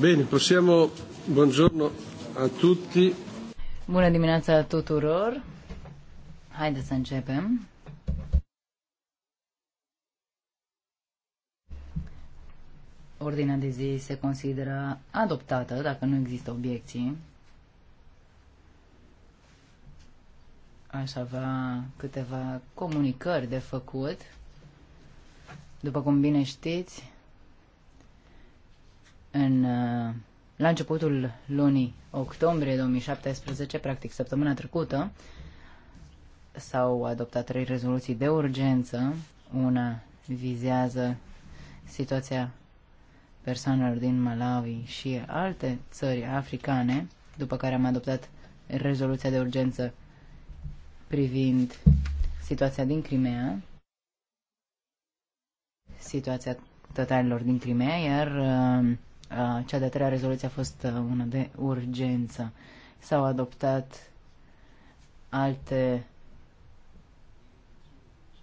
Bine, possiamo... Buongiorno a tutti. Bună dimineața tuturor. Haideți să începem. Ordinea de zi se consideră adoptată dacă nu există obiecții. Aș avea câteva comunicări de făcut. După cum bine știți, în, uh, la începutul lunii octombrie 2017, practic săptămâna trecută, s-au adoptat trei rezoluții de urgență. Una vizează situația persoanelor din Malawi și alte țări africane, după care am adoptat rezoluția de urgență privind situația din Crimea, situația tătarilor din Crimea, iar uh, cea de-a treia rezoluție a fost uh, una de urgență. S-au adoptat alte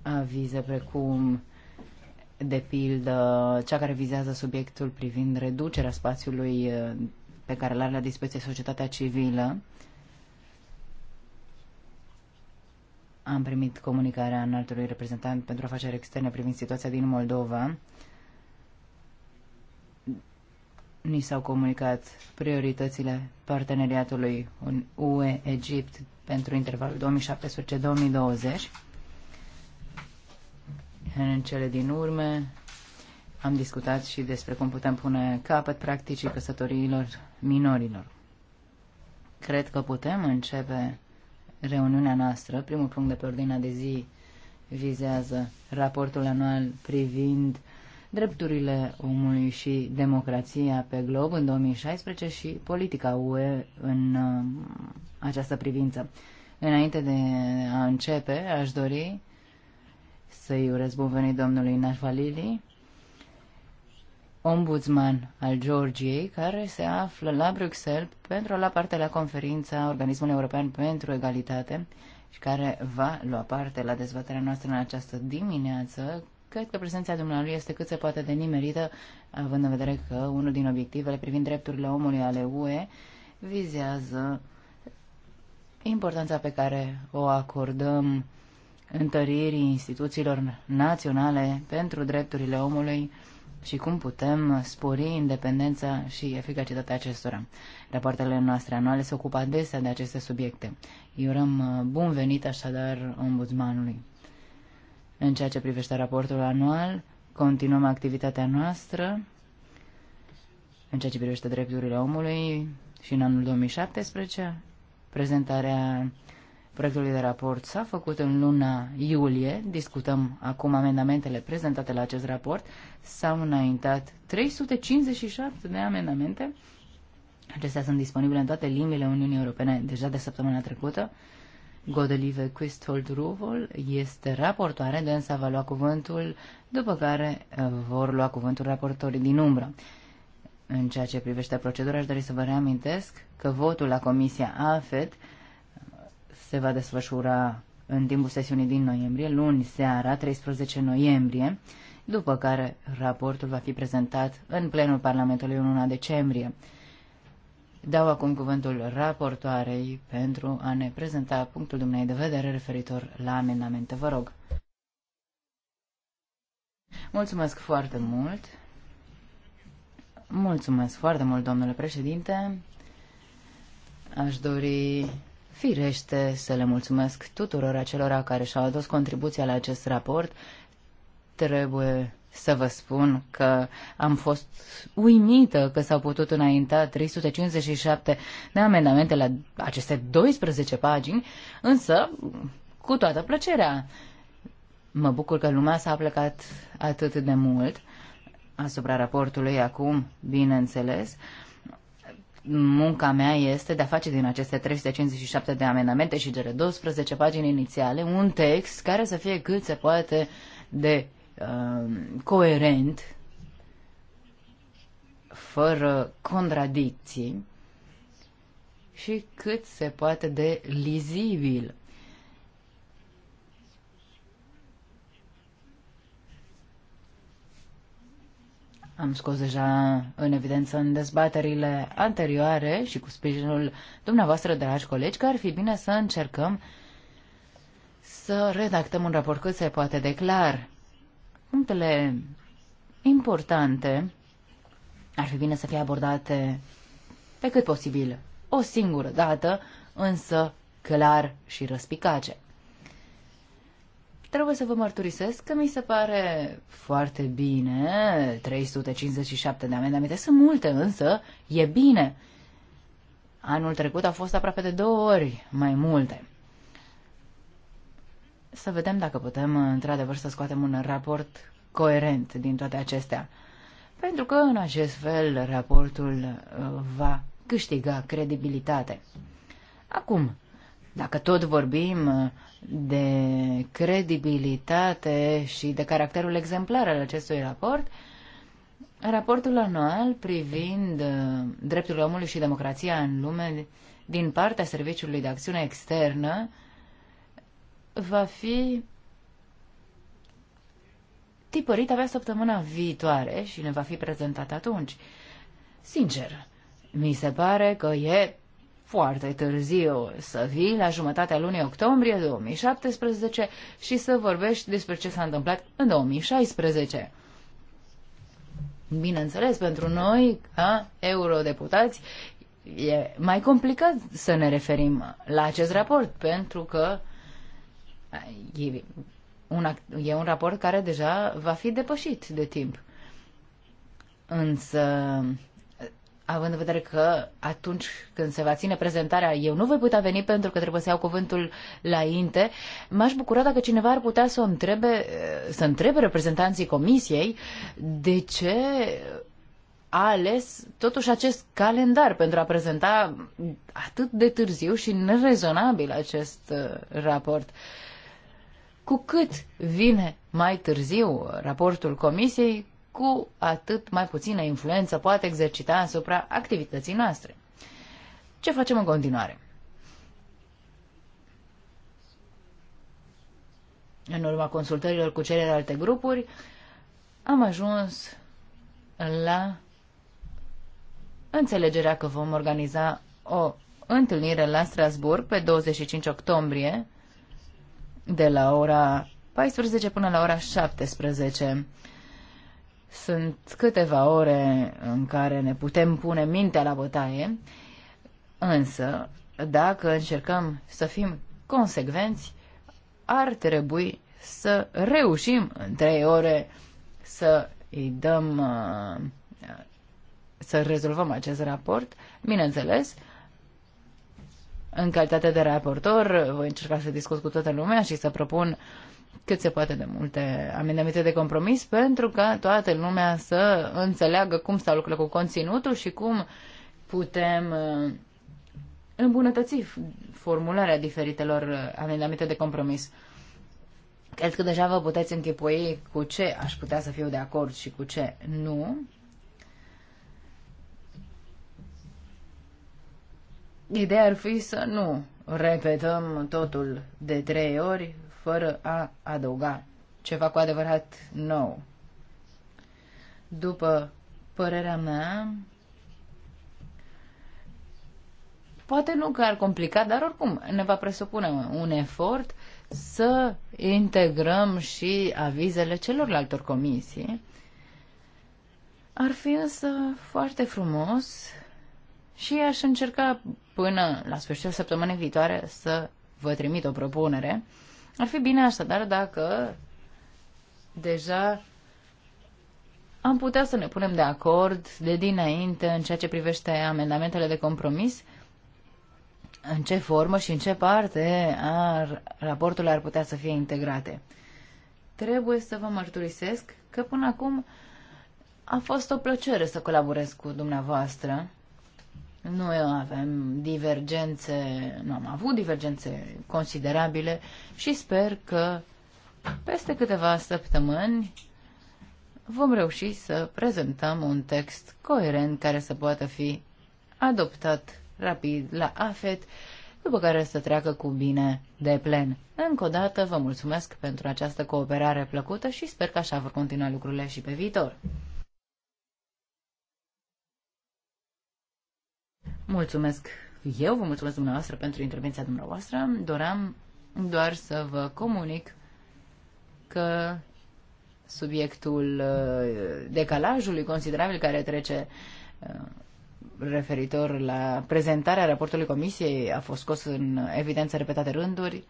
avize precum de pildă cea care vizează subiectul privind reducerea spațiului uh, pe care îl are la dispoziție societatea civilă. Am primit comunicarea înaltului reprezentant pentru afaceri externe privind situația din Moldova ni s-au comunicat prioritățile parteneriatului UE-Egipt pentru intervalul 2017-2020. În cele din urmă am discutat și despre cum putem pune capăt practicii căsătoriilor minorilor. Cred că putem începe reuniunea noastră. Primul punct de pe ordinea de zi vizează raportul anual privind uh, drepturile omului și democrația pe glob în 2016 și politica UE în uh, această privință. Înainte de a începe, aș dori să-i urez bun venit domnului Narvalili, ombudsman al Georgiei, care se află la Bruxelles pentru a lua parte la conferința Organismului European pentru Egalitate și care va lua parte la dezbaterea noastră în această dimineață Cred că prezența dumneavoastră este cât se poate de nimerită, având în vedere că unul din obiectivele privind drepturile omului ale UE vizează importanța pe care o acordăm întăririi instituțiilor naționale pentru drepturile omului și cum putem spori independența și eficacitatea acestora. Rapoartele noastre anuale se ocupă adesea de aceste subiecte. Iurăm bun venit așadar ombudsmanului. În ceea ce privește raportul anual, continuăm activitatea noastră în ceea ce privește drepturile omului și în anul 2017. Prezentarea proiectului de raport s-a făcut în luna iulie. Discutăm acum amendamentele prezentate la acest raport. S-au înaintat 357 de amendamente. Acestea sunt disponibile în toate limbile Uniunii Europene deja de săptămâna trecută. Godelive Quisthold Ruvol este raportoare, însă va lua cuvântul, după care uh, vor lua cuvântul raportorii din umbră. În ceea ce privește procedura, aș dori să vă reamintesc că votul la Comisia AFED se va desfășura în timpul sesiunii din noiembrie, luni seara, 13 noiembrie, după care raportul va fi prezentat în plenul Parlamentului în luna decembrie. Dau acum cuvântul raportoarei pentru a ne prezenta punctul dumnei de vedere referitor la amendamente. Vă rog. Mulțumesc foarte mult. Mulțumesc foarte mult, domnule președinte. Aș dori firește să le mulțumesc tuturor acelora care și-au adus contribuția la acest raport. Trebuie să vă spun că am fost uimită că s-au putut înainta 357 de amendamente la aceste 12 pagini, însă cu toată plăcerea. Mă bucur că lumea s-a plecat atât de mult asupra raportului acum, bineînțeles. Munca mea este de a face din aceste 357 de amendamente și cele 12 pagini inițiale un text care să fie cât se poate de Um, coerent, fără contradicții și cât se poate de lizibil. Am scos deja în evidență în dezbaterile anterioare și cu sprijinul dumneavoastră, dragi colegi, că ar fi bine să încercăm să redactăm un raport cât se poate de clar. Punctele importante ar fi bine să fie abordate pe cât posibil o singură dată, însă clar și răspicace. Trebuie să vă mărturisesc că mi se pare foarte bine, 357 de amendamente sunt multe, însă e bine. Anul trecut a fost aproape de două ori mai multe să vedem dacă putem, într-adevăr, să scoatem un raport coerent din toate acestea. Pentru că, în acest fel, raportul uh, va câștiga credibilitate. Acum, dacă tot vorbim uh, de credibilitate și de caracterul exemplar al acestui raport, raportul anual privind uh, dreptul omului și democrația în lume din partea Serviciului de Acțiune Externă va fi tipărit avea săptămâna viitoare și ne va fi prezentat atunci. Sincer, mi se pare că e foarte târziu să vii la jumătatea lunii octombrie 2017 și să vorbești despre ce s-a întâmplat în 2016. Bineînțeles, pentru noi, ca eurodeputați, e mai complicat să ne referim la acest raport, pentru că e un, e un raport care deja va fi depășit de timp. Însă, având în vedere că atunci când se va ține prezentarea, eu nu voi putea veni pentru că trebuie să iau cuvântul la inte, m-aș bucura dacă cineva ar putea să întrebe, să întrebe reprezentanții comisiei de ce a ales totuși acest calendar pentru a prezenta atât de târziu și nerezonabil acest uh, raport. Uh, cu cât vine mai târziu raportul comisiei, cu atât mai puțină influență poate exercita asupra activității noastre. Ce facem în continuare? În urma consultărilor cu celelalte grupuri, am ajuns la înțelegerea că vom organiza o întâlnire la Strasburg pe 25 octombrie de la ora 14 până la ora 17. Sunt câteva ore în care ne putem pune mintea la bătaie, însă dacă încercăm să fim consecvenți, ar trebui să reușim în trei ore să îi dăm uh, să rezolvăm acest raport, bineînțeles, în calitate de raportor, voi încerca să discut cu toată lumea și să propun cât se poate de multe amendamente de compromis pentru ca toată lumea să înțeleagă cum stau lucrurile cu conținutul și cum putem uh, îmbunătăți formularea diferitelor uh, amendamente de compromis. Cred că deja vă puteți închipui cu ce aș putea să fiu de acord și cu ce nu. Ideea ar fi să nu repetăm totul de trei ori fără a adăuga ceva cu adevărat nou. După părerea mea, poate nu că ar complica, dar oricum ne va presupune un efort să integrăm și avizele celorlaltor comisii. Ar fi însă foarte frumos și aș încerca până la sfârșitul săptămânii viitoare să vă trimit o propunere. Ar fi bine așadar dacă deja am putea să ne punem de acord de dinainte în ceea ce privește amendamentele de compromis, în ce formă și în ce parte ar, raportul ar putea să fie integrate. Trebuie să vă mărturisesc că până acum a fost o plăcere să colaborez cu dumneavoastră. Nu avem divergențe, nu am avut divergențe considerabile și sper că peste câteva săptămâni vom reuși să prezentăm un text coerent care să poată fi adoptat rapid la AFET, după care să treacă cu bine de plen. Încă o dată vă mulțumesc pentru această cooperare plăcută și sper că așa vor continua lucrurile și pe viitor. Mulțumesc eu, vă mulțumesc dumneavoastră pentru intervenția dumneavoastră. Doream doar să vă comunic că subiectul uh, decalajului considerabil care trece uh, referitor la prezentarea raportului comisiei a fost scos în evidență repetate rânduri.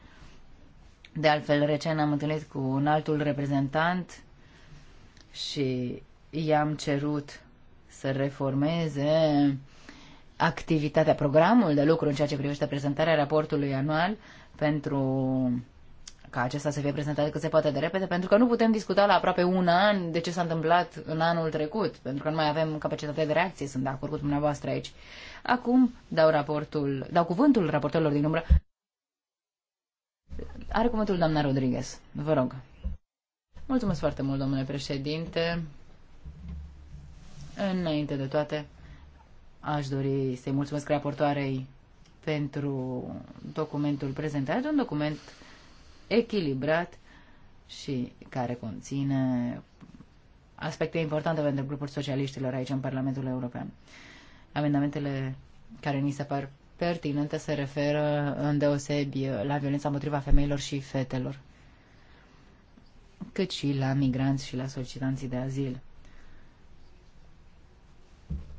De altfel, recent am întâlnit cu un altul reprezentant și i-am cerut să reformeze activitatea, programul de lucru în ceea ce privește prezentarea raportului anual pentru ca acesta să fie prezentat cât se poate de repede, pentru că nu putem discuta la aproape un an de ce s-a întâmplat în anul trecut, pentru că nu mai avem capacitatea de reacție, sunt de acord cu dumneavoastră aici. Acum dau raportul, dau cuvântul raportorilor din umbră. Are cuvântul doamna Rodriguez, vă rog. Mulțumesc foarte mult, domnule președinte. Înainte de toate, Aș dori să-i mulțumesc raportoarei pentru documentul prezentat, un document echilibrat și care conține aspecte importante pentru grupul socialiștilor aici în Parlamentul European. Amendamentele care ni se par pertinente se referă deosebi la violența împotriva femeilor și fetelor, cât și la migranți și la solicitanții de azil.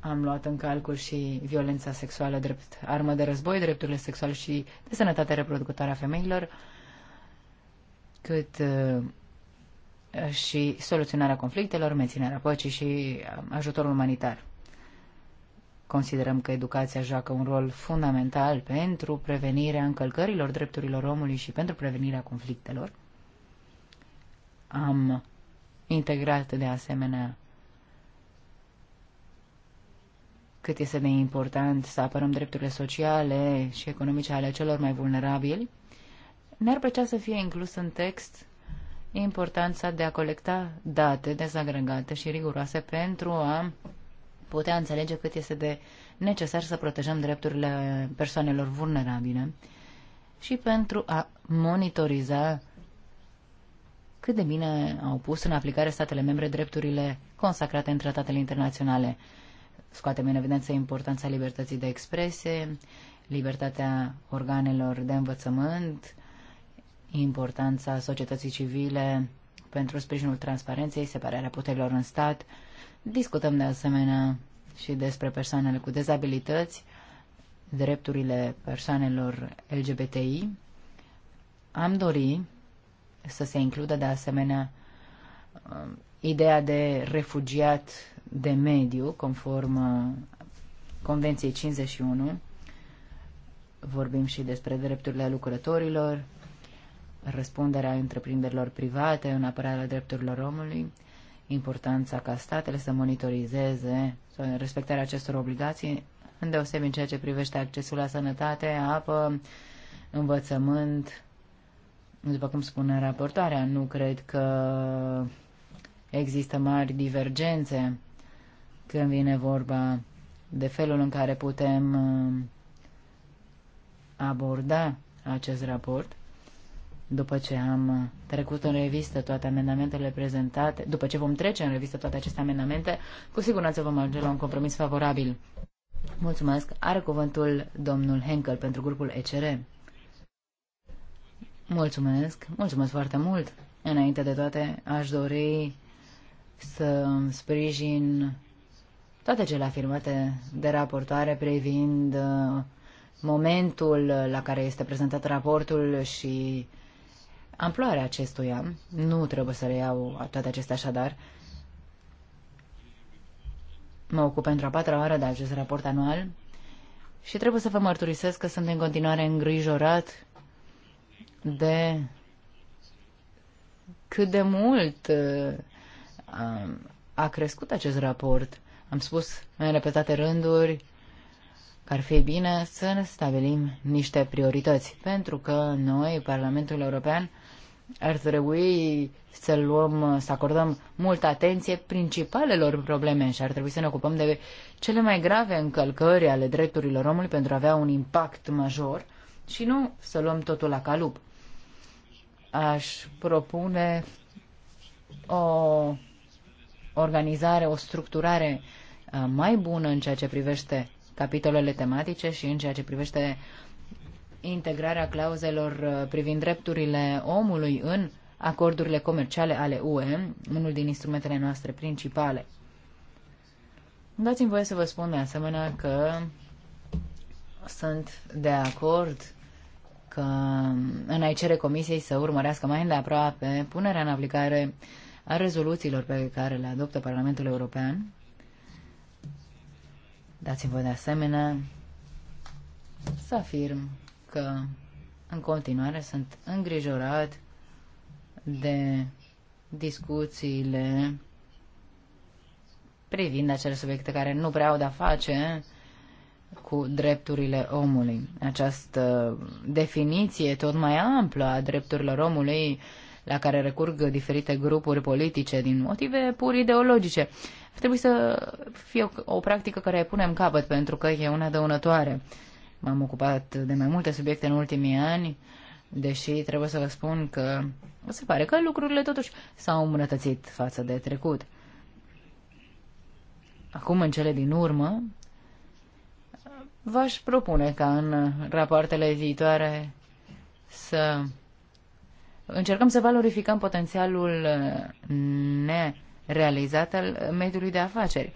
Am luat în calcul și violența sexuală drept armă de război, drepturile sexuale și de sănătate reproducătoare a femeilor, cât uh, și soluționarea conflictelor, menținerea păcii și uh, ajutorul umanitar. Considerăm că educația joacă un rol fundamental pentru prevenirea încălcărilor drepturilor omului și pentru prevenirea conflictelor. Am integrat de asemenea cât este de important să apărăm drepturile sociale și economice ale celor mai vulnerabili, ne-ar plăcea să fie inclus în text importanța de a colecta date dezagregate și riguroase pentru a putea înțelege cât este de necesar să protejăm drepturile persoanelor vulnerabile și pentru a monitoriza cât de bine au pus în aplicare statele membre drepturile consacrate în tratatele internaționale scoatem în evidență importanța libertății de expresie, libertatea organelor de învățământ, importanța societății civile pentru sprijinul transparenței, separarea puterilor în stat. Discutăm de asemenea și despre persoanele cu dezabilități, drepturile persoanelor LGBTI. Am dori să se includă de asemenea um, ideea de refugiat de mediu, conform uh, Convenției 51, vorbim și despre drepturile lucrătorilor, răspunderea întreprinderilor private în apărarea drepturilor omului, importanța ca statele să monitorizeze respectarea acestor obligații, îndeosebi în ceea ce privește accesul la sănătate, apă, învățământ. După cum spune raportarea, nu cred că există mari divergențe când vine vorba de felul în care putem uh, aborda acest raport, după ce am trecut în revistă toate amendamentele prezentate, după ce vom trece în revistă toate aceste amendamente, cu siguranță vom ajunge la un compromis favorabil. Mulțumesc. Are cuvântul domnul Henkel pentru grupul ECR. Mulțumesc. Mulțumesc foarte mult. Înainte de toate, aș dori să sprijin toate cele afirmate de raportoare privind uh, momentul la care este prezentat raportul și amploarea acestuia. Nu trebuie să reiau toate acestea așadar. Mă ocup pentru a patra oară de acest raport anual și trebuie să vă mărturisesc că sunt în continuare îngrijorat de cât de mult uh, a, a crescut acest raport. Am spus în repetate rânduri că ar fi bine să ne stabilim niște priorități, pentru că noi, Parlamentul European, ar trebui să luăm, să acordăm multă atenție principalelor probleme și ar trebui să ne ocupăm de cele mai grave încălcări ale drepturilor omului pentru a avea un impact major și nu să luăm totul la calup. Aș propune o organizare, o structurare uh, mai bună în ceea ce privește capitolele tematice și în ceea ce privește integrarea clauzelor uh, privind drepturile omului în acordurile comerciale ale UE, unul din instrumentele noastre principale. Dați-mi voie să vă spun de asemenea că sunt de acord că um, în a cere comisiei să urmărească mai îndeaproape punerea în aplicare uh, a rezoluțiilor pe care le adoptă Parlamentul European. Dați-mi voi de asemenea să afirm că în continuare sunt îngrijorat de discuțiile privind acele subiecte care nu prea au de-a face cu drepturile omului. Această definiție tot mai amplă a drepturilor omului la care recurg diferite grupuri politice din motive pur ideologice. Ar trebui să fie o, o practică care îi punem capăt pentru că e una dăunătoare. M-am ocupat de mai multe subiecte în ultimii ani, deși trebuie să vă spun că se pare că lucrurile totuși s-au îmbunătățit față de trecut. Acum, în cele din urmă, v-aș propune ca în rapoartele viitoare să Încercăm să valorificăm potențialul uh, nerealizat al uh, mediului de afaceri.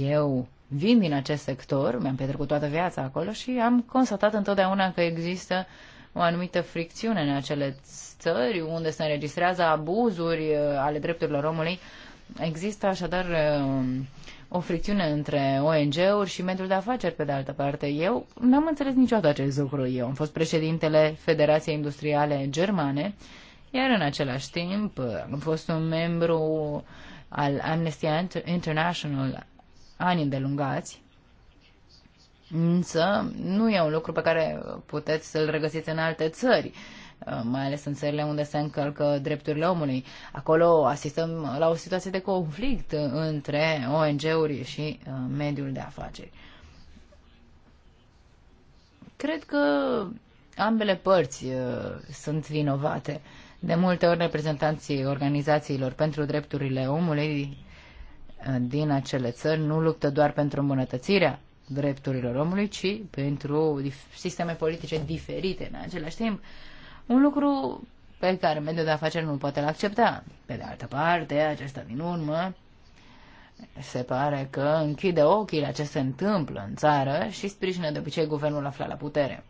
Eu vin din acest sector, mi-am petrecut toată viața acolo și am constatat întotdeauna că există o anumită fricțiune în acele țări unde se înregistrează abuzuri uh, ale drepturilor omului. Există așadar o fricțiune între ONG-uri și mediul de afaceri, pe de altă parte. Eu n-am înțeles niciodată acest lucru. Eu am fost președintele Federației Industriale Germane, iar în același timp uh, am fost un membru al Amnesty International ani îndelungați, însă nu e un lucru pe care puteți să-l regăsiți în alte țări. Uh, Uh, mai ales în țările unde se încălcă drepturile omului. Acolo asistăm la o situație de conflict între ONG-uri și uh, mediul de afaceri. Cred că ambele părți uh, sunt vinovate. De multe ori reprezentanții organizațiilor pentru drepturile omului din acele țări nu luptă doar pentru îmbunătățirea drepturilor omului, ci pentru sisteme politice diferite în același timp. Un lucru pe care mediul de afaceri nu poate l accepta. Pe de altă parte, acesta din urmă se pare că închide ochii la ce se întâmplă în țară și sprijină de obicei guvernul aflat la putere.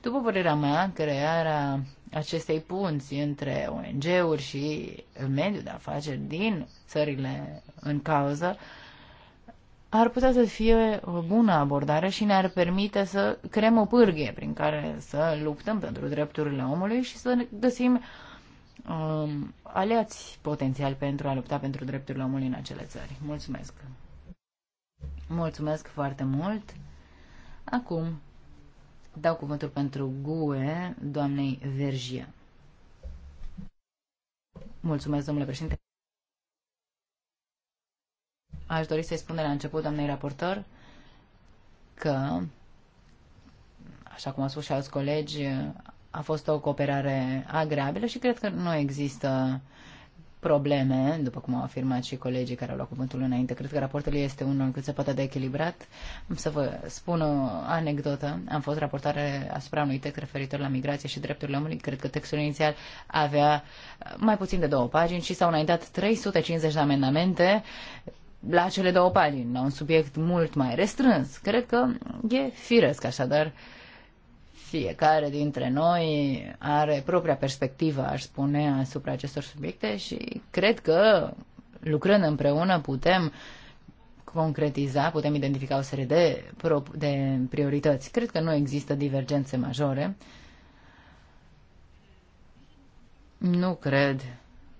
După părerea mea, crearea acestei punți între ONG-uri și mediul de afaceri din țările în cauză ar putea să fie o bună abordare și ne-ar permite să creăm o pârghie prin care să luptăm pentru drepturile omului și să găsim um, aliați potențial pentru a lupta pentru drepturile omului în acele țări. Mulțumesc! Mulțumesc foarte mult! Acum dau cuvântul pentru GUE doamnei Vergia. Mulțumesc, domnule președinte. Aș dori să-i spun de la început, doamnei raportor, că, așa cum au spus și alți colegi, a fost o cooperare agreabilă și cred că nu există probleme, după cum au afirmat și colegii care au luat cuvântul înainte. Cred că raportul este unul cât se poate de echilibrat. Am să vă spun o anecdotă. Am fost raportare asupra unui text referitor la migrație și drepturile omului. Cred că textul inițial avea mai puțin de două pagini și s-au înaintat 350 de amendamente la cele două pagini, la un subiect mult mai restrâns. Cred că e firesc, așadar, fiecare dintre noi are propria perspectivă, aș spune, asupra acestor subiecte și cred că lucrând împreună putem concretiza, putem identifica o serie de, de priorități. Cred că nu există divergențe majore. Nu cred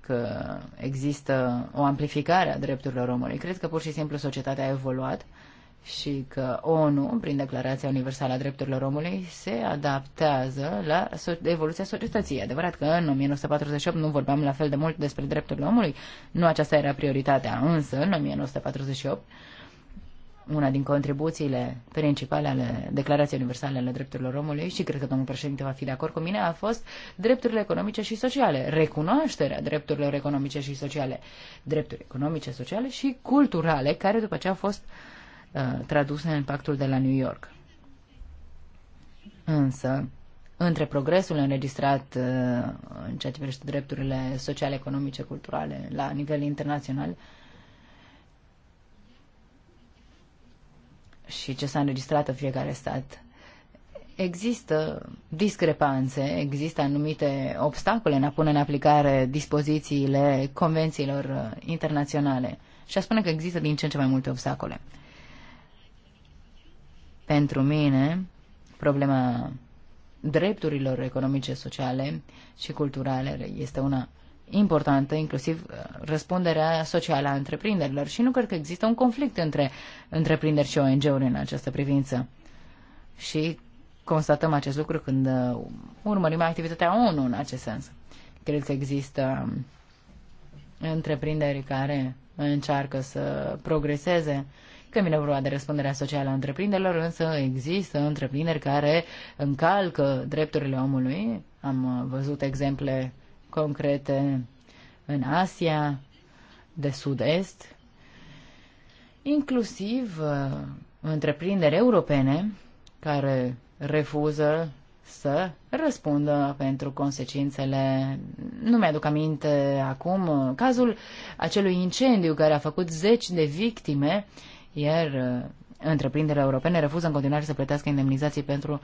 că există o amplificare a drepturilor omului. Cred că pur și simplu societatea a evoluat și că ONU, prin Declarația Universală a Drepturilor Omului, se adaptează la evoluția societății. adevărat că în 1948 nu vorbeam la fel de mult despre drepturile omului, nu aceasta era prioritatea, însă în 1948 una din contribuțiile principale ale Declarației Universale ale Drepturilor Omului și cred că domnul președinte va fi de acord cu mine, a fost drepturile economice și sociale, recunoașterea drepturilor economice și sociale, drepturi economice, sociale și culturale, care după ce au fost uh, traduse în pactul de la New York. Însă, între progresul înregistrat uh, în ceea ce privește drepturile sociale, economice, culturale la nivel internațional, și ce s-a înregistrat în fiecare stat. Există discrepanțe, există anumite obstacole în a pune în aplicare dispozițiile convențiilor uh, internaționale și a spune că există din ce în ce mai multe obstacole. Pentru mine, problema drepturilor economice, sociale și culturale este una importantă, inclusiv uh, răspunderea socială a întreprinderilor. Și nu cred că există un conflict între întreprinderi și ONG-uri în această privință. Și constatăm acest lucru când uh, urmărim activitatea ONU în acest sens. Cred că există um, întreprinderi care încearcă să progreseze când vine vorba de răspunderea socială a întreprinderilor, însă există întreprinderi care încalcă drepturile omului. Am uh, văzut exemple uh, concrete în Asia de Sud-Est, inclusiv uh, întreprinderi europene care refuză să răspundă pentru consecințele. Nu mi-aduc aminte acum cazul acelui incendiu care a făcut zeci de victime, iar uh, întreprinderile europene refuză în continuare să plătească indemnizații pentru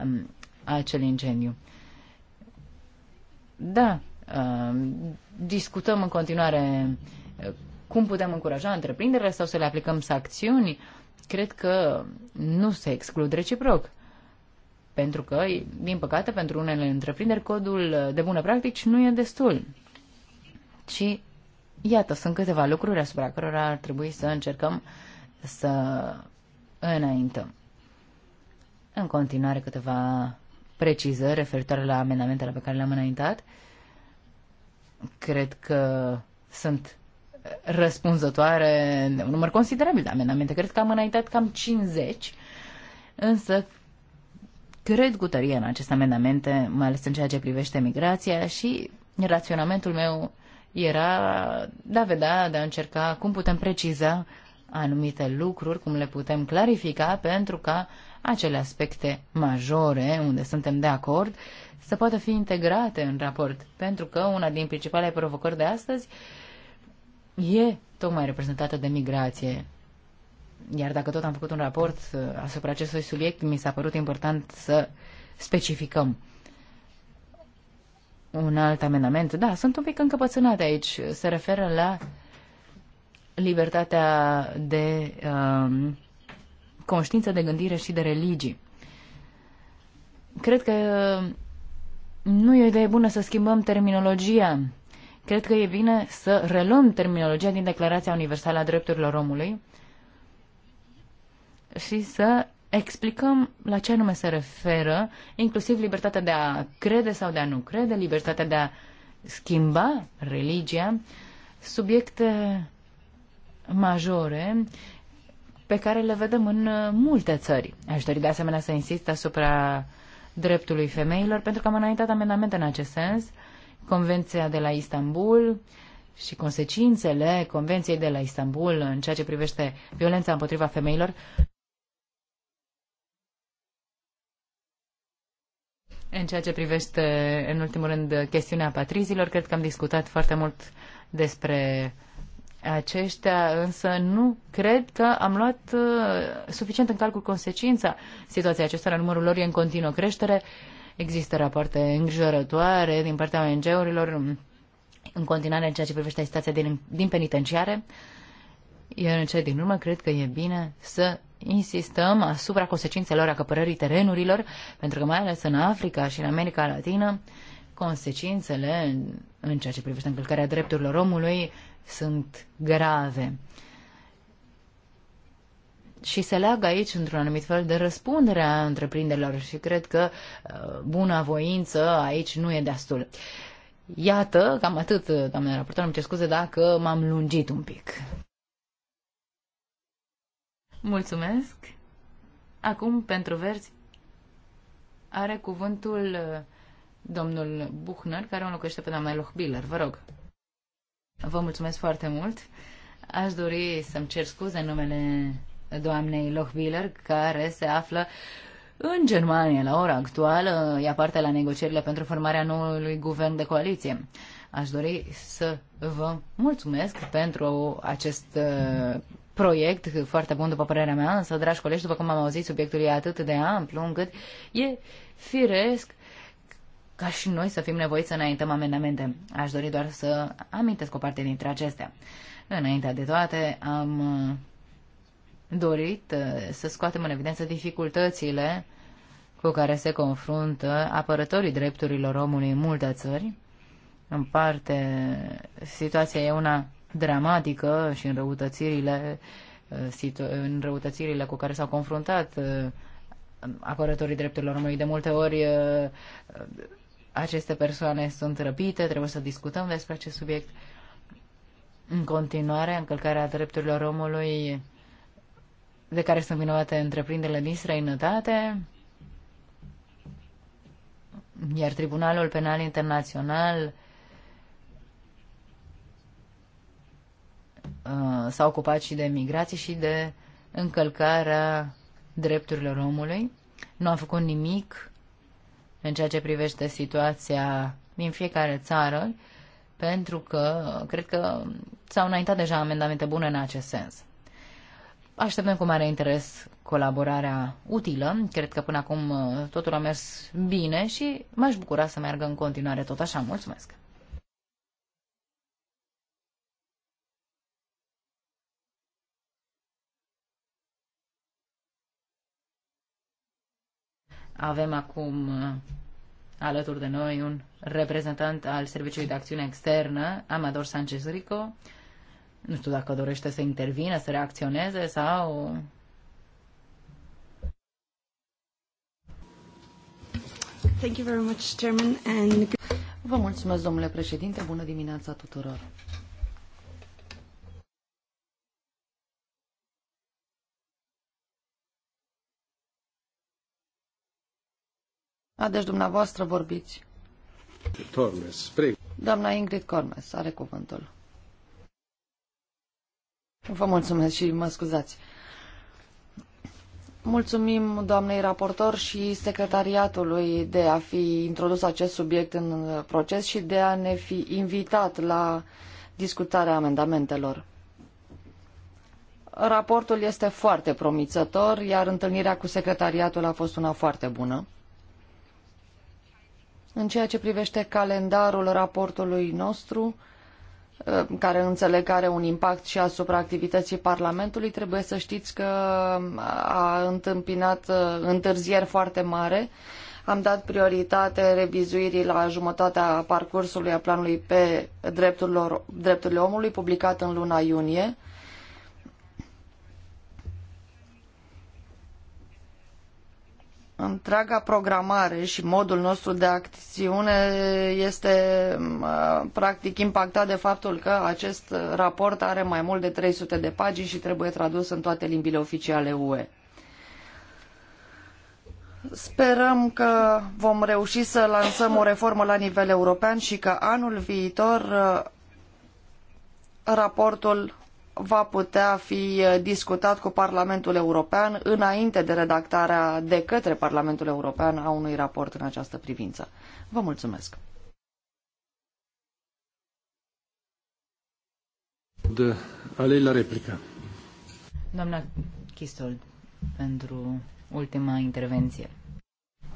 um, acel incendiu. Da, Uh, discutăm în continuare uh, cum putem încuraja întreprinderile sau să le aplicăm sancțiuni, cred că nu se exclud reciproc. Pentru că, din păcate, pentru unele întreprinderi, codul de bună practici nu e destul. Și, iată, sunt câteva lucruri asupra cărora ar trebui să încercăm să înaintăm. În continuare, câteva precizări referitoare la amendamentele pe care le-am înaintat. Uh, Cred că sunt răspunzătoare de un număr considerabil de amendamente. Cred că am înaintat cam 50, însă cred cu tărie în aceste amendamente, mai ales în ceea ce privește migrația și raționamentul meu era da, vedea, de a încerca cum putem preciza anumite lucruri, cum le putem clarifica pentru ca acele aspecte majore unde suntem de acord să poată fi integrate în raport, pentru că una din principalele provocări de astăzi e tocmai reprezentată de migrație. Iar dacă tot am făcut un raport uh, asupra acestui subiect, mi s-a părut important să specificăm un alt amendament. Da, sunt un pic încăpățânate aici. Se referă la libertatea de um, conștiință, de gândire și de religii. Cred că nu e o idee bună să schimbăm terminologia. Cred că e bine să reluăm terminologia din Declarația Universală a Drepturilor Omului și să explicăm la ce anume se referă, inclusiv libertatea de a crede sau de a nu crede, libertatea de a schimba religia, subiecte majore pe care le vedem în multe țări. Aș dori de asemenea să insist asupra dreptului femeilor, pentru că am înaintat amendamente în acest sens, Convenția de la Istanbul și consecințele Convenției de la Istanbul în ceea ce privește violența împotriva femeilor. În ceea ce privește, în ultimul rând, chestiunea patrizilor, cred că am discutat foarte mult despre aceștia însă nu cred că am luat uh, suficient în calcul consecința situației acestora. Numărul lor e în continuă creștere. Există rapoarte îngrijorătoare din partea ONG-urilor um, în continuare în ceea ce privește situația din, din penitenciare. Eu în cele din urmă cred că e bine să insistăm asupra consecințelor acăpărării terenurilor, pentru că mai ales în Africa și în America Latină uh, consecințele în ceea ce privește încălcarea drepturilor omului sunt grave. Și se leagă aici, într-un anumit fel, de răspundere a întreprinderilor și cred că uh, voință aici nu e destul. Iată, cam atât, doamne raportor, îmi cer scuze dacă m-am lungit un pic. Mulțumesc. Acum, pentru verzi, are cuvântul uh, domnul Buchner, care o înlocuiește pe doamna Lochbiller. Vă rog. Vă mulțumesc foarte mult. Aș dori să-mi cer scuze în numele doamnei Lochbiller, care se află în Germania, la ora actuală, ia parte la negocierile pentru formarea noului guvern de coaliție. Aș dori să vă mulțumesc pentru acest uh, proiect foarte bun, după părerea mea, însă, dragi colegi, după cum am auzit, subiectul e atât de amplu încât e firesc ca și noi să fim nevoiți să înaintăm amendamente. Aș dori doar să amintesc o parte dintre acestea. Înainte de toate, am uh, dorit uh, să scoatem în evidență dificultățile cu care se confruntă apărătorii drepturilor omului în multe țări. În parte, situația e una dramatică și înrăutățirile, uh, înrăutățirile cu care s-au confruntat apărătorii drepturilor omului de multe ori aceste persoane sunt răpite, trebuie să discutăm despre acest subiect. În continuare, încălcarea drepturilor omului de care sunt vinovate întreprinderile din străinătate, iar Tribunalul Penal Internațional uh, s-a ocupat și de migrație și de încălcarea drepturilor omului. Nu a făcut nimic în ceea ce privește situația din fiecare țară, pentru că cred că s-au înaintat deja amendamente bune în acest sens. Așteptăm cu mare interes colaborarea utilă. Cred că până acum uh, totul a mers bine și m-aș bucura să meargă în continuare tot așa. Mulțumesc! Avem acum uh, alături de noi un reprezentant al Serviciului de Acțiune Externă, Amador Sanchez Rico. Nu știu dacă dorește să intervină, să reacționeze sau... Thank you very much, Chairman, and... Vă mulțumesc, domnule președinte. Bună dimineața tuturor. A, deci dumneavoastră vorbiți. Tormes, preg. Doamna Ingrid Cormes are cuvântul. Vă mulțumesc și mă scuzați. Mulțumim doamnei raportor și secretariatului de a fi introdus acest subiect în proces și de a ne fi invitat la discutarea amendamentelor. Raportul este foarte promițător, iar întâlnirea cu secretariatul a fost una foarte bună. În ceea ce privește calendarul raportului nostru, uh, care înțeleg că are un impact și asupra activității Parlamentului, trebuie să știți că uh, a întâmpinat uh, întârzieri foarte mare. Am dat prioritate revizuirii la jumătatea parcursului a planului pe drepturile omului, publicat în luna iunie. întreaga programare și modul nostru de acțiune este practic impactat de faptul că acest raport are mai mult de 300 de pagini și trebuie tradus în toate limbile oficiale UE. Sperăm că vom reuși să lansăm o reformă la nivel european și că anul viitor uh, raportul va putea fi eh, discutat cu Parlamentul European înainte de redactarea de către Parlamentul European a unui raport în această privință. Vă mulțumesc! De alei la replică. Doamna Chistol, pentru ultima intervenție.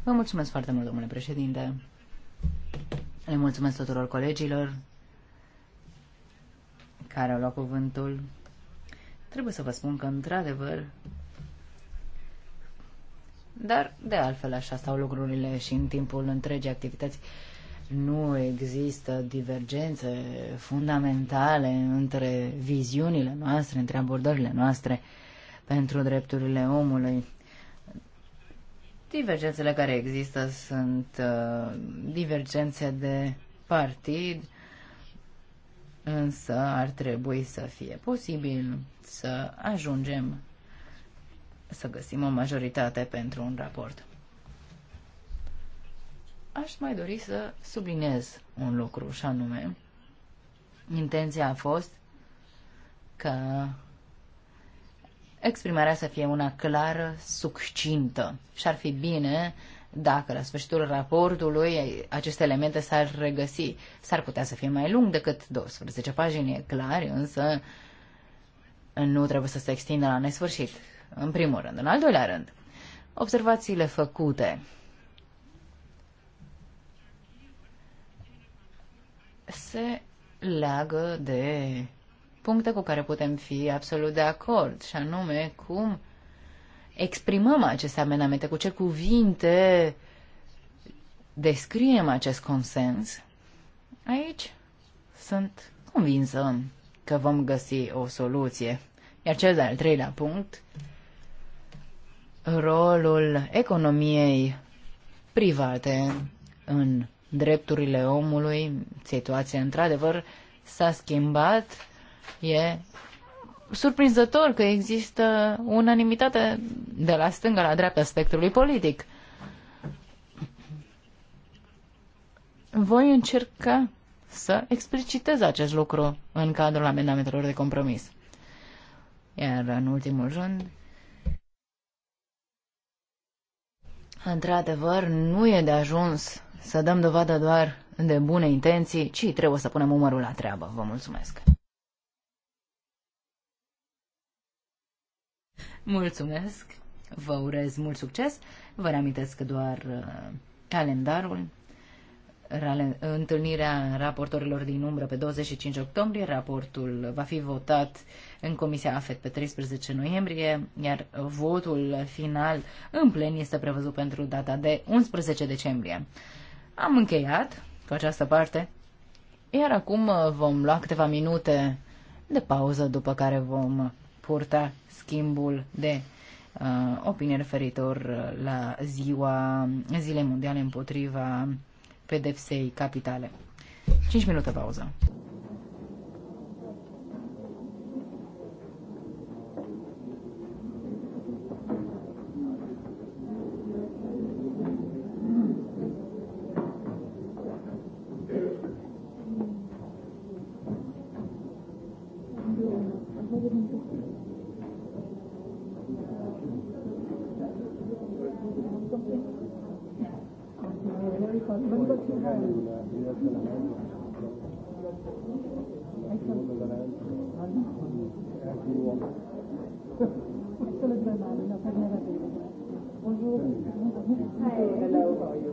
Vă mulțumesc foarte mult, domnule președinte. Le mulțumesc tuturor colegilor care au luat cuvântul. Trebuie să vă spun că, într-adevăr, dar de altfel așa stau lucrurile și în timpul întregii activități. Nu există divergențe fundamentale între viziunile noastre, între abordările noastre pentru drepturile omului. Divergențele care există sunt uh, divergențe de partid, însă ar trebui să fie posibil să ajungem să găsim o majoritate pentru un raport. Aș mai dori să subliniez un lucru, și anume, intenția a fost că exprimarea să fie una clară, succintă și ar fi bine dacă la sfârșitul raportului aceste elemente s-ar regăsi, s-ar putea să fie mai lung decât 12 pagini, e clar, însă nu trebuie să se extindă la nesfârșit, în primul rând. În al doilea rând, observațiile făcute. se leagă de puncte cu care putem fi absolut de acord, și anume cum exprimăm aceste amenamente, cu ce cuvinte descriem acest consens, aici sunt convinsă că vom găsi o soluție. Iar cel de-al treilea punct, rolul economiei private în drepturile omului, situația într-adevăr s-a schimbat, e surprinzător că există unanimitate de la stânga la dreapta spectrului politic. Voi încerca să explicitez acest lucru în cadrul amendamentelor de compromis. Iar în ultimul rând, într-adevăr, nu e de ajuns să dăm dovadă doar de bune intenții, ci trebuie să punem umărul la treabă. Vă mulțumesc! Mulțumesc, vă urez mult succes. Vă reamintesc că doar uh, calendarul, întâlnirea raportorilor din umbră pe 25 octombrie, raportul va fi votat în Comisia AFET pe 13 noiembrie, iar votul final în plen este prevăzut pentru data de 11 decembrie. Am încheiat cu această parte, iar acum uh, vom lua câteva minute de pauză, după care vom purta schimbul de uh, opinie referitor uh, la ziua, zilei mondiale împotriva pedepsei capitale. 5 minute pauză. Bonjour. Hi. Hello, how are you?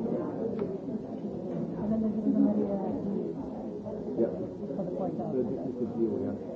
could deal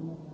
Mulțumesc.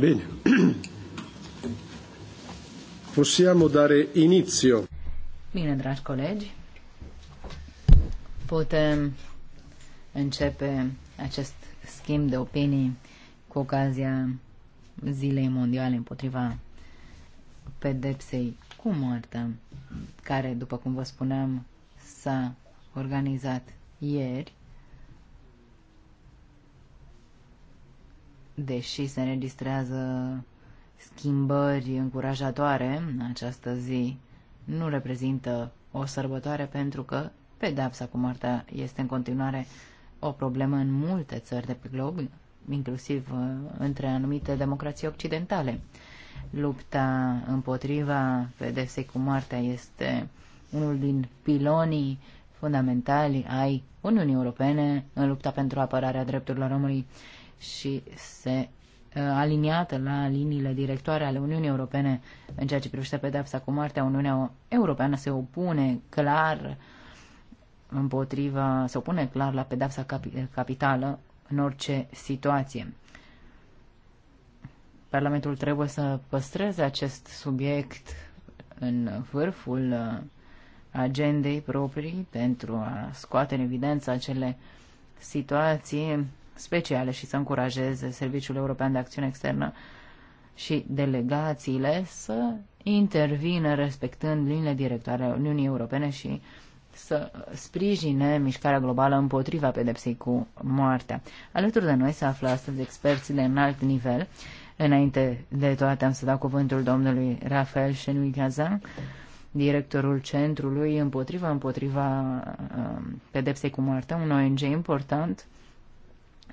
Bine. Possiamo dare inizio. Bine, dragi colegi, putem începe acest schimb de opinii cu ocazia Zilei Mondiale împotriva pedepsei cu moartea, care, după cum vă spuneam, s-a organizat ieri deși se înregistrează schimbări încurajatoare în această zi, nu reprezintă o sărbătoare pentru că pedapsa cu moartea este în continuare o problemă în multe țări de pe glob, inclusiv uh, între anumite democrații occidentale. Lupta împotriva pedepsei cu moartea este unul din pilonii fundamentali ai Uniunii Europene în lupta pentru apărarea drepturilor omului și se uh, aliniată la liniile directoare ale Uniunii Europene în ceea ce privește pedepsa cu moartea, Uniunea Europeană se opune clar împotriva, se opune clar la pedepsa capi, capitală în orice situație. Parlamentul trebuie să păstreze acest subiect în vârful uh, agendei proprii pentru a scoate în evidență acele situații speciale și să încurajeze Serviciul European de Acțiune Externă și delegațiile să intervină respectând liniile directoare ale Uniunii Europene și să sprijine mișcarea globală împotriva pedepsei cu moartea. Alături de noi se află astăzi experți de înalt nivel. Înainte de toate am să dau cuvântul domnului Rafael Șenui Gazan, directorul Centrului împotriva împotriva um, pedepsei cu moartea, un ONG important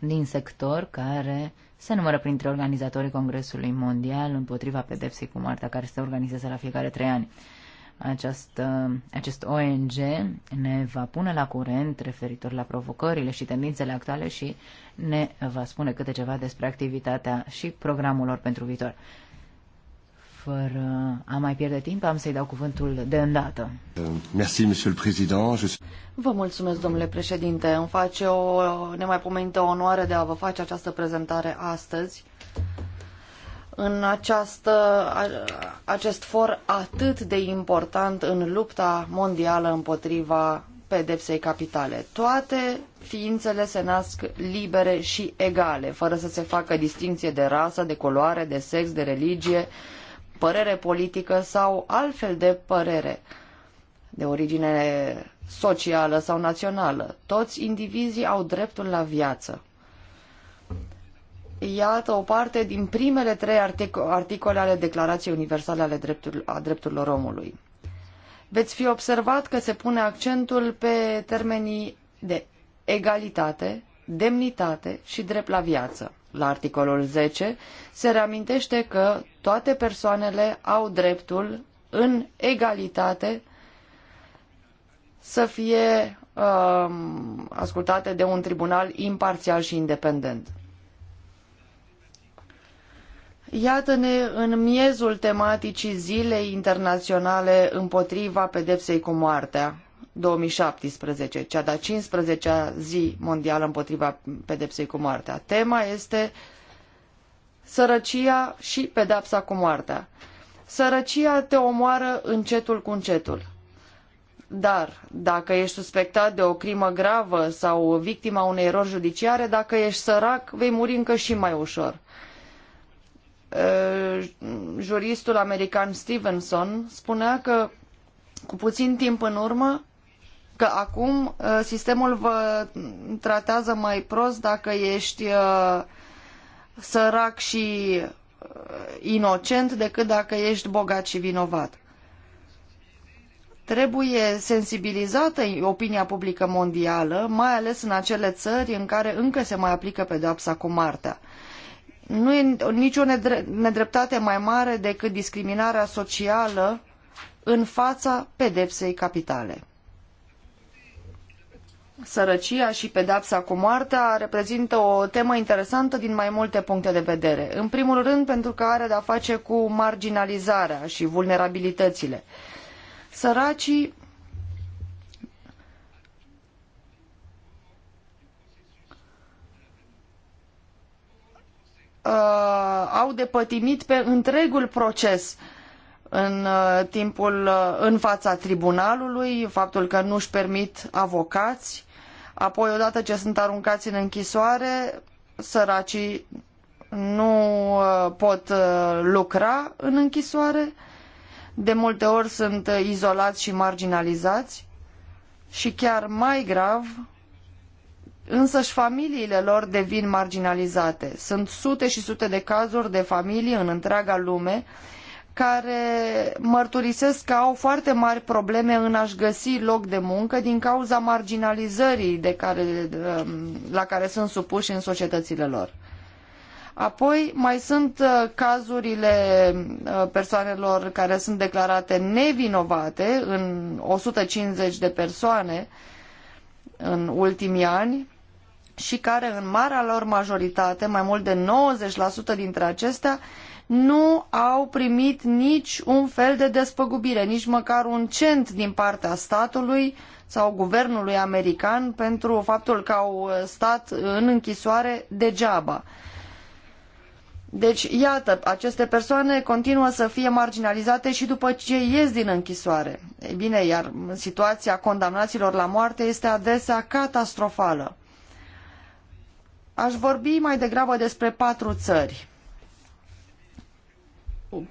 din sector care se numără printre organizatorii Congresului Mondial împotriva pedepsei cu moartea care se organizează la fiecare trei ani. Această, acest ONG ne va pune la curent referitor la provocările și tendințele actuale și ne va spune câte ceva despre activitatea și programul lor pentru viitor. Fără a mai pierde timp, am să-i dau cuvântul de îndată. Merci, monsieur le président. Je... Vă mulțumesc, domnule președinte. Îmi face o nemaipomenită onoare de a vă face această prezentare astăzi în această, acest for atât de important în lupta mondială împotriva pedepsei capitale. Toate ființele se nasc libere și egale, fără să se facă distinție de rasă, de culoare, de sex, de religie, uh, părere politică sau altfel de părere de origine socială sau națională. Toți indivizii au dreptul la viață. Iată o parte din primele trei articole ale Declarației Universale ale dreptur a Drepturilor Omului. Veți fi observat că se pune accentul pe termenii de egalitate, demnitate și drept la viață la articolul 10, se reamintește că toate persoanele au dreptul în egalitate să fie uh, ascultate de un tribunal imparțial și independent. Iată-ne în miezul tematicii Zilei Internaționale împotriva pedepsei cu moartea, 2017, cea de-a 15-a zi mondială împotriva pedepsei cu moartea. Tema este sărăcia și pedepsa cu moartea. Sărăcia te omoară încetul cu încetul. Dar dacă ești suspectat de o crimă gravă sau victima unei erori judiciare, dacă ești sărac, vei muri încă și mai ușor. Juristul american Stevenson spunea că cu puțin timp în urmă, că acum uh, sistemul vă tratează mai prost dacă ești uh, sărac și uh, inocent decât dacă ești bogat și vinovat. Trebuie sensibilizată opinia publică mondială, mai ales în acele țări în care încă se mai aplică pedeapsa cu moartea. Nu e nicio nedreptate mai mare decât discriminarea socială în fața pedepsei capitale sărăcia și pedapsa cu moartea reprezintă o temă interesantă din mai multe puncte de vedere. În primul rând pentru că are de-a face cu marginalizarea și vulnerabilitățile. Săracii uh, au depătimit pe întregul proces în uh, timpul uh, în fața tribunalului, faptul că nu își permit avocați, Apoi, odată ce sunt aruncați în închisoare, săracii nu uh, pot uh, lucra în închisoare, de multe ori sunt uh, izolați și marginalizați și chiar mai grav, însăși familiile lor devin marginalizate. Sunt sute și sute de cazuri de familii în întreaga lume care mărturisesc că au foarte mari probleme în a-și găsi loc de muncă din cauza marginalizării de care, um, la care sunt supuși în societățile lor. Apoi mai sunt uh, cazurile uh, persoanelor care sunt declarate nevinovate în 150 de persoane în ultimii ani și care în marea lor majoritate, mai mult de 90% dintre acestea, nu au primit nici un fel de despăgubire, nici măcar un cent din partea statului sau guvernului american pentru faptul că au stat în închisoare degeaba. Deci, iată, aceste persoane continuă să fie marginalizate și după ce ies din închisoare. Ei bine, iar situația condamnaților la moarte este adesea catastrofală. Aș vorbi mai degrabă despre patru țări.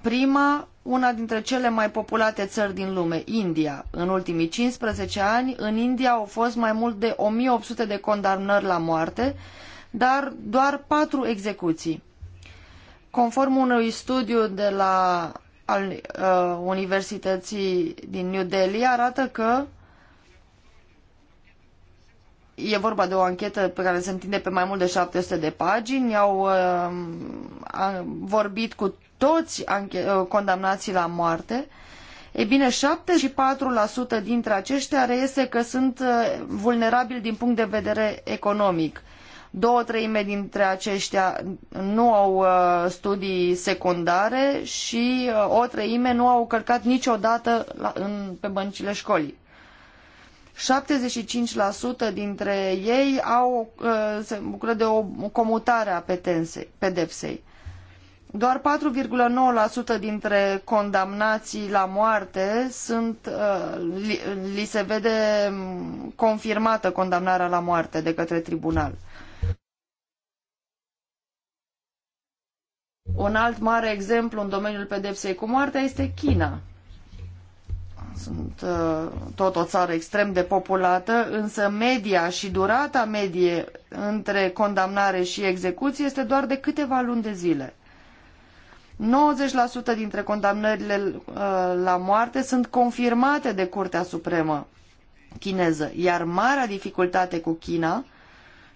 Prima, una dintre cele mai populate țări din lume, India. În ultimii 15 ani, în India au fost mai mult de 1800 de condamnări la moarte, dar doar patru execuții. Conform unui studiu de la al uh, Universității din New Delhi, arată că E vorba de o anchetă pe care se întinde pe mai mult de 700 de pagini. Au uh, vorbit cu toți uh, condamnații la moarte, e bine, 74% dintre aceștia reiese că sunt uh, vulnerabili din punct de vedere economic. Două treime dintre aceștia nu au uh, studii secundare și o treime nu au călcat niciodată la, în, pe băncile școlii. 75% dintre ei au, se bucură de o comutare a pedepsei. Doar 4,9% dintre condamnații la moarte sunt, uh, li, li se vede mm, confirmată condamnarea la moarte de către tribunal. Un alt mare exemplu în domeniul pedepsei cu moartea este China. Sunt uh, tot o țară extrem de populată, însă media și durata medie între condamnare și execuție este doar de câteva luni de zile. 90% dintre condamnările uh, la moarte sunt confirmate de Curtea Supremă chineză, iar marea dificultate cu China,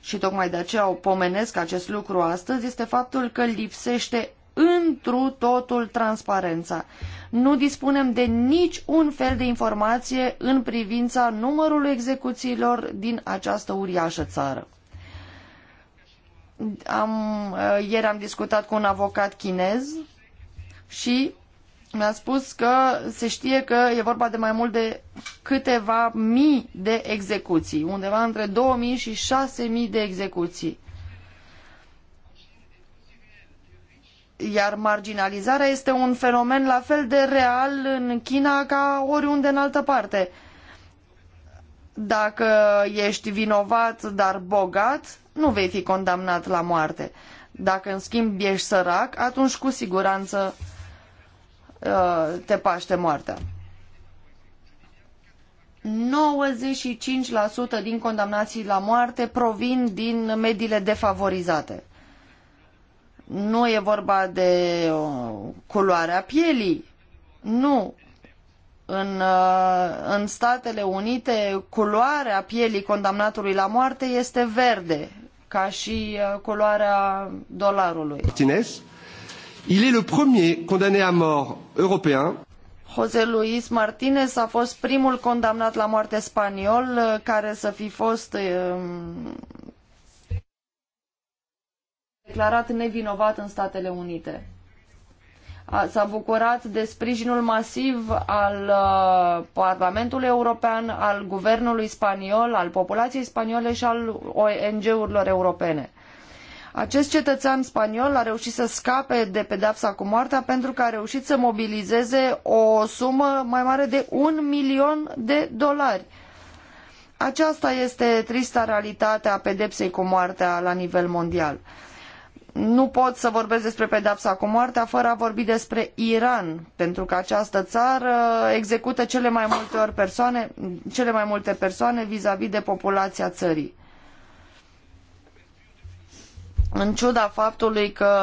și tocmai de aceea o pomenesc acest lucru astăzi, este faptul că lipsește întru totul transparența. Nu dispunem de nici un fel de informație în privința numărului execuțiilor din această uriașă țară. Am, uh, ieri am discutat cu un avocat chinez și mi-a spus că se știe că e vorba de mai mult de câteva mii de execuții, undeva între 2000 și 6000 de execuții. Iar marginalizarea este un fenomen la fel de real în China ca oriunde în altă parte. Dacă ești vinovat, dar bogat, nu vei fi condamnat la moarte. Dacă, în schimb, ești sărac, atunci cu siguranță uh, te paște moartea. 95% din condamnații la moarte provin din mediile defavorizate. Nu e vorba de uh, culoarea pielii. Nu. În, uh, în Statele Unite, culoarea pielii condamnatului la moarte este verde, ca și uh, culoarea dolarului. Martinez, il est le premier condamné à mort européen. José Luis Martinez a fost primul condamnat la moarte spaniol uh, care să fi fost uh, declarat nevinovat în Statele Unite s-a bucurat de sprijinul masiv al uh, Parlamentului European, al guvernului spaniol, al populației spaniole și al ONG-urilor europene. Acest cetățean spaniol a reușit să scape de pedepsa cu moartea pentru că a reușit să mobilizeze o sumă mai mare de un milion de dolari. Aceasta este trista realitate a pedepsei cu moartea la nivel mondial. Nu pot să vorbesc despre pedapsa cu moartea fără a vorbi despre Iran, pentru că această țară execută cele mai multe, ori persoane, cele mai multe persoane vis-a-vis -vis de populația țării. În ciuda faptului că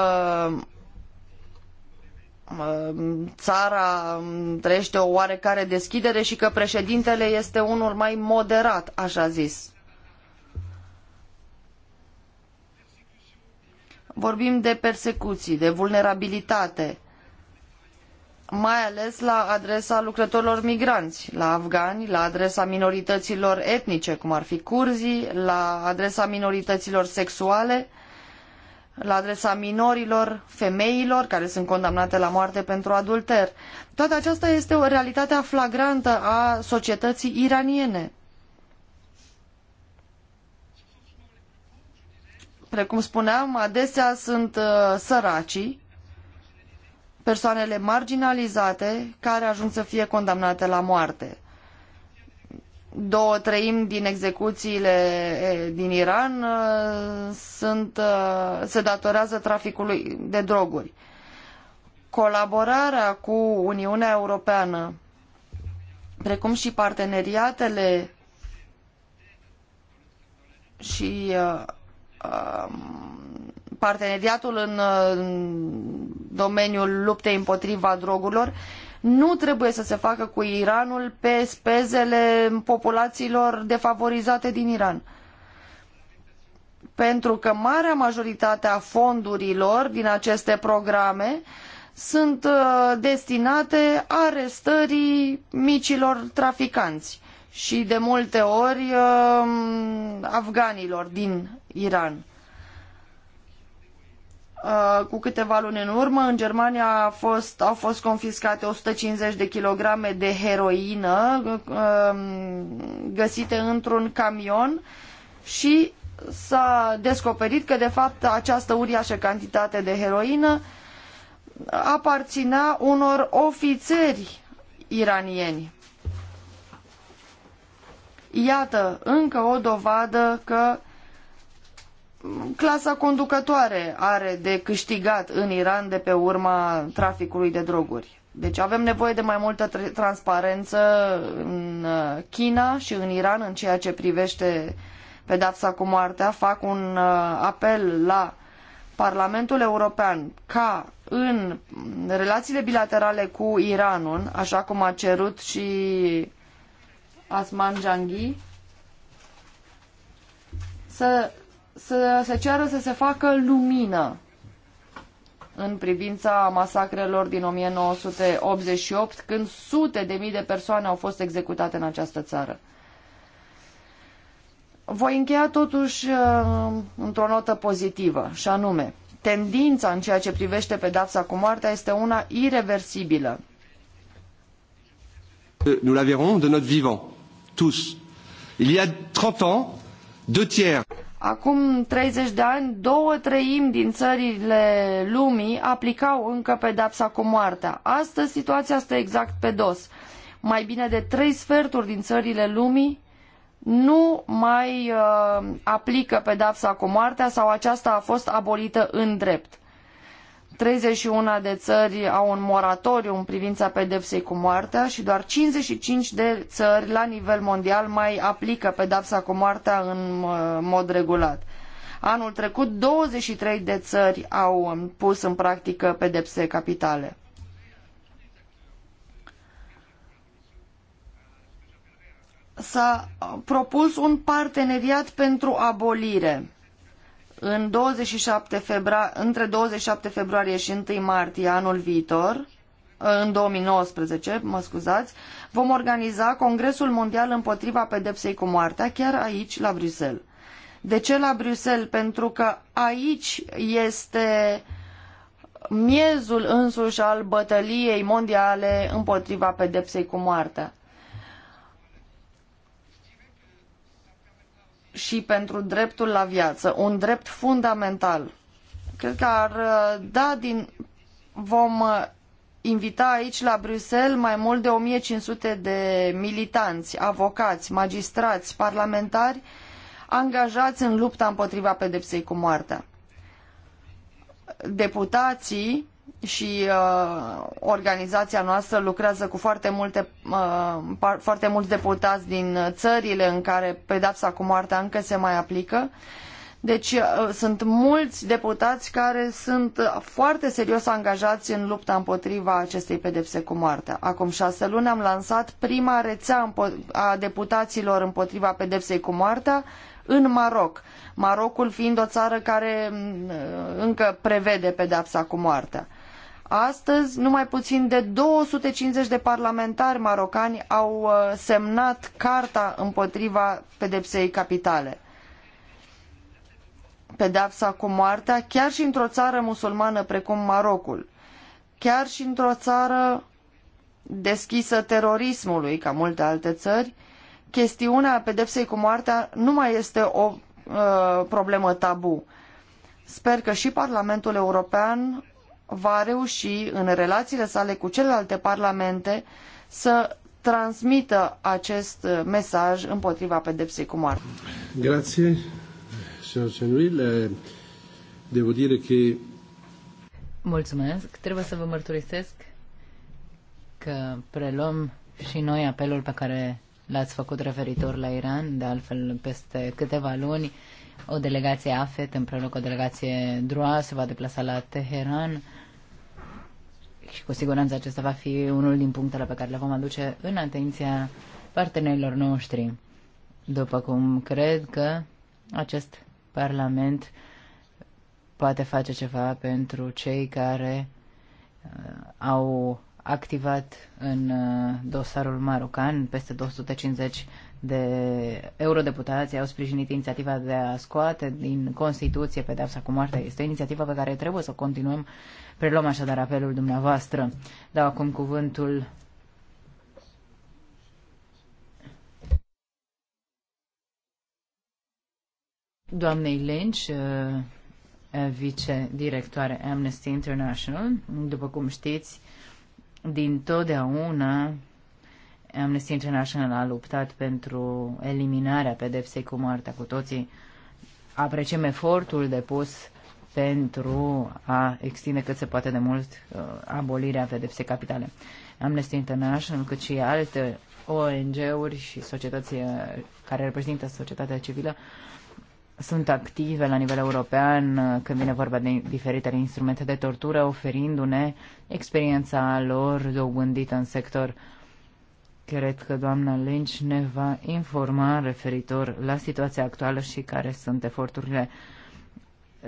um, țara trăiește o oarecare deschidere și că președintele este unul mai moderat, așa zis vorbim de persecuții, de vulnerabilitate, mai ales la adresa lucrătorilor migranți, la afgani, la adresa minorităților etnice, cum ar fi curzii, la adresa minorităților sexuale, la adresa minorilor, femeilor care sunt condamnate la moarte pentru adulter. Toată aceasta este o realitate flagrantă a societății iraniene. precum spuneam, adesea sunt uh, săracii, persoanele marginalizate care ajung să fie condamnate la moarte. Două treimi din execuțiile din Iran uh, sunt, uh, se datorează traficului de droguri. Colaborarea cu Uniunea Europeană, precum și parteneriatele și uh, Um, parteneriatul în domeniul luptei împotriva drogurilor nu trebuie să se facă cu Iranul pe spezele populațiilor defavorizate din Iran. Pentru că marea majoritate a fondurilor din aceste programe sunt uh, destinate arestării micilor traficanți și de multe ori um, afganilor din Iran. Uh, cu câteva luni în urmă, în Germania a fost, au fost confiscate 150 de kilograme de heroină um, găsite într-un camion și s-a descoperit că, de fapt, această uriașă cantitate de heroină aparținea unor ofițeri iranieni Iată, încă o dovadă că clasa conducătoare are de câștigat în Iran de pe urma traficului de droguri. Deci avem nevoie de mai multă transparență în uh, China și în Iran în ceea ce privește pedapsa cu moartea. Fac un uh, apel la Parlamentul European ca în relațiile bilaterale cu Iranul, așa cum a cerut și Asman Janghi să, să se ceară să se facă lumină în privința masacrelor din 1988, când sute de mii de persoane au fost executate în această țară. Voi încheia totuși uh, într-o notă pozitivă, și anume, tendința în ceea ce privește pedapsa cu moartea este una irreversibilă. Nous la verrons de notre vivant tous. Il y a 30 ans, deux tiers. Acum 30 de ani, două treimi din țările lumii aplicau încă pedapsa cu moartea. Astăzi situația este exact pe dos. Mai bine de trei sferturi din țările lumii nu mai uh, aplică pedapsa cu moartea sau aceasta a fost abolită în drept. 31 de țări au un moratoriu în privința pedepsei cu moartea și doar 55 de țări la nivel mondial mai aplică pedepsa cu moartea în uh, mod regulat. Anul trecut, 23 de țări au um, pus în practică pedepse capitale. S-a uh, propus un parteneriat pentru abolire în 27 febra- între 27 februarie și 1 martie anul viitor, uh, în 2019, mă scuzați, vom organiza Congresul Mondial împotriva pedepsei cu moartea, chiar aici, la Bruxelles. De ce la Bruxelles? Pentru că aici este miezul însuși al bătăliei mondiale împotriva pedepsei cu moartea. și pentru dreptul la viață, un drept fundamental. Cred că ar uh, da din... vom uh, invita aici la Bruxelles mai mult de 1500 de militanți, avocați, magistrați, parlamentari angajați în lupta împotriva pedepsei cu moartea. Deputații și uh, organizația noastră lucrează cu foarte, multe, uh, par, foarte mulți deputați din țările în care pedapsa cu moartea încă se mai aplică. Deci uh, sunt mulți deputați care sunt foarte serios angajați în lupta împotriva acestei pedepse cu moartea. Acum șase luni am lansat prima rețea a deputaților împotriva pedepsei cu moartea în Maroc. Marocul fiind o țară care mm, încă prevede pedepsa cu moartea. Astăzi, numai puțin de 250 de parlamentari marocani au uh, semnat carta împotriva pedepsei capitale. Pedepsa cu moartea, chiar și într-o țară musulmană precum Marocul, chiar și într-o țară deschisă terorismului, ca multe alte țări, chestiunea pedepsei cu moartea nu mai este o uh, problemă tabu. Sper că și Parlamentul European va reuși în relațiile sale cu celelalte parlamente să transmită acest mesaj împotriva pedepsei cu moartea. Grazie, Devo dire che... Mulțumesc. Trebuie să vă mărturisesc că preluăm și noi apelul pe care l-ați făcut referitor la Iran, de altfel peste câteva luni o delegație AFET împreună cu o delegație DROA se va deplasa la Teheran și cu siguranță acesta va fi unul din punctele pe care le vom aduce în atenția partenerilor noștri. După cum cred că acest Parlament poate face ceva pentru cei care uh, au activat în uh, dosarul marocan peste 250 de eurodeputații, au sprijinit inițiativa de a scoate din Constituție pedeapsa cu moartea. Este o inițiativă pe care trebuie să o continuăm Preluăm așadar apelul dumneavoastră. Dau acum cuvântul doamnei Lynch, vice uh, vice-directoare Amnesty International. După cum știți, din totdeauna Amnesty International a luptat pentru eliminarea pedepsei cu moartea cu toții. Apreciem efortul depus pentru a extinde cât se poate de mult uh, abolirea pedepsei capitale. Amnesty International, cât și alte ONG-uri și societăți uh, care reprezintă societatea civilă sunt active la nivel european uh, când vine vorba de diferitele instrumente de tortură, oferindu-ne experiența lor dobândită în sector. Cred că doamna Lynch ne va informa referitor la situația actuală și care sunt eforturile uh,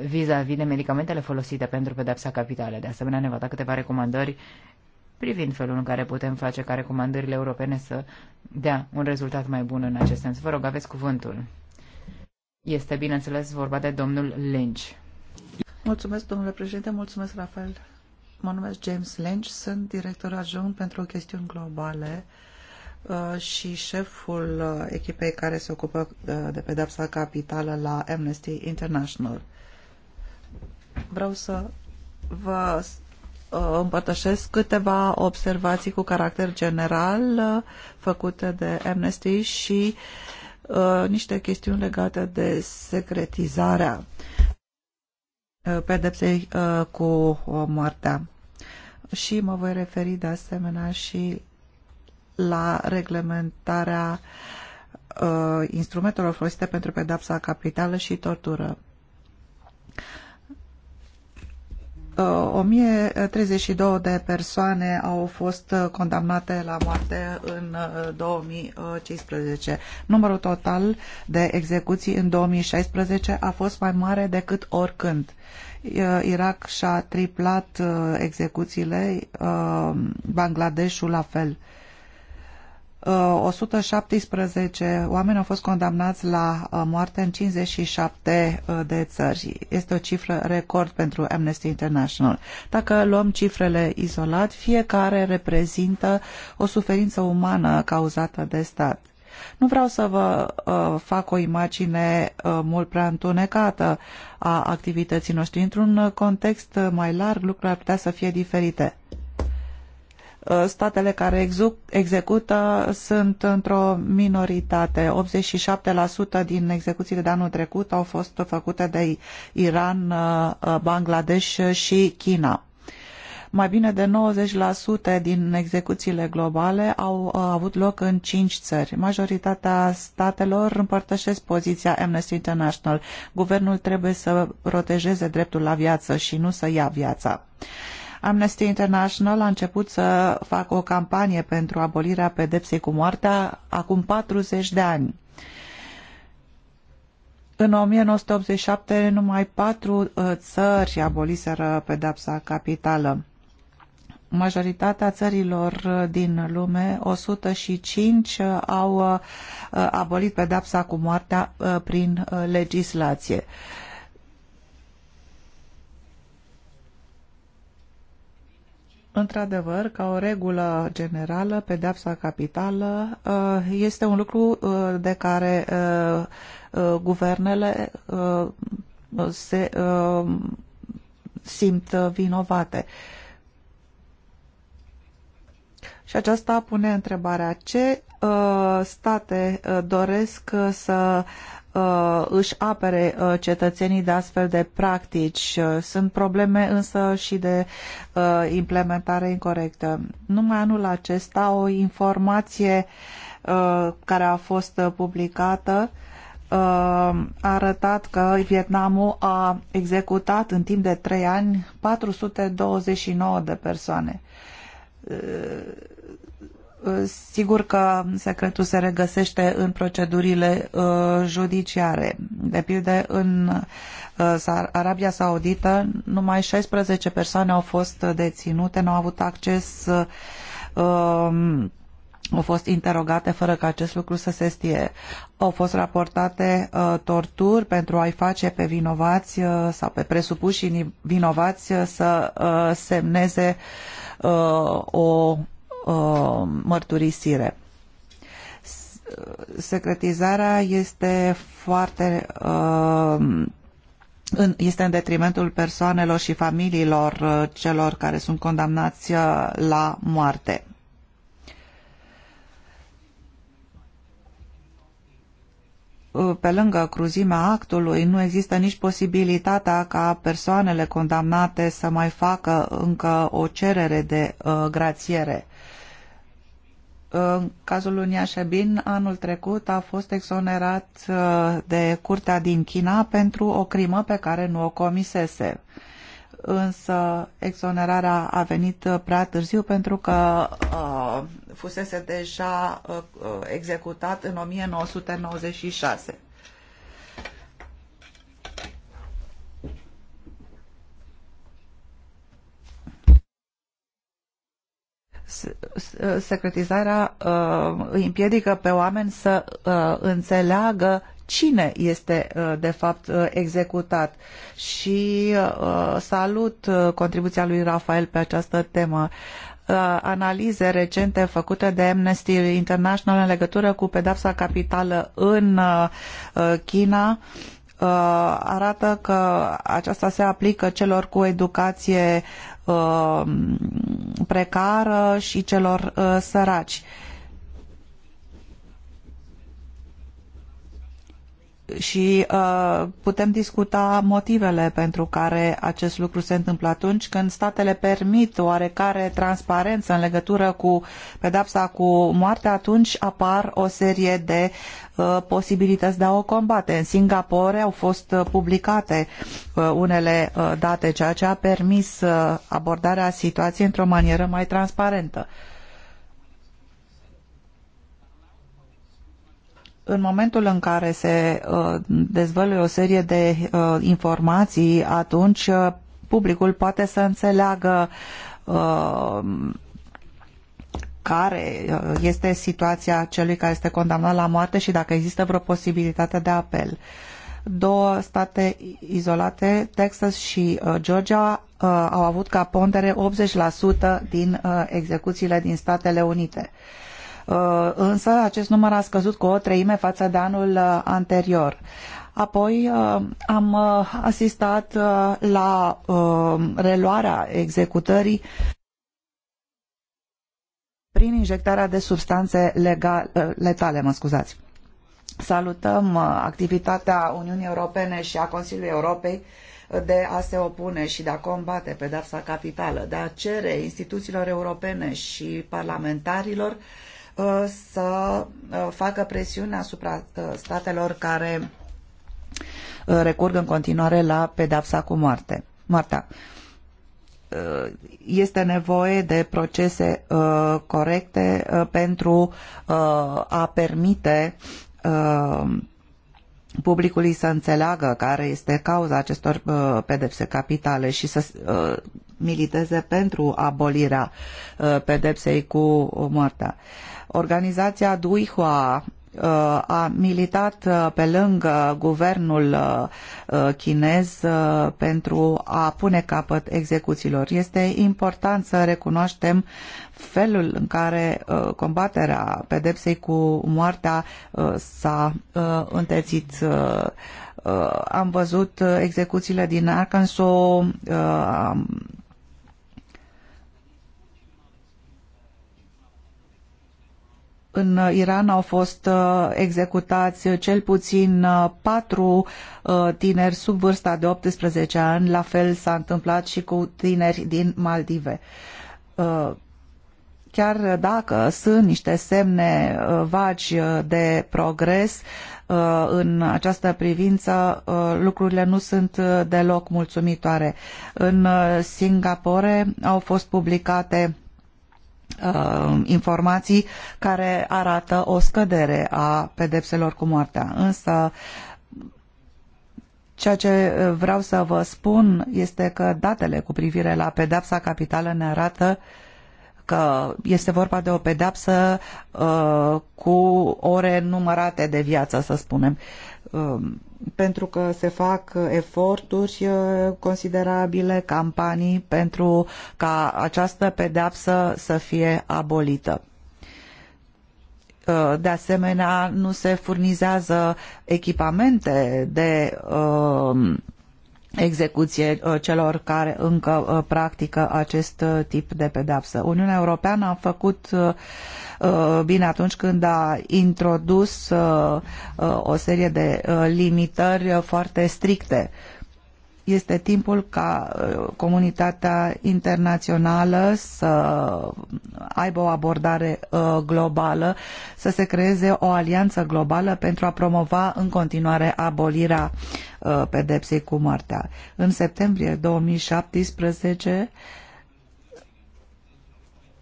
vis-a-vis -vis de medicamentele folosite pentru pedepsa capitală. De asemenea, ne va da câteva recomandări privind felul în care putem face ca recomandările europene să dea un rezultat mai bun în acest sens. Vă rog, aveți cuvântul. Este, bineînțeles, vorba de domnul Lynch. Mulțumesc, domnule președinte, mulțumesc, Rafael. Mă numesc James Lynch, sunt director adjunct pentru chestiuni globale uh, și șeful uh, echipei care se ocupă uh, de pedepsa capitală la Amnesty International. Vreau să vă uh, împărtășesc câteva observații cu caracter general uh, făcute de Amnesty și uh, niște chestiuni legate de secretizarea pedepsei cu moartea. Și mă voi referi de asemenea și la reglementarea instrumentelor folosite pentru pedepsa capitală și tortură. 1032 uh, de persoane au fost uh, condamnate la moarte în 2015. Uh, Numărul total de execuții în 2016 a fost mai mare decât oricând. Irak și-a triplat execuțiile, Bangladeshul la fel. 117 uh, oameni au fost condamnați la uh, moarte în 57 uh, de țări. Este o cifră record pentru Amnesty International. Dacă luăm cifrele izolat, fiecare reprezintă o suferință umană cauzată de stat. Nu vreau să vă uh, fac o imagine uh, mult prea întunecată a activității noștri. Într-un context mai larg, lucrurile ar putea să fie diferite. Uh, statele care execută sunt într-o minoritate. 87% din execuțiile de anul trecut au fost făcute de Iran, uh, uh, Bangladesh și China. Mai bine de 90% din execuțiile globale au avut loc în cinci țări. Majoritatea statelor împărtășesc poziția Amnesty International. Guvernul trebuie să protejeze dreptul la viață și nu să ia viața. Amnesty International a început să facă o campanie pentru abolirea pedepsei cu moartea acum 40 de ani. În 1987 numai patru uh, țări aboliseră pedepsa capitală. Majoritatea țărilor uh, din lume, 105, uh, au abolit pedepsa cu moartea prin legislație. Într-adevăr, ca o regulă generală, pedepsa capitală uh, este un lucru uh, de care uh, guvernele se simt vinovate. Și aceasta pune întrebarea ce state doresc să uh, își apere uh, cetățenii de astfel de practici. Uh, sunt probleme însă și de uh, implementare incorrectă. Numai anul acesta o informație uh, care a fost uh, publicată uh, a arătat că Vietnamul a executat în timp de trei ani 429 de persoane Sigur că secretul se regăsește în procedurile uh, judiciare. De pildă, în uh, Arabia Saudită, numai 16 persoane au fost deținute, nu au avut acces, um, au fost interogate fără ca acest lucru să se stie. Au fost raportate uh, torturi pentru a-i face pe vinovați sau pe presupuși vinovați să semneze o Uh, mărturisire. Secretizarea este foarte uh, este în detrimentul persoanelor și familiilor uh, celor care sunt condamnați la moarte. Pe lângă cruzimea actului, nu există nici posibilitatea ca persoanele condamnate să mai facă încă o cerere de uh, grațiere. Uh, în cazul lui Niașebin, anul trecut a fost exonerat uh, de curtea din China pentru o crimă pe care nu o comisese. Însă exonerarea a venit uh, prea târziu pentru că uh, fusese deja uh, uh executat în 1996. secretizarea uh, îi împiedică pe oameni să uh, înțeleagă cine este uh, de fapt executat și salut contribuția lui Rafael pe această temă analize recente făcute de Amnesty International în legătură cu pedapsa capitală în China arată că aceasta se aplică celor cu educație Uh, precară și celor uh, săraci. și uh, putem discuta motivele pentru care acest lucru se întâmplă atunci când statele permit oarecare transparență în legătură cu pedapsa cu moarte, atunci apar o serie de uh, posibilități de a o combate. În Singapore au fost uh, publicate uh, unele uh, date, ceea ce a permis uh, abordarea situației într-o manieră mai transparentă. Uh, în momentul în care se uh, dezvăluie o serie de uh, informații, atunci uh, publicul poate să înțeleagă care este situația celui care este condamnat la moarte și dacă există vreo posibilitate de apel. Două state izolate, Texas și Georgia, au avut ca pondere 80% din execuțiile din Statele Unite. Uh, însă acest număr a scăzut cu o treime față de anul uh, anterior. Apoi uh, am asistat la reluarea executării prin injectarea de substanțe legal, letale. Mă scuzați. Salutăm activitatea Uniunii Europene și a Consiliului Europei de a se opune și de a combate pedepsa capitală, de a cere instituțiilor europene și parlamentarilor uh, Uh, să uh, facă presiune asupra uh, statelor care recurg în continuare la pedapsa cu moarte. Marta, Este nevoie de procese corecte pentru a permite publicului să înțeleagă care este cauza acestor pedepse capitale și să militeze pentru abolirea pedepsei cu moartea. Organizația Duihua uh, a militat uh, pe lângă guvernul uh, chinez pentru a pune capăt execuțiilor. Este important să recunoaștem felul în care combaterea pedepsei cu moartea s-a întețit. Am văzut execuțiile din Arkansas, am În Iran au fost uh, executați cel puțin uh, patru uh, tineri sub vârsta de 18 ani. La fel s-a întâmplat și cu tineri din Maldive chiar dacă sunt niște semne vagi de progres în această privință, lucrurile nu sunt deloc mulțumitoare. În Singapore au fost publicate Uh, informații care arată o scădere a pedepselor cu moartea. Însă Ceea ce uh, vreau să vă spun este că datele cu privire la pedepsa capitală ne arată că este vorba de o pedeapsă uh, cu ore numărate de viață, să spunem. Uh, pentru că se fac eforturi uh, considerabile, campanii pentru ca această pedeapsă să fie abolită. Uh, de asemenea, nu se furnizează echipamente de uh, execuție uh, celor care încă uh, practică acest uh, tip de pedapsă. Uniunea Europeană a făcut bine atunci când a introdus o serie de limitări foarte stricte este timpul ca uh, comunitatea internațională să aibă o abordare uh, globală, să se creeze o alianță globală pentru a promova în continuare abolirea uh, pedepsei cu moartea. În septembrie 2017,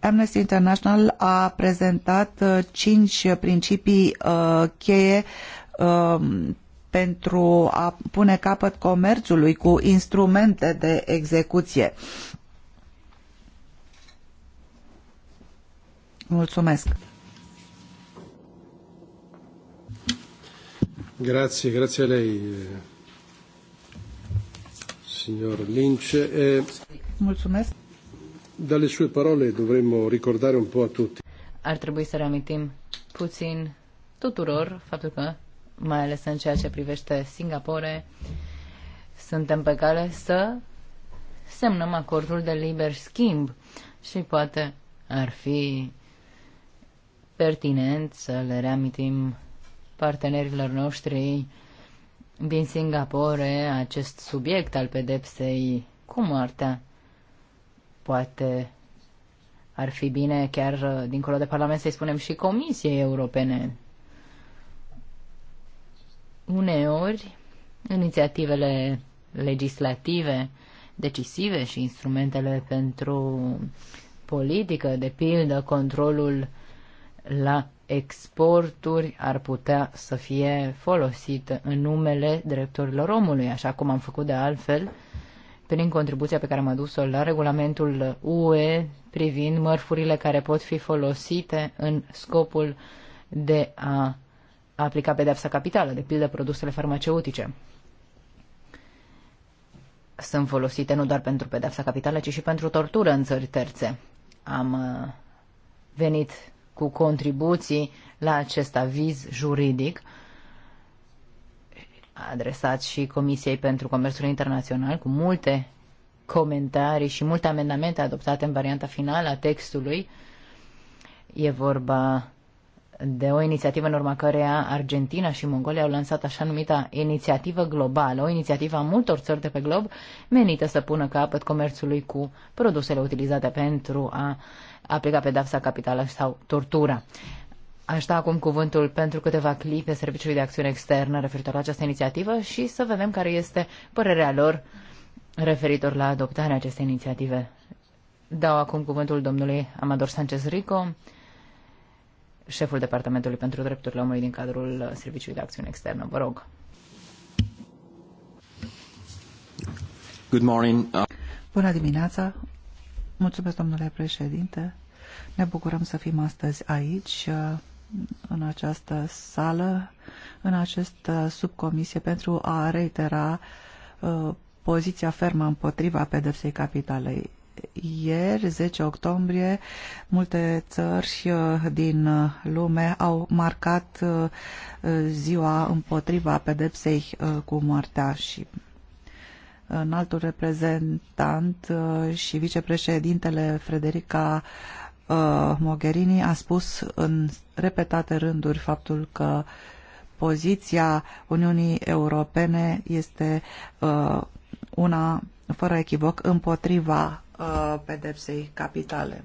Amnesty International a prezentat cinci principii cheie um, pentru a pune capăt comerțului cu instrumente de execuție. Mulțumesc. Grazie, grazie a lei, signor Lynch. E... Mulțumesc. Dalle sue parole dovremmo ricordare un po' a tutti. Ar trebui să reamintim puțin tuturor faptul că mai ales în ceea ce privește Singapore, suntem pe cale să semnăm acordul de liber schimb și poate ar fi pertinent să le reamintim partenerilor noștri din Singapore acest subiect al pedepsei cu moartea. Poate ar fi bine chiar dincolo de Parlament să-i spunem și Comisiei Europene uneori inițiativele legislative decisive și instrumentele pentru politică, de pildă controlul la exporturi ar putea să fie folosit în numele drepturilor omului, așa cum am făcut de altfel prin contribuția pe care am adus-o la regulamentul UE privind mărfurile care pot fi folosite în scopul de a aplica pedepsa capitală, de pildă produsele farmaceutice. Sunt folosite nu doar pentru pedepsa capitală, ci și pentru tortură în țări terțe. Am uh, venit cu contribuții la acest aviz juridic adresat și Comisiei pentru Comerțul Internațional cu multe comentarii și multe amendamente adoptate în varianta finală a textului. E vorba de o inițiativă în urma căreia Argentina și Mongolia au lansat așa numita inițiativă globală, o inițiativă a multor țări de pe glob menită să pună capăt comerțului cu produsele utilizate pentru a aplica pedapsa capitală sau tortura. Aș da acum cuvântul pentru câteva clipe Serviciului de Acțiune Externă referitor la această inițiativă și să vedem care este părerea lor referitor la adoptarea acestei inițiative. Dau acum cuvântul domnului Amador Sanchez Rico, șeful Departamentului pentru Drepturile Omului din cadrul uh, Serviciului de Acțiune Externă. Vă rog. Good morning. Uh, Bună dimineața. Mulțumesc, domnule președinte. Ne bucurăm să fim astăzi aici, uh, în această sală, în această subcomisie, pentru a reitera poziția fermă împotriva pedepsei capitalei ieri, 10 octombrie, multe țări uh, din uh, lume au marcat uh, ziua împotriva pedepsei cu moartea și altul reprezentant și vicepreședintele Frederica Mogherini a spus în repetate rânduri faptul că poziția Uniunii Europene este una fără echivoc împotriva Uh, pedepsei capitale.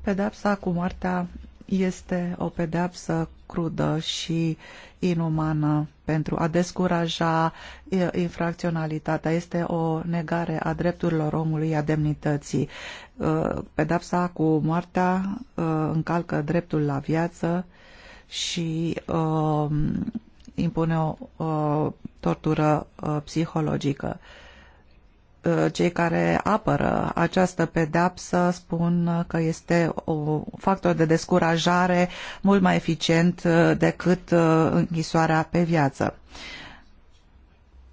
Pedepsa cu moartea este o pedepsă crudă și inumană pentru a descuraja uh, infracționalitatea. Este o negare a drepturilor omului, a demnității. Uh, pedepsa cu moartea încalcă dreptul la viață și impune o, o tortură uh, psihologică. Uh, cei care apără această pedapsă spun că este un factor de descurajare mult mai eficient uh, decât închisoarea pe viață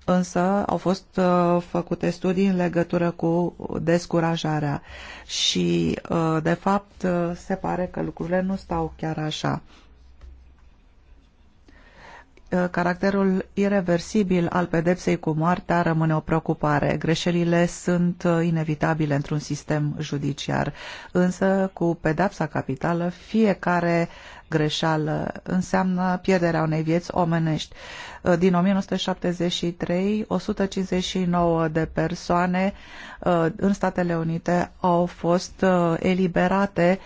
însă au fost făcute studii în legătură cu descurajarea și de fapt se pare că lucrurile nu stau chiar așa. Uh, caracterul irreversibil al pedepsei cu moartea rămâne o preocupare. Greșelile sunt uh, inevitabile într-un sistem judiciar, însă cu pedepsa capitală fiecare greșeală înseamnă pierderea unei vieți omenești. Uh, din 1973, 159 de persoane în Statele Unite au fost eliberate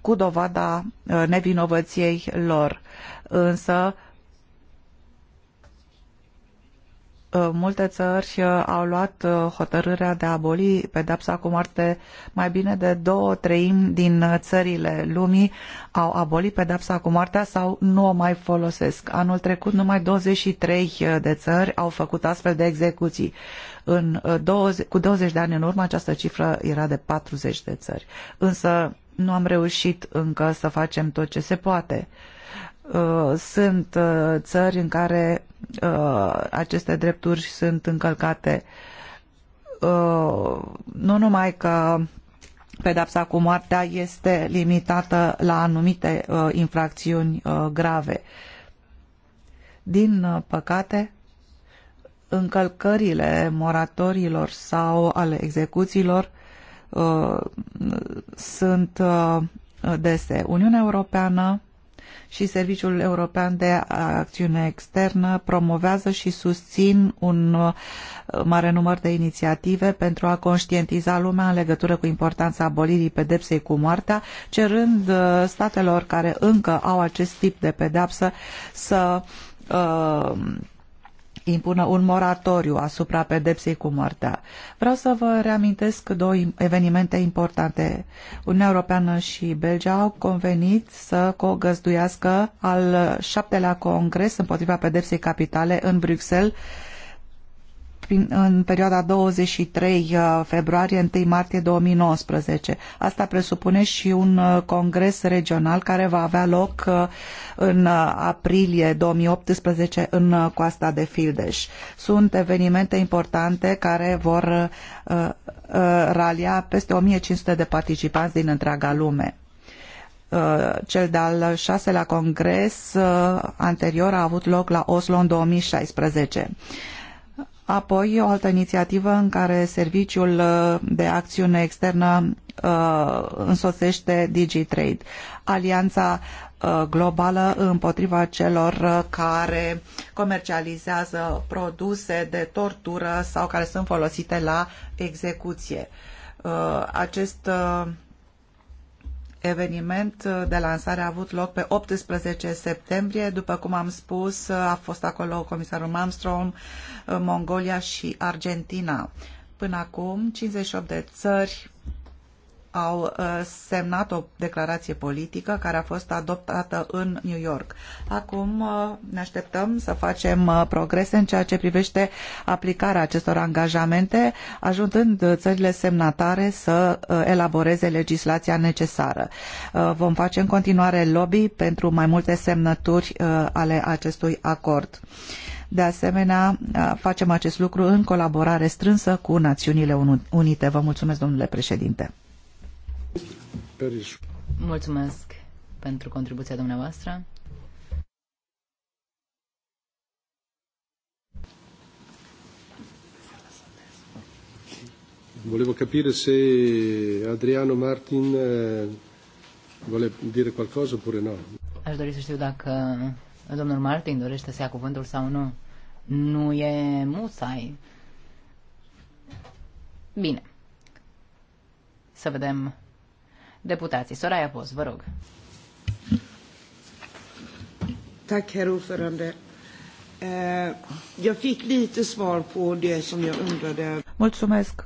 cu dovada nevinovăției lor. Însă, Uh, multe țări uh, au luat uh, hotărârea de a aboli pedepsa cu moarte. Mai bine de două treimi din țările lumii au abolit pedepsa cu moartea sau nu o mai folosesc. Anul trecut numai 23 de țări au făcut astfel de execuții. În 20, cu 20 de ani în urmă această cifră era de 40 de țări. Însă nu am reușit încă să facem tot ce se poate. Uh, sunt uh, țări în care uh, aceste drepturi sunt încălcate nu numai că pedapsa cu moartea este limitată la anumite infracțiuni grave. Din păcate, încălcările moratorilor sau ale execuțiilor Uh, sunt uh, dese. Uniunea Europeană și Serviciul European de Acțiune Externă promovează și susțin un uh, mare număr de inițiative pentru a conștientiza lumea în legătură cu importanța abolirii pedepsei cu moartea, cerând statelor care încă au acest tip de pedepsă să uh, impună un moratoriu asupra pedepsei cu moartea. Vreau să vă reamintesc două evenimente importante. Uniunea Europeană și Belgia au convenit să cogăzduiască al șaptelea congres împotriva pedepsei capitale în Bruxelles prin, în perioada 23 uh, februarie-1 martie 2019. Asta presupune și un uh, congres regional care va avea loc uh, în aprilie 2018 în coasta de Fildeș. Sunt evenimente importante care vor ralia peste 1500 de participanți din întreaga lume cel de-al șaselea congres anterior a avut loc la Oslo în 2016. Apoi, o altă inițiativă în care Serviciul uh, de Acțiune Externă uh, însoțește DigiTrade, alianța uh, globală împotriva celor care comercializează produse de tortură sau care sunt folosite la execuție. Acest eveniment de lansare a avut loc pe 18 septembrie. După cum am spus, a fost acolo comisarul Malmström, Mongolia și Argentina. Până acum, 58 de țări au uh, semnat o declarație politică care a fost adoptată în New York. Acum uh, ne așteptăm să facem uh, progrese în ceea ce privește aplicarea acestor angajamente, ajutând țările semnatare să elaboreze legislația necesară. Vom face în continuare lobby pentru mai multe semnături ale acestui acord. De asemenea, facem acest lucru în colaborare strânsă cu Națiunile Unite. Vă mulțumesc, domnule președinte. Mulțumesc pentru contribuția dumneavoastră. Volevo capire se Adriano Martin eh, vuole dire qualcosa oppure no. Aș dori să știu dacă domnul Martin dorește să ia cuvântul sau nu. Nu e musai. Bine. Să vedem deputații. Soraya Poz, vă rog. Tack, herr ordförande. Eh, jag fick lite svar på det som jag undrade. Mulțumesc.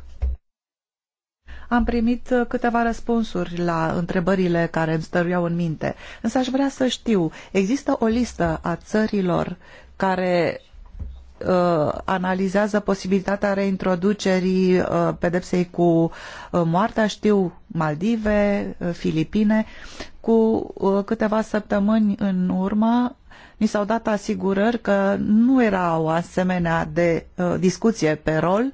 Am primit eh, câteva răspunsuri la întrebările care îmi stăruiau în minte, însă aș vrea să știu, există o listă a țărilor care uh, analizează posibilitatea reintroducerii uh, pedepsei cu uh, moartea, știu Maldive, uh, Filipine. Cu uh, câteva săptămâni în urmă ni s-au dat asigurări că nu era o asemenea de uh, discuție pe rol uh,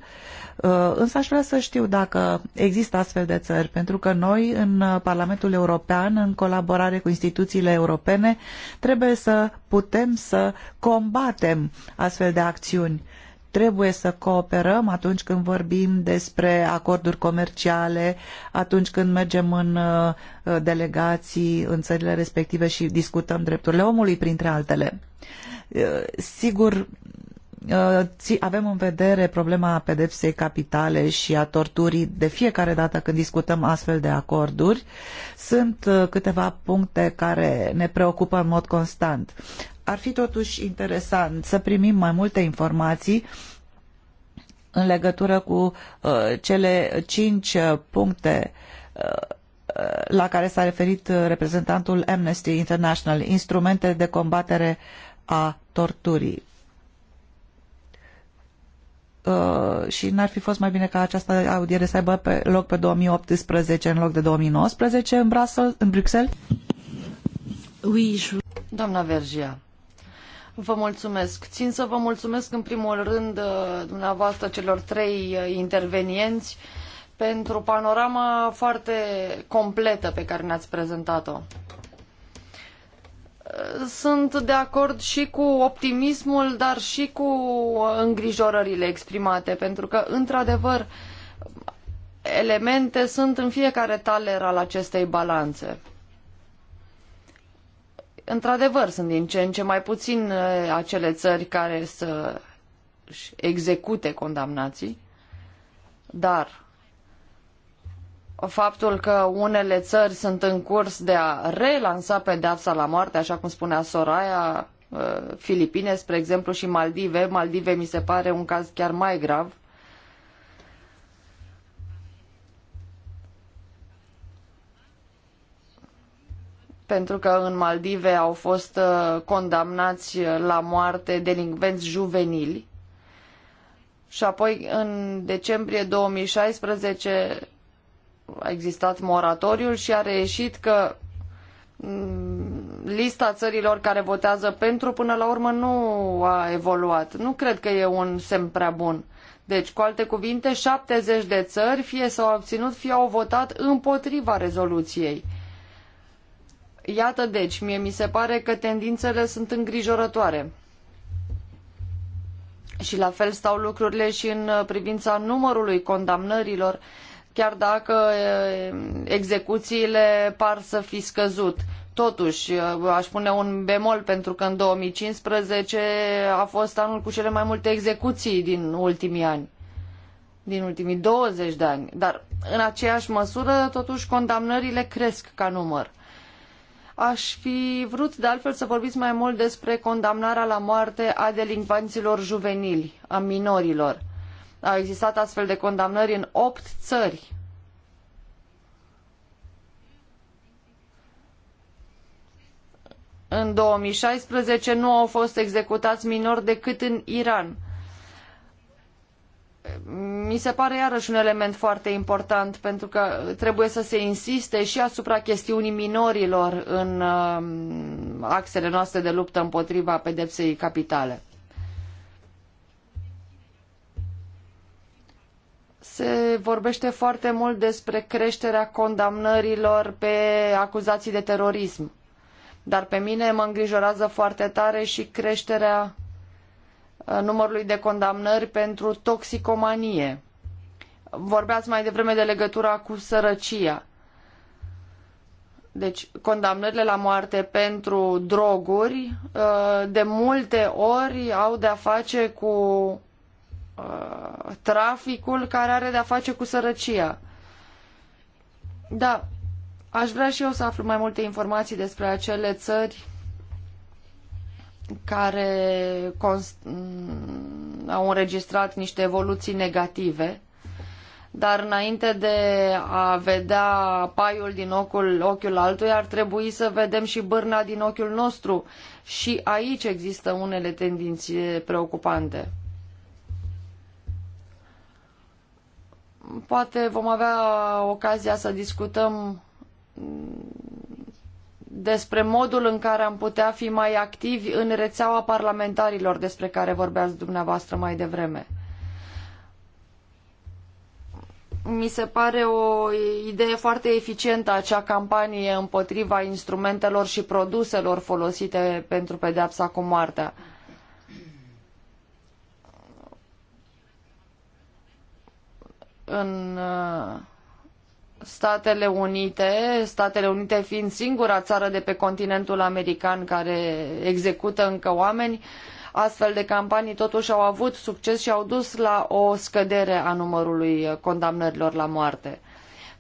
Uh, însă aș vrea să știu dacă există astfel de țări, pentru că noi în uh, Parlamentul European, în colaborare cu instituțiile europene, trebuie să putem să combatem astfel de acțiuni trebuie să cooperăm atunci când vorbim despre acorduri comerciale, atunci când mergem în uh, delegații în țările respective și discutăm drepturile omului, printre altele. Sigur, Uh, avem în vedere problema pedepsei capitale și a torturii de fiecare dată când discutăm astfel de acorduri. Sunt uh, câteva puncte care ne preocupă în mod constant. Ar fi totuși interesant să primim mai multe informații în legătură cu uh, cele cinci puncte la care s-a referit reprezentantul Amnesty International, instrumente de combatere a torturii Uh, și n-ar fi fost mai bine ca această audiere să aibă pe loc pe 2018 în loc de 2019 în, Brussels, în Bruxelles? Oui, je... Doamna Vergia, Vă mulțumesc. Țin să vă mulțumesc în primul rând uh, dumneavoastră celor trei uh, intervenienți pentru panorama foarte completă pe care ne-ați prezentat-o sunt de acord și cu optimismul, dar și cu uh, îngrijorările exprimate, pentru că, într-adevăr, elemente sunt în fiecare taler al acestei balanțe. Într-adevăr, sunt din ce în ce mai puțin uh, acele țări care să execute condamnații, dar faptul că unele țări sunt în curs de a relansa pedeapsa la moarte, așa cum spunea Soraya, uh, Filipine, spre exemplu, și Maldive. Maldive mi se pare un caz chiar mai grav. pentru că în Maldive au fost uh, condamnați la moarte delinvenți juvenili. Și apoi, în decembrie 2016, a existat moratoriul și a reieșit că mm, lista țărilor care votează pentru până la urmă nu a evoluat. Nu cred că e un semn prea bun. Deci, cu alte cuvinte, 70 de țări fie s-au abținut, fie au votat împotriva rezoluției. Iată deci, mie mi se pare că tendințele sunt îngrijorătoare. Și la fel stau lucrurile și în uh, privința numărului condamnărilor chiar dacă execuțiile par să fi scăzut. Totuși, aș pune un bemol pentru că în 2015 a fost anul cu cele mai multe execuții din ultimii ani, din ultimii 20 de ani. Dar în aceeași măsură, totuși, condamnările cresc ca număr. Aș fi vrut de altfel să vorbiți mai mult despre condamnarea la moarte a delincvanților juvenili, a minorilor au existat astfel de condamnări în opt țări. În 2016 nu au fost executați minori decât în Iran. Mi se pare iarăși un element foarte important pentru că trebuie să se insiste și asupra chestiunii minorilor în um, axele noastre de luptă împotriva pedepsei capitale. se vorbește foarte mult despre creșterea condamnărilor pe acuzații de terorism. Dar pe mine mă îngrijorează foarte tare și creșterea uh, numărului de condamnări pentru toxicomanie. Vorbeați mai devreme de legătura cu sărăcia. Deci, condamnările la moarte pentru droguri uh, de multe ori au de-a face cu Uh, traficul care are de-a face cu sărăcia. Da, aș vrea și eu să aflu mai multe informații despre acele țări care mm, au înregistrat niște evoluții negative, dar înainte de a vedea paiul din ochiul, ochiul altuia, ar trebui să vedem și bârna din ochiul nostru. Și aici există unele tendințe preocupante. Poate vom avea ocazia să discutăm despre modul în care am putea fi mai activi în rețeaua parlamentarilor despre care vorbeați dumneavoastră mai devreme. Mi se pare o idee foarte eficientă acea campanie împotriva instrumentelor și produselor folosite pentru pedepsa cu moartea. Uh, în uh, Statele Unite, Statele Unite fiind singura țară de pe continentul american care execută încă oameni, astfel de campanii totuși au avut succes și au dus la o scădere a numărului uh, condamnărilor la moarte.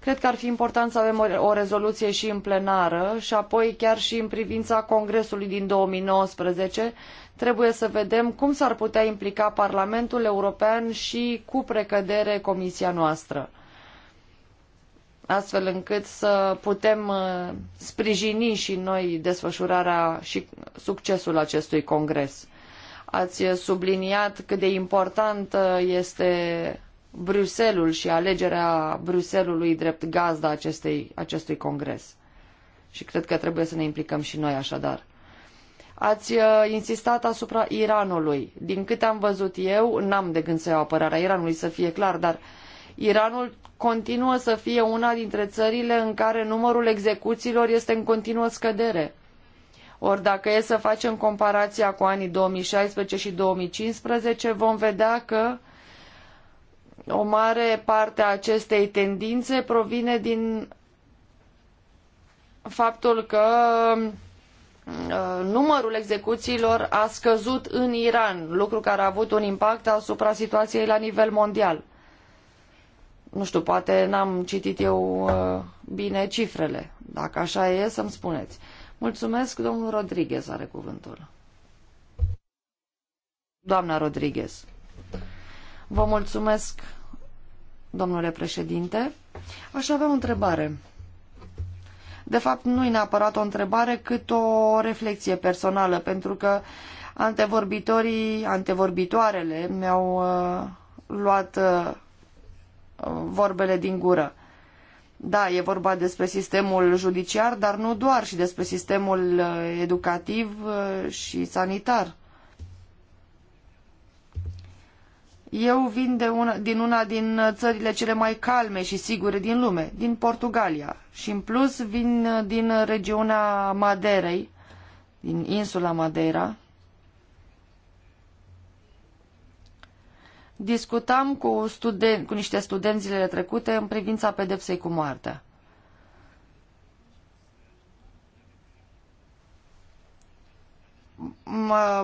Cred că ar fi important să avem o rezoluție și în plenară și apoi chiar și în privința Congresului din 2019 Trebuie să vedem cum s-ar putea implica Parlamentul European și cu precădere Comisia noastră, astfel încât să putem uh, sprijini și noi desfășurarea și succesul acestui congres. Ați subliniat cât de important uh, este Bruselul și alegerea Bruselului drept gazda acestei, acestui congres. Și cred că trebuie să ne implicăm și noi așadar. Ați uh, insistat asupra Iranului. Din câte am văzut eu, n-am de gând să iau apărarea Iranului, să fie clar, dar Iranul continuă să fie una dintre țările în care numărul execuțiilor este în continuă scădere. Ori dacă e să facem comparația cu anii 2016 și 2015, vom vedea că o mare parte a acestei tendințe provine din faptul că Uh, numărul execuțiilor a scăzut în Iran, lucru care a avut un impact asupra situației la nivel mondial. Nu știu, poate n-am citit eu uh, bine cifrele. Dacă așa e, să-mi spuneți. Mulțumesc, domnul Rodriguez are cuvântul. Doamna Rodriguez. Vă mulțumesc, domnule președinte. Aș avea o întrebare de fapt nu e neapărat o întrebare, cât o reflexie personală, pentru că antevorbitorii, antevorbitoarele mi-au uh, luat uh, vorbele din gură. Da, e vorba despre sistemul judiciar, dar nu doar, și despre sistemul uh, educativ uh, și sanitar. Eu vin de una, din una din țările cele mai calme și sigure din lume, din Portugalia. Și în plus vin din regiunea Maderei, din insula Madeira. Discutam cu, studen- cu niște studenți zilele trecute în privința pedepsei cu moartea.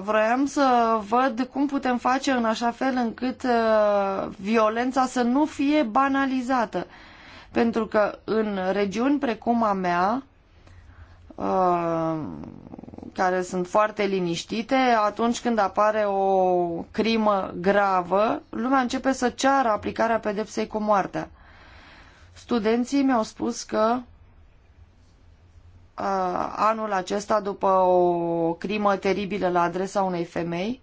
vrem să văd cum putem face în așa fel încât uh, violența să nu fie banalizată. Pentru că în regiuni precum a mea, uh, care sunt foarte liniștite, atunci când apare o crimă gravă, lumea începe să ceară aplicarea pedepsei cu moartea. Studenții mi-au spus că anul acesta după o crimă teribilă la adresa unei femei.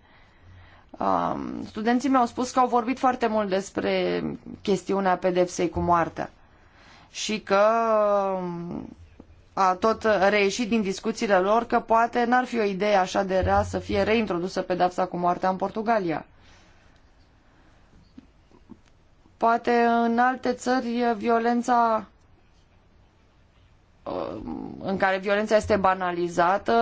Studenții mi-au spus că au vorbit foarte mult despre chestiunea pedepsei cu moartea și că a tot reieșit din discuțiile lor că poate n-ar fi o idee așa de rea să fie reintrodusă pedepsa cu moartea în Portugalia. Poate în alte țări violența Uh, în care violența este banalizată,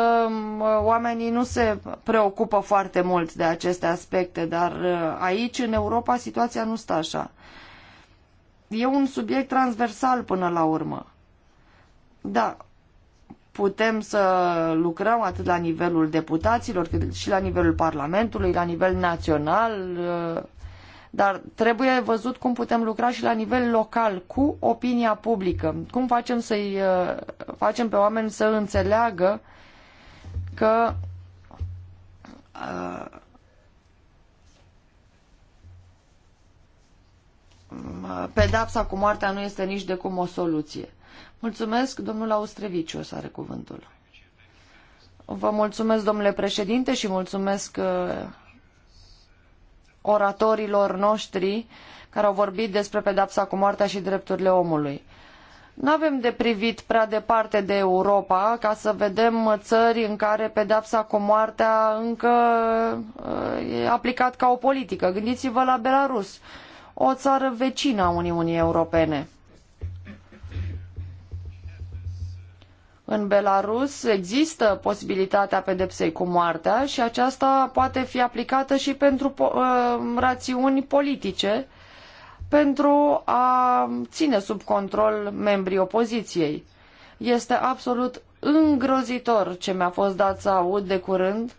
uh, oamenii nu se preocupă foarte mult de aceste aspecte, dar uh, aici, în Europa, situația nu stă așa. E un subiect transversal până la urmă. Da, putem să lucrăm atât la nivelul deputaților, cât și la nivelul Parlamentului, la nivel național, dar trebuie văzut cum putem lucra și la nivel local, cu opinia publică. Cum facem să-i uh, facem pe oameni să înțeleagă că uh, pedapsa cu moartea nu este nici de cum o soluție. Mulțumesc, domnul Austreviciu, să are cuvântul. Vă mulțumesc, domnule președinte, și mulțumesc uh, oratorilor noștri care au vorbit despre pedapsa cu moartea și drepturile omului. Nu avem de privit prea departe de Europa ca să vedem țări în care pedapsa cu moartea încă uh, e aplicat ca o politică. Gândiți-vă la Belarus, o țară vecină a Uniunii Europene. În Belarus există posibilitatea pedepsei cu moartea și aceasta poate fi aplicată și pentru po- ă, rațiuni politice pentru a ține sub control membrii opoziției. Este absolut îngrozitor ce mi-a fost dat să aud de curând.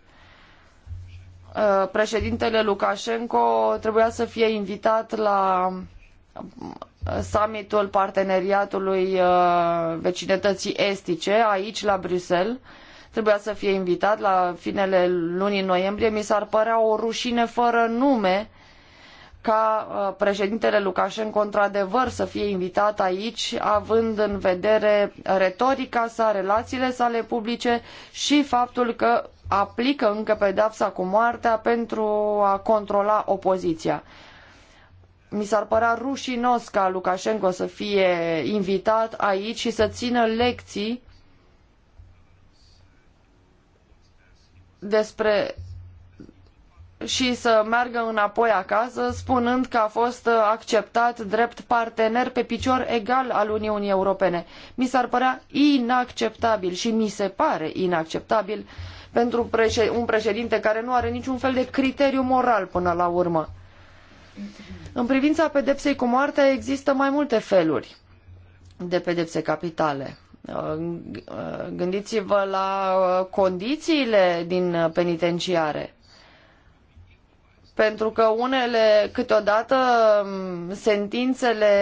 Ă, președintele Lukashenko trebuia să fie invitat la summitul parteneriatului uh, vecinătății estice aici la Bruxelles. Trebuia să fie invitat la finele lunii noiembrie. Mi s-ar părea o rușine fără nume ca uh, președintele Lukashenko într-adevăr să fie invitat aici, având în vedere retorica sa, relațiile sale publice și faptul că aplică încă pedeapsa cu moartea pentru a controla opoziția mi s-ar părea rușinos ca Lukashenko să fie invitat aici și să țină lecții despre și să meargă înapoi acasă, spunând că a fost acceptat drept partener pe picior egal al Uniunii Europene. Mi s-ar părea inacceptabil și mi se pare inacceptabil pentru un președinte care nu are niciun fel de criteriu moral până la urmă. În privința pedepsei cu moartea există mai multe feluri de pedepse capitale. Uh, uh, gândiți-vă la uh, condițiile din penitenciare. Pentru că unele, câteodată, um, sentințele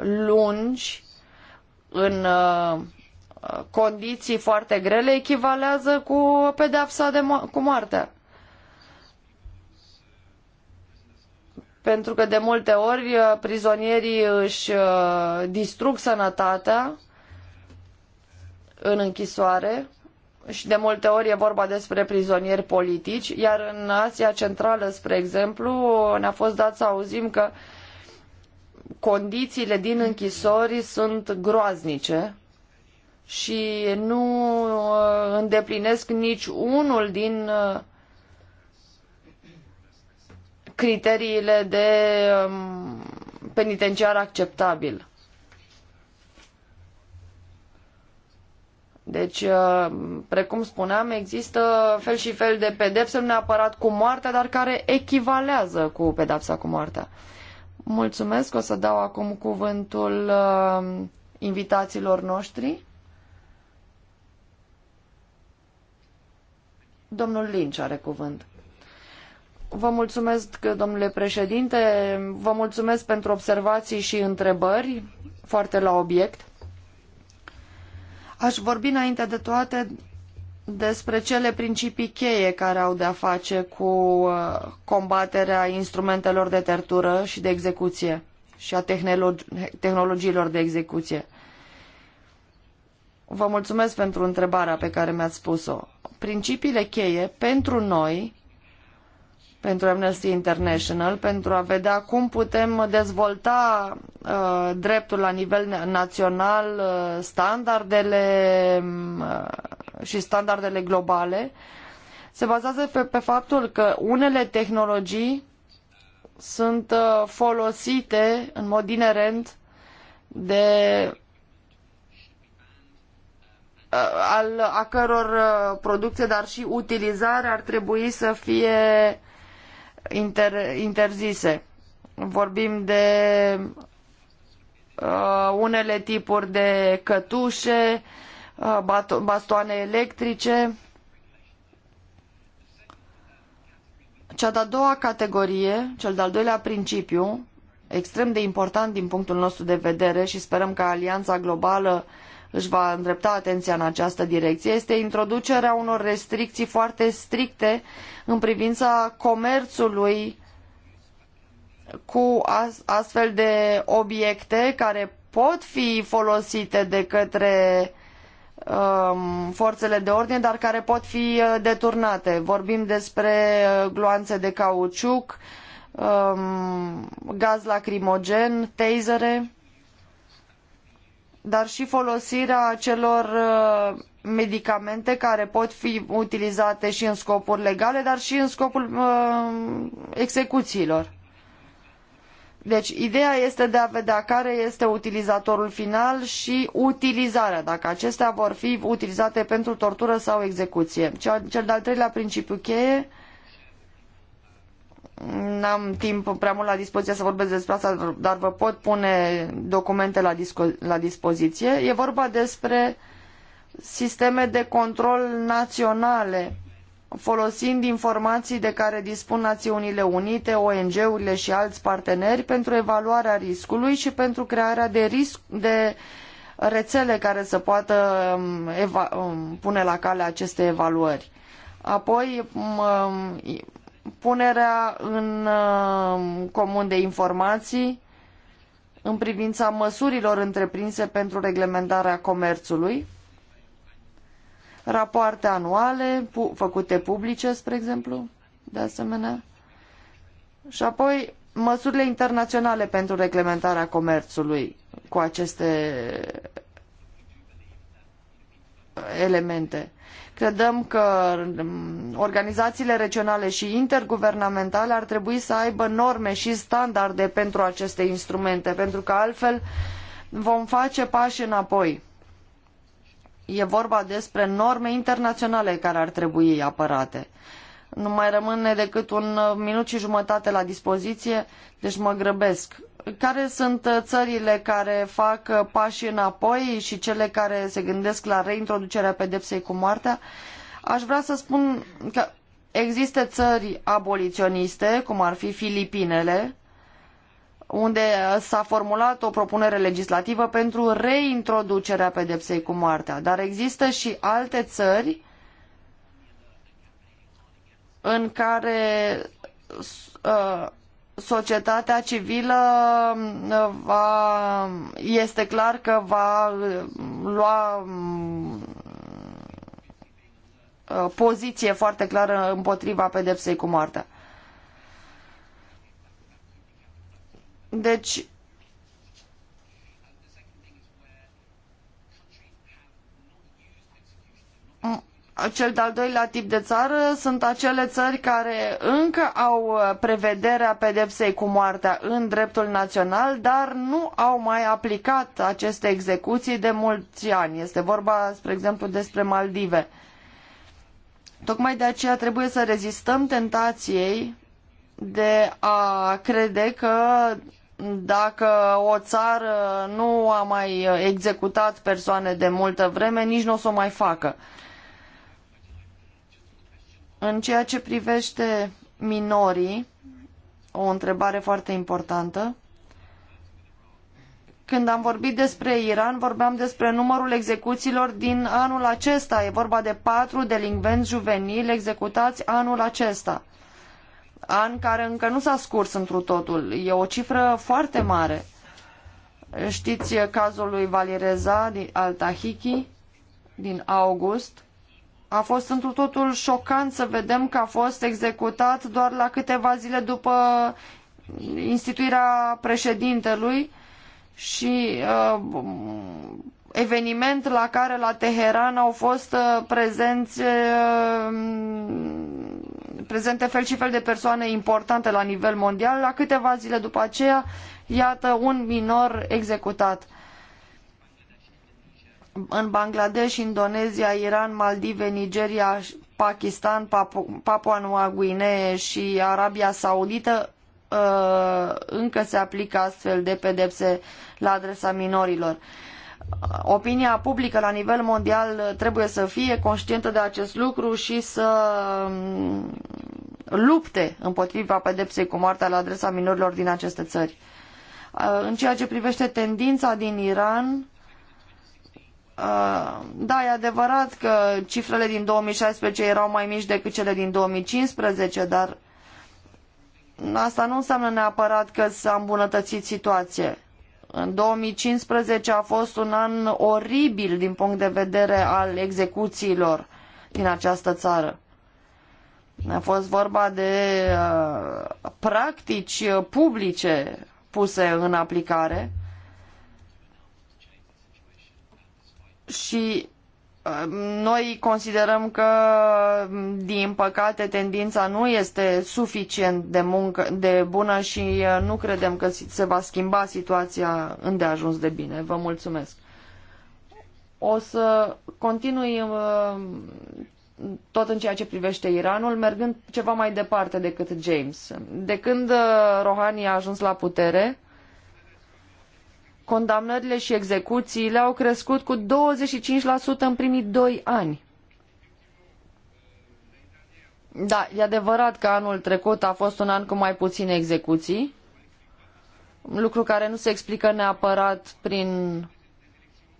lungi în condiții foarte grele echivalează cu pedepsa de mo- cu moartea. pentru că de multe ori uh, prizonierii își uh, distrug sănătatea în închisoare și de multe ori e vorba despre prizonieri politici, iar în Asia Centrală, spre exemplu, ne-a fost dat să auzim că condițiile din închisori sunt groaznice și nu uh, îndeplinesc nici unul din criteriile de um, penitenciar acceptabil. Deci, uh, precum spuneam, există fel și fel de pedepse, nu neapărat cu moartea, dar care echivalează cu pedepsa cu moartea. Mulțumesc, o să dau acum cuvântul uh, invitațiilor noștri. Domnul Linci are cuvânt. Vă mulțumesc, domnule președinte, vă mulțumesc pentru observații și întrebări foarte la obiect. Aș vorbi înainte de toate despre cele principii cheie care au de-a face cu uh, combaterea instrumentelor de tertură și de execuție și a tehnologi tehnologiilor de execuție. Vă mulțumesc pentru întrebarea pe care mi-ați spus-o. Principiile cheie pentru noi pentru Amnesty International pentru a vedea cum putem dezvolta uh, dreptul la nivel național, uh, standardele mm, uh, și standardele globale, se bazează pe, pe faptul că unele tehnologii sunt uh, folosite în mod inerent de uh, al, a căror uh, producție, dar și utilizare ar trebui să fie inter, interzise. Vorbim de uh, unele tipuri de cătușe, uh, bastoane electrice. Cea de-a doua categorie, cel de-al doilea principiu, extrem de important din punctul nostru de vedere și sperăm că Alianța Globală uh, își va îndrepta atenția în această direcție este introducerea unor restricții foarte stricte în privința comerțului cu astfel de obiecte care pot fi folosite de către um, forțele de ordine, dar care pot fi uh, deturnate. Vorbim despre uh, gloanțe de cauciuc, um, gaz lacrimogen, tasere dar și folosirea acelor uh, medicamente care pot fi utilizate și în scopuri legale, dar și în scopul uh, execuțiilor. Deci, ideea este de a vedea care este utilizatorul final și utilizarea, dacă acestea vor fi utilizate pentru tortură sau execuție. Cel, de-al treilea principiu cheie N-am timp prea mult la dispoziție să vorbesc despre asta, dar vă pot pune documente la, disco- la dispoziție. E vorba despre sisteme de control naționale, folosind informații de care dispun Națiunile Unite, ONG-urile și alți parteneri pentru evaluarea riscului și pentru crearea de, risc, de rețele care să poată um, um, pune la cale aceste evaluări. Apoi um, punerea în uh, comun de informații în privința măsurilor întreprinse pentru reglementarea comerțului, rapoarte anuale pu făcute publice, spre exemplu, de asemenea, și apoi măsurile internaționale pentru reglementarea comerțului cu aceste elemente. Credem că mm, organizațiile regionale și interguvernamentale ar trebui să aibă norme și standarde pentru aceste instrumente, pentru că altfel vom face pași înapoi. E vorba despre norme internaționale care ar trebui apărate. Nu mai rămâne decât un minut și jumătate la dispoziție, deci mă grăbesc care sunt uh, țările care fac uh, pași înapoi și cele care se gândesc la reintroducerea pedepsei cu moartea, aș vrea să spun că există țări aboliționiste, cum ar fi Filipinele, unde uh, s-a formulat o propunere legislativă pentru reintroducerea pedepsei cu moartea. Dar există și alte țări în care uh, societatea civilă uh, va, este clar că va uh, lua uh, poziție foarte clară împotriva pedepsei cu moartea. Deci, cel de-al doilea tip de țară sunt acele țări care încă au uh, prevederea pedepsei cu moartea în dreptul național, dar nu au mai aplicat aceste execuții de mulți ani. Este vorba, spre exemplu, despre Maldive. Tocmai de aceea trebuie să rezistăm tentației de a crede că dacă o țară nu a mai executat persoane de multă vreme, nici nu o să o mai facă. În ceea ce privește minorii, o întrebare foarte importantă. Când am vorbit despre Iran, vorbeam despre numărul execuțiilor din anul acesta. E vorba de patru delinvenți juvenili executați anul acesta. An care încă nu s-a scurs întru totul. E o cifră foarte mare. Știți cazul lui Valireza Al-Tahiki din august? A fost întru totul șocant să vedem că a fost executat doar la câteva zile după instituirea președintelui și uh, eveniment la care la Teheran au fost uh, prezenți, uh, prezente fel și fel de persoane importante la nivel mondial. La câteva zile după aceea, iată un minor executat în Bangladesh, Indonezia, Iran, Maldive, Nigeria, Pakistan, Papua Noua Guinee și Arabia Saudită uh, încă se aplică astfel de pedepse la adresa minorilor. Opinia publică la nivel mondial trebuie să fie conștientă de acest lucru și să um, lupte împotriva pedepsei cu moartea la adresa minorilor din aceste țări. Uh, în ceea ce privește tendința din Iran, Uh, da, e adevărat că cifrele din 2016 erau mai mici decât cele din 2015, dar asta nu înseamnă neapărat că s-a îmbunătățit situația. În 2015 a fost un an oribil din punct de vedere al execuțiilor din această țară. A fost vorba de uh, practici publice puse în aplicare și uh, noi considerăm că, din păcate, tendința nu este suficient de, muncă, de bună și uh, nu credem că se va schimba situația îndeajuns de bine. Vă mulțumesc. O să continui uh, tot în ceea ce privește Iranul, mergând ceva mai departe decât James. De când Rohani a ajuns la putere, condamnările și execuțiile au crescut cu 25% în primii doi ani. Da, e adevărat că anul trecut a fost un an cu mai puține execuții, lucru care nu se explică neapărat prin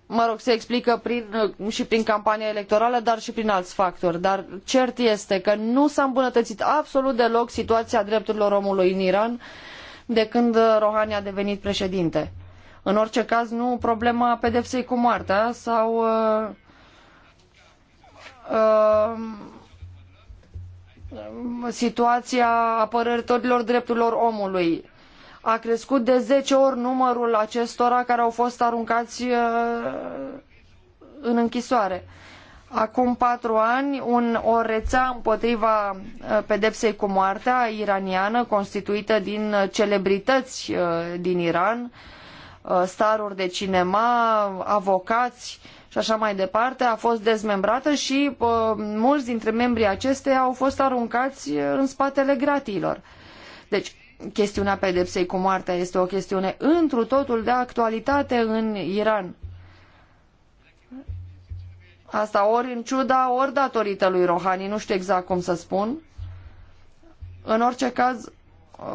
mă rog, se explică prin, și prin campania electorală, dar și prin alți factori. Dar cert este că nu s-a îmbunătățit absolut deloc situația drepturilor omului în Iran de când Rohani a devenit președinte. În orice caz, nu problema pedepsei cu moartea sau uh, uh, situația apărătorilor drepturilor omului. A crescut de zece ori numărul acestora care au fost aruncați uh, în închisoare. Acum patru ani, un, o rețea împotriva uh, pedepsei cu moartea iraniană, constituită din celebrități uh, din Iran, Uh, staruri de cinema, avocați și așa mai departe, a fost dezmembrată și uh, mulți dintre membrii acesteia au fost aruncați în spatele gratiilor. Deci, chestiunea pedepsei cu moartea este o chestiune întru totul de actualitate în Iran. Asta ori în ciuda, ori datorită lui Rohani, nu știu exact cum să spun. În orice caz,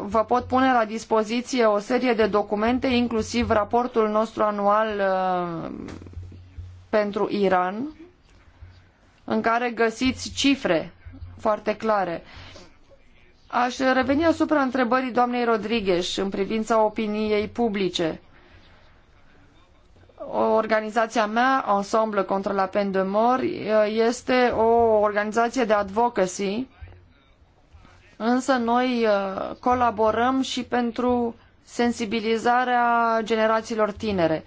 vă pot pune la dispoziție o serie de documente, inclusiv raportul nostru anual uh, pentru Iran, în care găsiți cifre foarte clare. Aș reveni asupra întrebării doamnei Rodriguez în privința opiniei publice. Organizația mea, Ensemble contre la peine de mort, este o organizație de advocacy Însă noi uh, colaborăm și pentru sensibilizarea generațiilor tinere.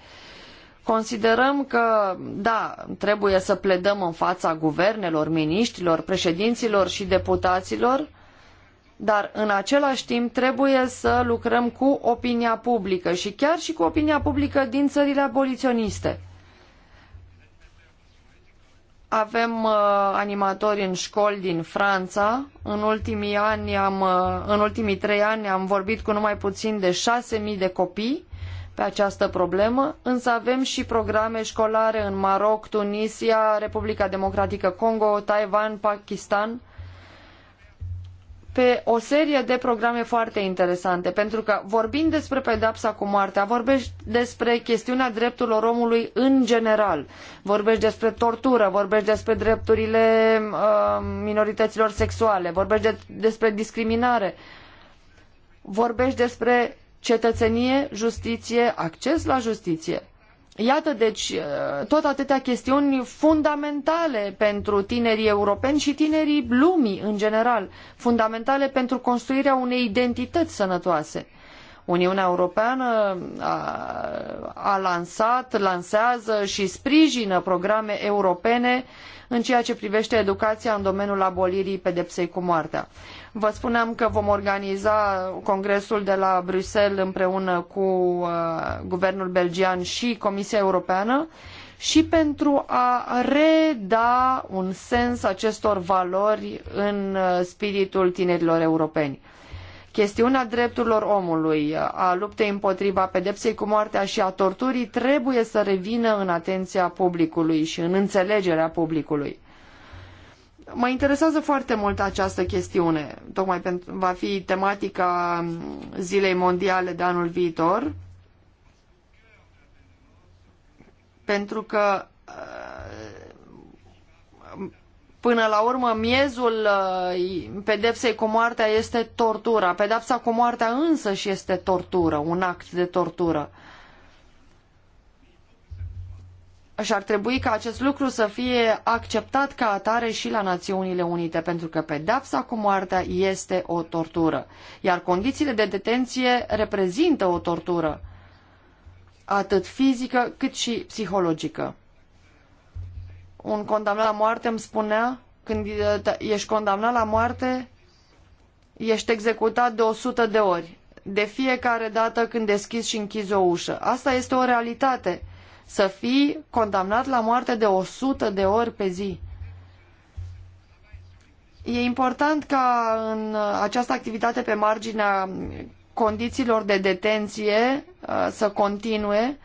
Considerăm că, da, trebuie să pledăm în fața guvernelor, miniștilor, președinților și deputaților, dar în același timp trebuie să lucrăm cu opinia publică și chiar și cu opinia publică din țările aboliționiste. Avem uh, animatori în școli din Franța. În ultimii, ani am, uh, în ultimii trei ani am vorbit cu numai puțin de 6.000 de copii pe această problemă, însă avem și programe școlare în Maroc, Tunisia, Republica Democratică Congo, Taiwan, Pakistan pe o serie de programe foarte interesante, pentru că vorbind despre pedapsa cu moartea, vorbești despre chestiunea drepturilor omului în general, vorbești despre tortură, vorbești despre drepturile uh, minorităților sexuale, vorbești de, despre discriminare, vorbești despre cetățenie, justiție, acces la justiție. Iată, deci, uh, tot atâtea chestiuni fundamentale pentru tinerii europeni și tinerii lumii în general, fundamentale pentru construirea unei identități sănătoase. Uniunea Europeană a, uh, a lansat, lansează și sprijină programe europene în ceea ce privește educația în domeniul abolirii pedepsei cu moartea. Vă spuneam că vom organiza congresul de la Bruxelles împreună cu uh, guvernul belgian și Comisia Europeană și pentru a reda un sens acestor valori în uh, spiritul tinerilor europeni. Chestiunea drepturilor omului, uh, a luptei împotriva pedepsei cu moartea și a torturii trebuie să revină în atenția publicului și în înțelegerea publicului. Mă interesează foarte mult această chestiune, tocmai pentru va fi tematica Zilei Mondiale de anul viitor, pentru că uh, până la urmă miezul uh, pedepsei cu moartea este tortura. Pedepsa cu moartea însă și este tortură, un act de tortură. și ar trebui ca acest lucru să fie acceptat ca atare și la Națiunile Unite, pentru că pedepsa cu moartea este o tortură, iar condițiile de detenție reprezintă o tortură, atât fizică cât și psihologică. Un condamnat la moarte îmi spunea, când da, ești condamnat la moarte, ești executat de 100 de ori, de fiecare dată când deschizi și închizi o ușă. Asta este o realitate să fii condamnat la moarte de 100 de ori pe zi. E important ca în această activitate pe marginea condițiilor de detenție uh, să continue.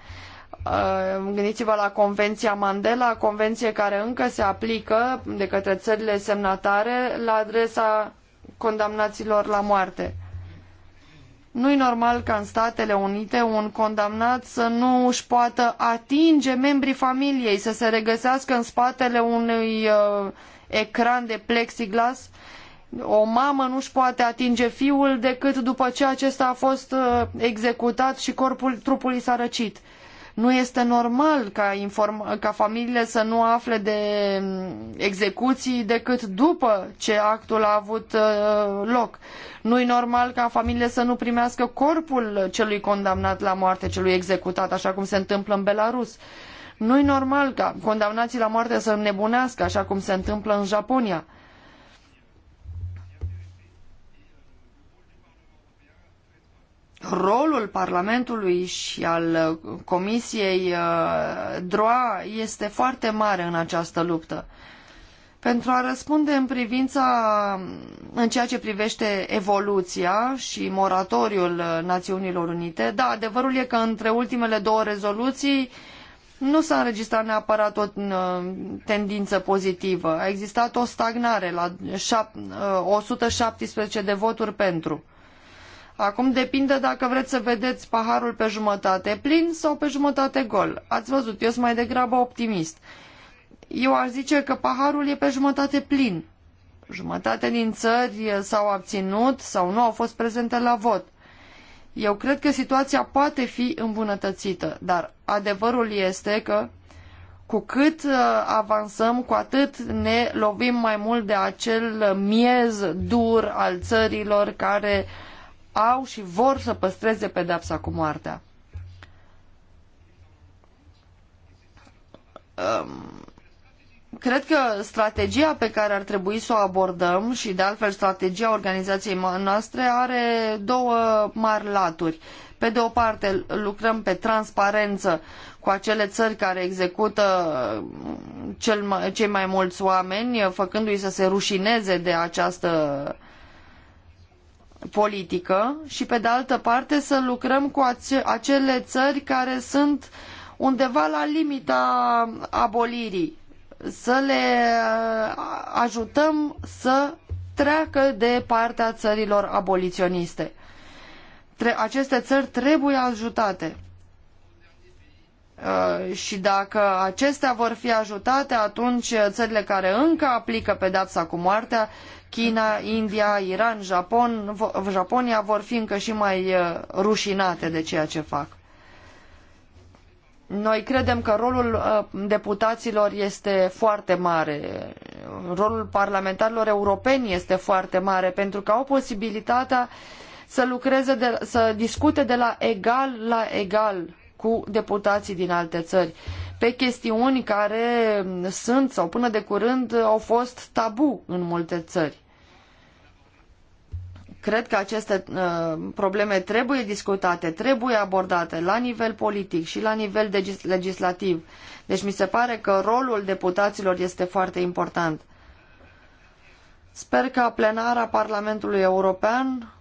Uh, gândiți-vă la Convenția Mandela, convenție care încă se aplică de către țările semnatare la adresa condamnaților la moarte. Nu-i normal ca în Statele Unite un condamnat să nu își poată atinge membrii familiei, să se regăsească în spatele unui uh, ecran de plexiglas. O mamă nu își poate atinge fiul decât după ce acesta a fost uh, executat și corpul trupul i s-a răcit. Nu este normal ca, inform- ca familiile să nu afle de execuții decât după ce actul a avut uh, loc. Nu e normal ca familiile să nu primească corpul celui condamnat la moarte, celui executat, așa cum se întâmplă în Belarus. Nu e normal ca condamnații la moarte să înnebunească, așa cum se întâmplă în Japonia. rolul Parlamentului și al Comisiei uh, DROA este foarte mare în această luptă. Pentru a răspunde în privința, în ceea ce privește evoluția și moratoriul uh, Națiunilor Unite, da, adevărul e că între ultimele două rezoluții nu s-a înregistrat neapărat o uh, tendință pozitivă. A existat o stagnare la 117 de voturi pentru. Acum depinde dacă vreți să vedeți paharul pe jumătate plin sau pe jumătate gol. Ați văzut, eu sunt mai degrabă optimist. Eu aș zice că paharul e pe jumătate plin. Jumătate din țări s-au abținut sau nu au fost prezente la vot. Eu cred că situația poate fi îmbunătățită, dar adevărul este că cu cât uh, avansăm, cu atât ne lovim mai mult de acel miez dur al țărilor care uh, au și vor să păstreze pedapsa cu moartea. Um, cred că strategia pe care ar trebui să o abordăm și de altfel strategia organizației noastre are două mari laturi. Pe de o parte lucrăm pe transparență cu acele țări care execută um, cel mai, cei mai mulți oameni, făcându-i să se rușineze de această politică și pe de altă parte să lucrăm cu acele țări care sunt undeva la limita abolirii, să le uh, ajutăm să treacă de partea țărilor aboliționiste. Aceste țări trebuie ajutate. Uh, și dacă acestea vor fi ajutate, atunci țările care încă aplică pedeapsa cu moartea China, India, Iran, Japon, Japonia vor fi încă și mai uh, rușinate de ceea ce fac. Noi credem că rolul uh, deputaților este foarte mare, rolul parlamentarilor europeni este foarte mare, pentru că au posibilitatea să lucreze, de, să discute de la egal la egal cu deputații din alte țări pe chestiuni care mm, sunt sau până de curând au fost tabu în multe țări. Cred că aceste uh, probleme trebuie discutate, trebuie abordate la nivel politic și la nivel legis legislativ. Deci mi se pare că rolul deputaților este foarte important. Sper ca plenara Parlamentului European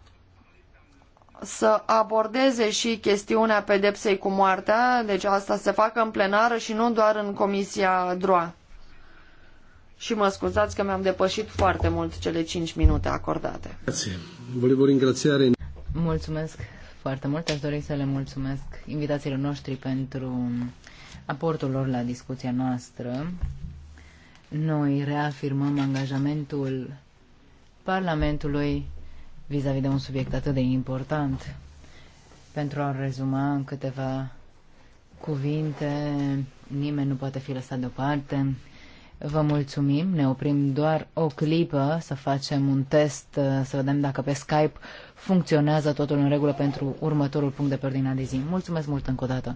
să abordeze și chestiunea pedepsei cu moartea, deci asta se facă în plenară și nu doar în Comisia DROA și mă scuzați că mi-am depășit foarte mult cele 5 minute acordate. Mulțumesc foarte mult. Aș dori să le mulțumesc invitațiilor noștri pentru aportul lor la discuția noastră. Noi reafirmăm angajamentul Parlamentului vis-a-vis -vis de un subiect atât de important. Pentru a rezuma în câteva cuvinte, nimeni nu poate fi lăsat deoparte. Vă mulțumim, ne oprim doar o clipă să facem un test, uh, să vedem dacă pe Skype funcționează totul în regulă pentru următorul punct de pe ordinea de zi. Mulțumesc mult încă o dată!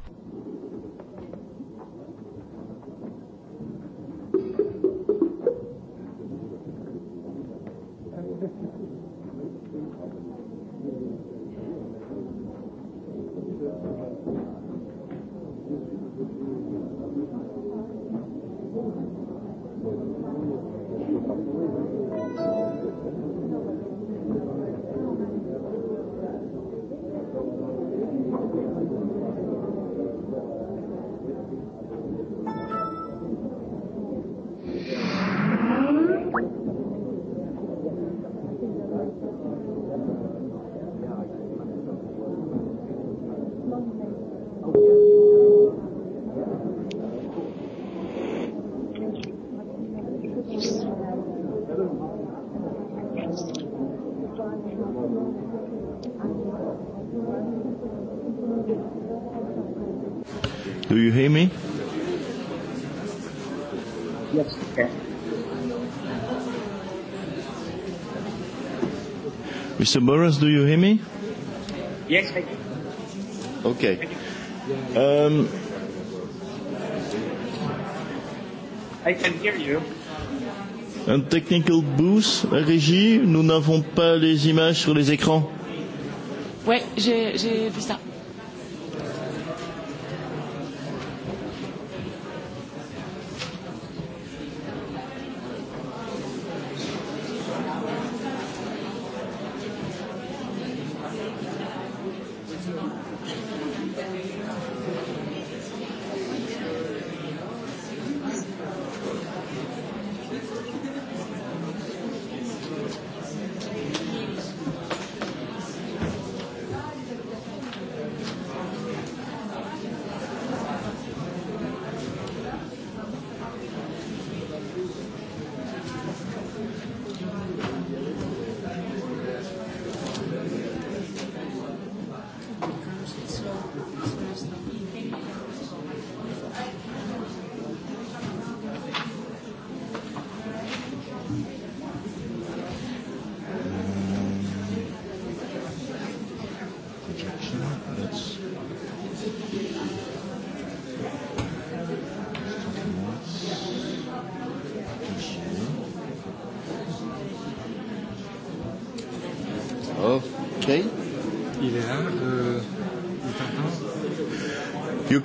hear me? Yes, okay. Mr. Burris, do you hear me? Yes, thank you. Okay. Um, I can hear you. Un technical boost, régie, nous n'avons pas les images sur les écrans. Oui, j'ai vu ça.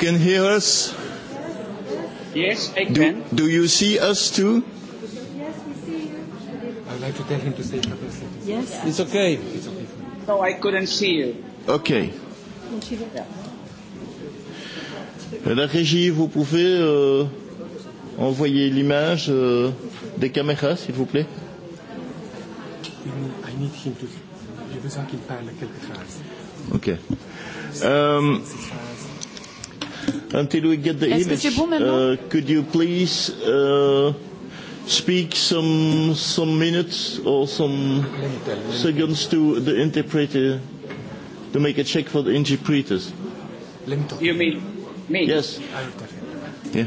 can hear us? Yes, I do, can. Do you see us too? Yes, we see you. I like to tell him to say a couple of sentences. Yes. It's okay. It's okay No, I couldn't see you. Okay. La régie, vous pouvez euh, envoyer l'image euh, des caméras, s'il vous plaît. I need him to... J'ai besoin qu'il parle quelques phrases. Ok. um, until we get the image. Uh, could you please uh, speak some some minutes or some seconds to the interpreter to make a check for the interpreters? You mean me? Yes. Ah, yeah.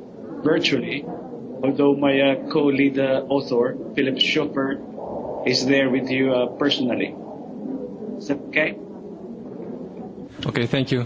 virtually, although my uh, co-leader author, Philip Schopper, is there with you uh, personally. Is that okay? Okay, thank you.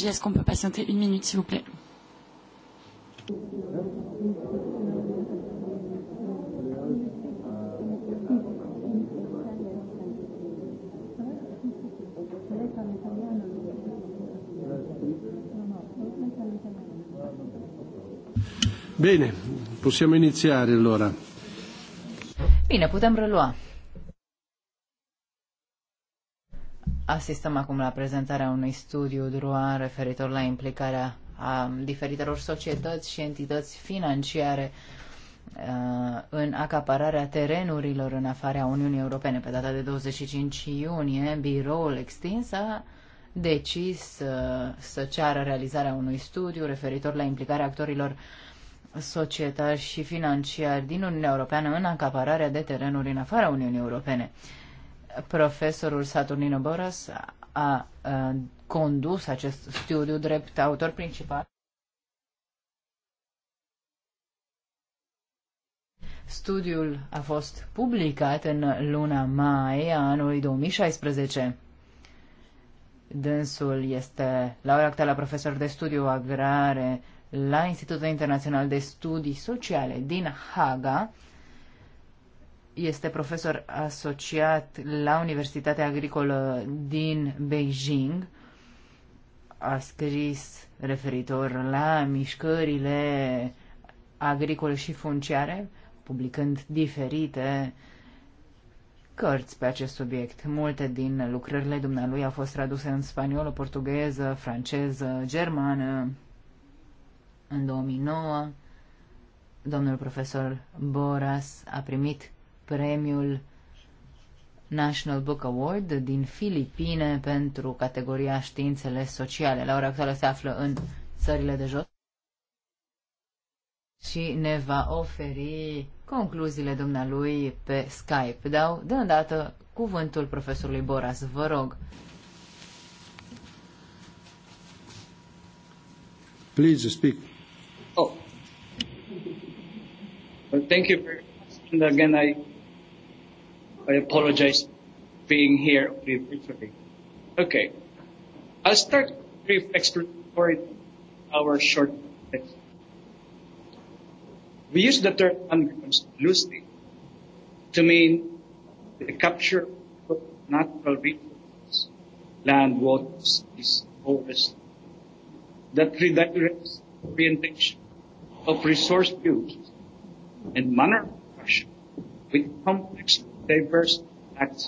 énergie. Est-ce qu'on peut patienter une minute, s'il vous plaît Bine, possiamo iniziare allora. Bine, putem relua. Asistăm acum la prezentarea unui studiu DROA referitor la implicarea a diferitelor societăți și entități financiare în acapararea terenurilor în afara Uniunii Europene. Pe data de 25 iunie, biroul extins a decis să, să ceară realizarea unui studiu referitor la implicarea actorilor societari și financiari din Uniunea Europeană în acapararea de terenuri în afara Uniunii Europene profesorul Saturnino Boras a, a condus acest studiu drept autor principal. Studiul a fost publicat în luna mai a anului 2016. Dânsul este la ora actuală profesor de studiu agrare la Institutul Internațional de Studii Sociale din Haga, este profesor asociat la Universitatea Agricolă din Beijing. A scris referitor la mișcările agricole și funciare, publicând diferite cărți pe acest subiect. Multe din lucrările dumnealui au fost traduse în spaniolă, portugheză, franceză, germană. În 2009, domnul profesor Boras a primit premiul National Book Award din Filipine pentru categoria științele sociale. La ora actuală se află în țările de jos și ne va oferi concluziile dumnealui pe Skype. Dau de îndată cuvântul profesorului Boras, vă rog. Please speak. Oh. Well, thank you very much. And again, I I apologize being here briefly. virtually. Okay. I'll start brief exploratory our short text. We use the term undercomes loosely to mean the capture of natural resources, land, waters, these forests, that redirects orientation of resource use and manner of action with complex diverse acts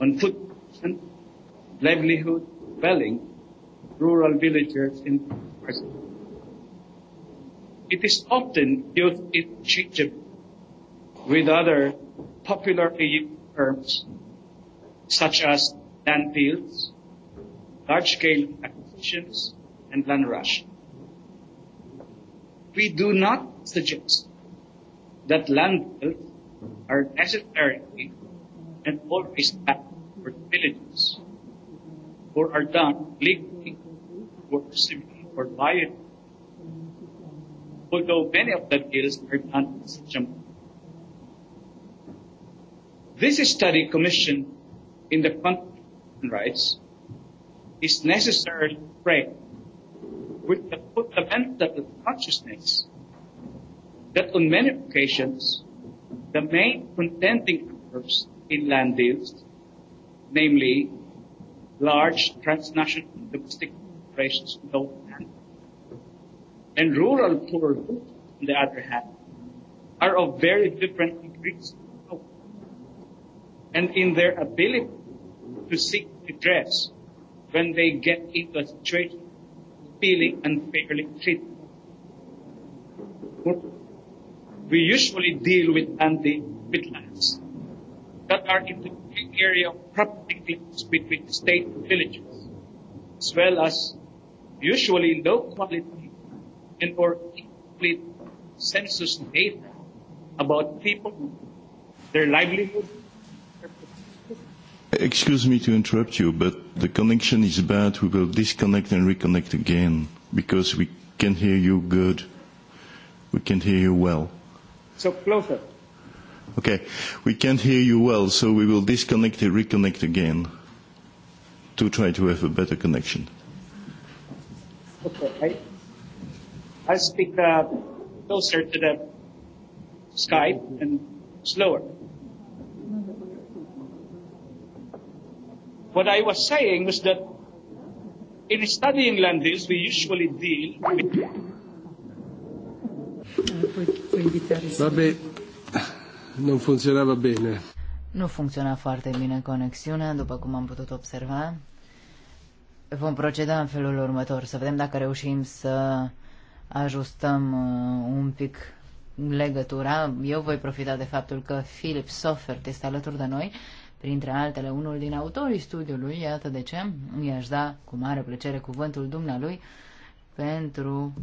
on food production, livelihood, dwelling, rural villagers in person. It is often used in interchangeably with other popularly used terms such as landfills, large-scale acquisitions, and land rush. We do not suggest that fields are necessarily and always act for villages, or are done legally or civilly or liable. Although many of the deals are done in such a manner. This study commissioned in the context of rights is necessary to pray with the fundamental consciousness that on many occasions The main contending groups in land deals, namely large transnational domestic corporations without land, and rural poor groups, on the other hand, are of very different degrees and in their ability to seek redress when they get into a situation feeling unfairly treated we usually deal with anti midlands that are in the area of property claims between state and villages, as well as usually low quality and or incomplete census data about people, their livelihood. Excuse me to interrupt you, but the connection is bad. We will disconnect and reconnect again because we can hear you good. We can hear you well. So closer. Okay. We can't hear you well, so we will disconnect and reconnect again to try to have a better connection. Okay. I, I speak uh, closer to the Skype and slower. What I was saying was that in studying land deals, we usually deal with Vabbè, non funzionava bene. Nu funcționa foarte bine conexiunea, după cum am putut observa. Vom proceda în felul următor, să vedem dacă reușim să ajustăm uh, un pic legătura. Eu voi profita de faptul că Philip Soffert este alături de noi, printre altele unul din autorii studiului, iată de ce, i-aș da cu mare plăcere cuvântul dumnealui pentru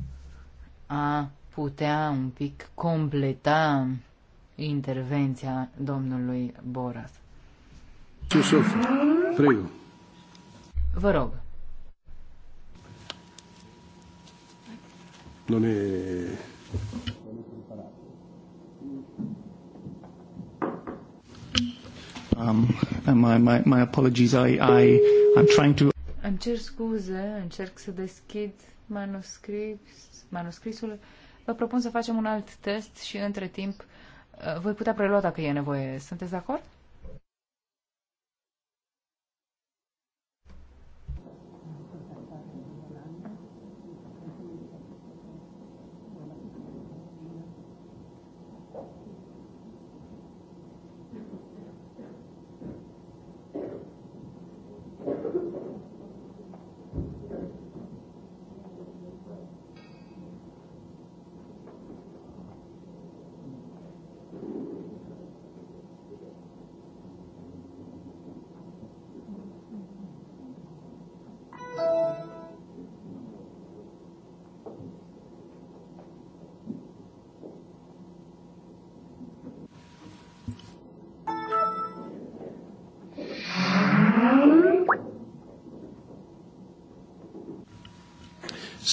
a putea un pic completa intervenția domnului Boras. Iusuf, preiu. Vă rog. Domnule... e... Um, my, my, my apologies, I, I, I'm trying to... Îmi cer scuze, încerc să deschid manuscris, manuscrisul vă propun să facem un alt test și între timp uh, voi putea prelua dacă e nevoie. Sunteți de acord?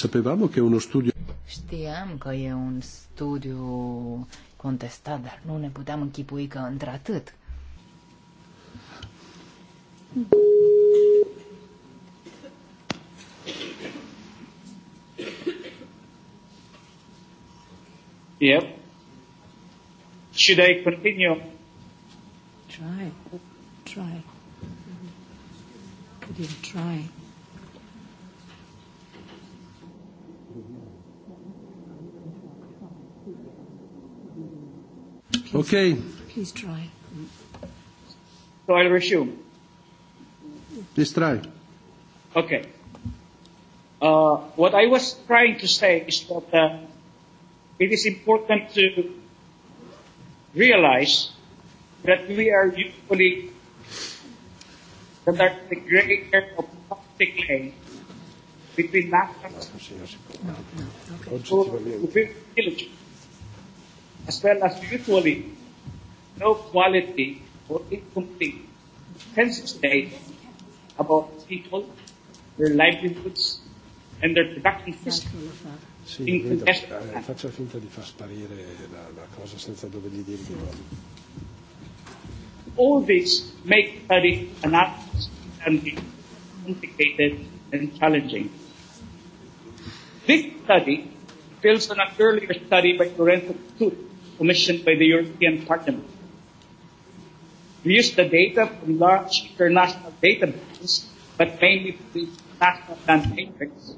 Sapevamo che uno studio... Știam că e un studiu contestat, dar nu ne puteam închipui că într-atât. Yep. Should I continue? Try. Try. Could you try? Okay. Please try. So I'll resume. Please try. Okay. Uh, what I was trying to say is that uh, it is important to realize that we are usually that are the gray area of plastic lane between national no, no, okay. as well as usually no quality or incomplete, census data about people, their livelihoods, and their productive history. Sì, vedo, eh, faccia finta di far sparire la, la cosa senza dovergli dire sì. All this make study analysis and complicated and challenging. This study builds on an earlier study by Lorenzo Tut, commissioned by the European Parliament We use the data from large international databases, but mainly from international land matrix,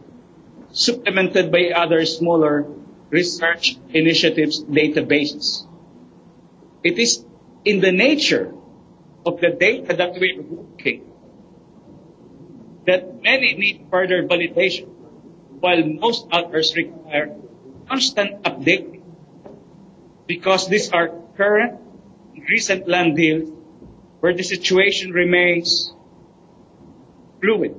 supplemented by other smaller research initiatives databases. It is in the nature of the data that we are working that many need further validation, while most others require constant updating because these are current recent land deals where the situation remains fluid.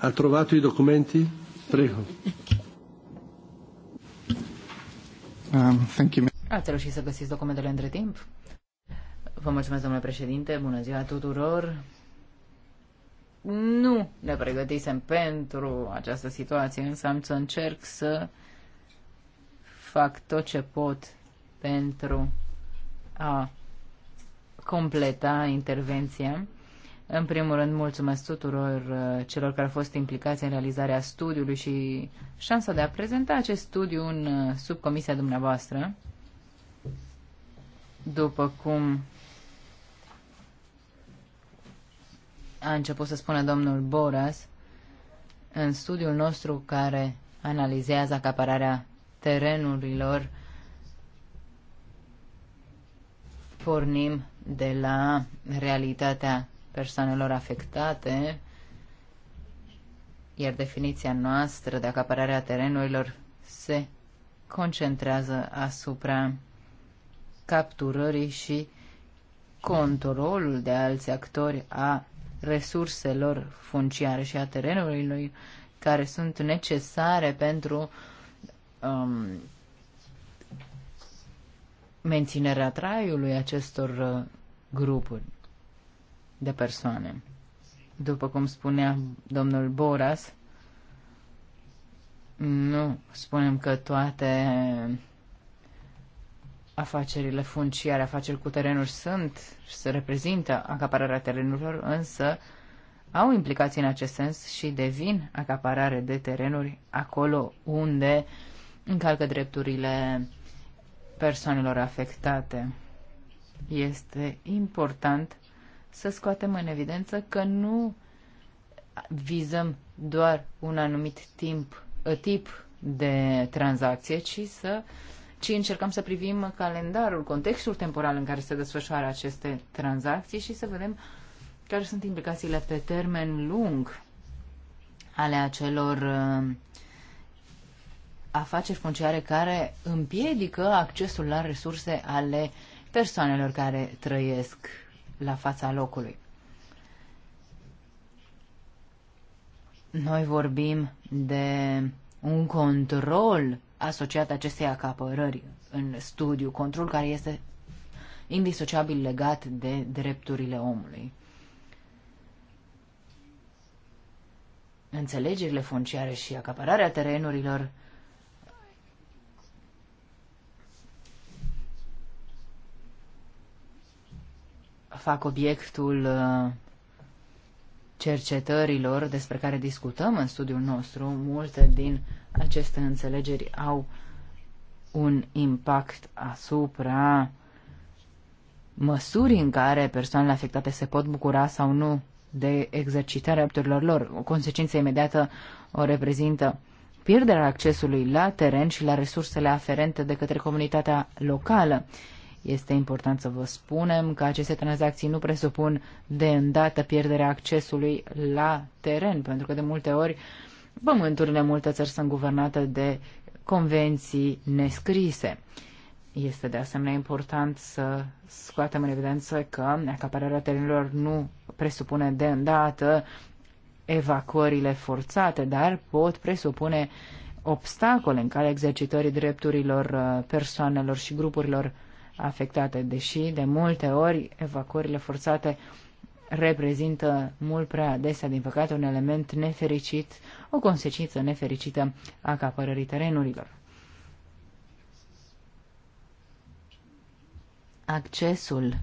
Ha trovato i documenti? Prego. Um, thank you. Ați reușit să găsiți documentele între timp? Vă mulțumesc, domnule președinte. Bună ziua tuturor nu ne pregătisem pentru această situație, însă am să încerc să fac tot ce pot pentru a completa intervenția. În primul rând, mulțumesc tuturor uh, celor care au fost implicați în realizarea studiului și șansa de a prezenta acest studiu în uh, subcomisia dumneavoastră. După cum a început să spună domnul Boras, în studiul nostru care analizează acapararea terenurilor, pornim de la realitatea persoanelor afectate, iar definiția noastră de acaparare a terenurilor se concentrează asupra capturării și controlul de alți actori a resurselor funciare și a terenurilor care sunt necesare pentru um, menținerea traiului acestor uh, grupuri de persoane. După cum spunea domnul Boras, nu spunem că toate afacerile funciare, afaceri cu terenuri sunt și se reprezintă acapararea terenurilor, însă au implicații în acest sens și devin acaparare de terenuri acolo unde încalcă drepturile persoanelor afectate. Este important să scoatem în evidență că nu vizăm doar un anumit timp, tip de tranzacție, ci să uh, ci încercăm să privim calendarul, contextul temporal în care se desfășoară aceste tranzacții și să vedem care sunt implicațiile pe termen lung ale acelor uh, afaceri funciare care împiedică accesul la resurse ale persoanelor care trăiesc la fața locului. Noi vorbim de un control asociat acestei acapărări în studiu, control care este indisociabil legat de drepturile omului. Înțelegerile funciare și acapararea terenurilor fac obiectul uh, cercetărilor despre care discutăm în studiul nostru, multe din uh, aceste înțelegeri au un impact asupra măsurii în care persoanele afectate se pot bucura sau nu de exercitarea drepturilor lor. O consecință imediată o reprezintă pierderea accesului la teren și la resursele aferente de către comunitatea locală. Este important să vă spunem că aceste tranzacții nu presupun de îndată pierderea accesului la teren, pentru că de multe ori uh, Pământurile multe țări sunt guvernate de convenții nescrise. Este de asemenea important să scoatem în evidență că acapararea terenurilor nu presupune de îndată evacuările forțate, dar pot presupune obstacole în care exercitării drepturilor uh, persoanelor și grupurilor afectate, deși de multe ori evacuările forțate reprezintă mult prea adesea, din păcate, un element nefericit, o consecință nefericită a acapărării terenurilor. Accesul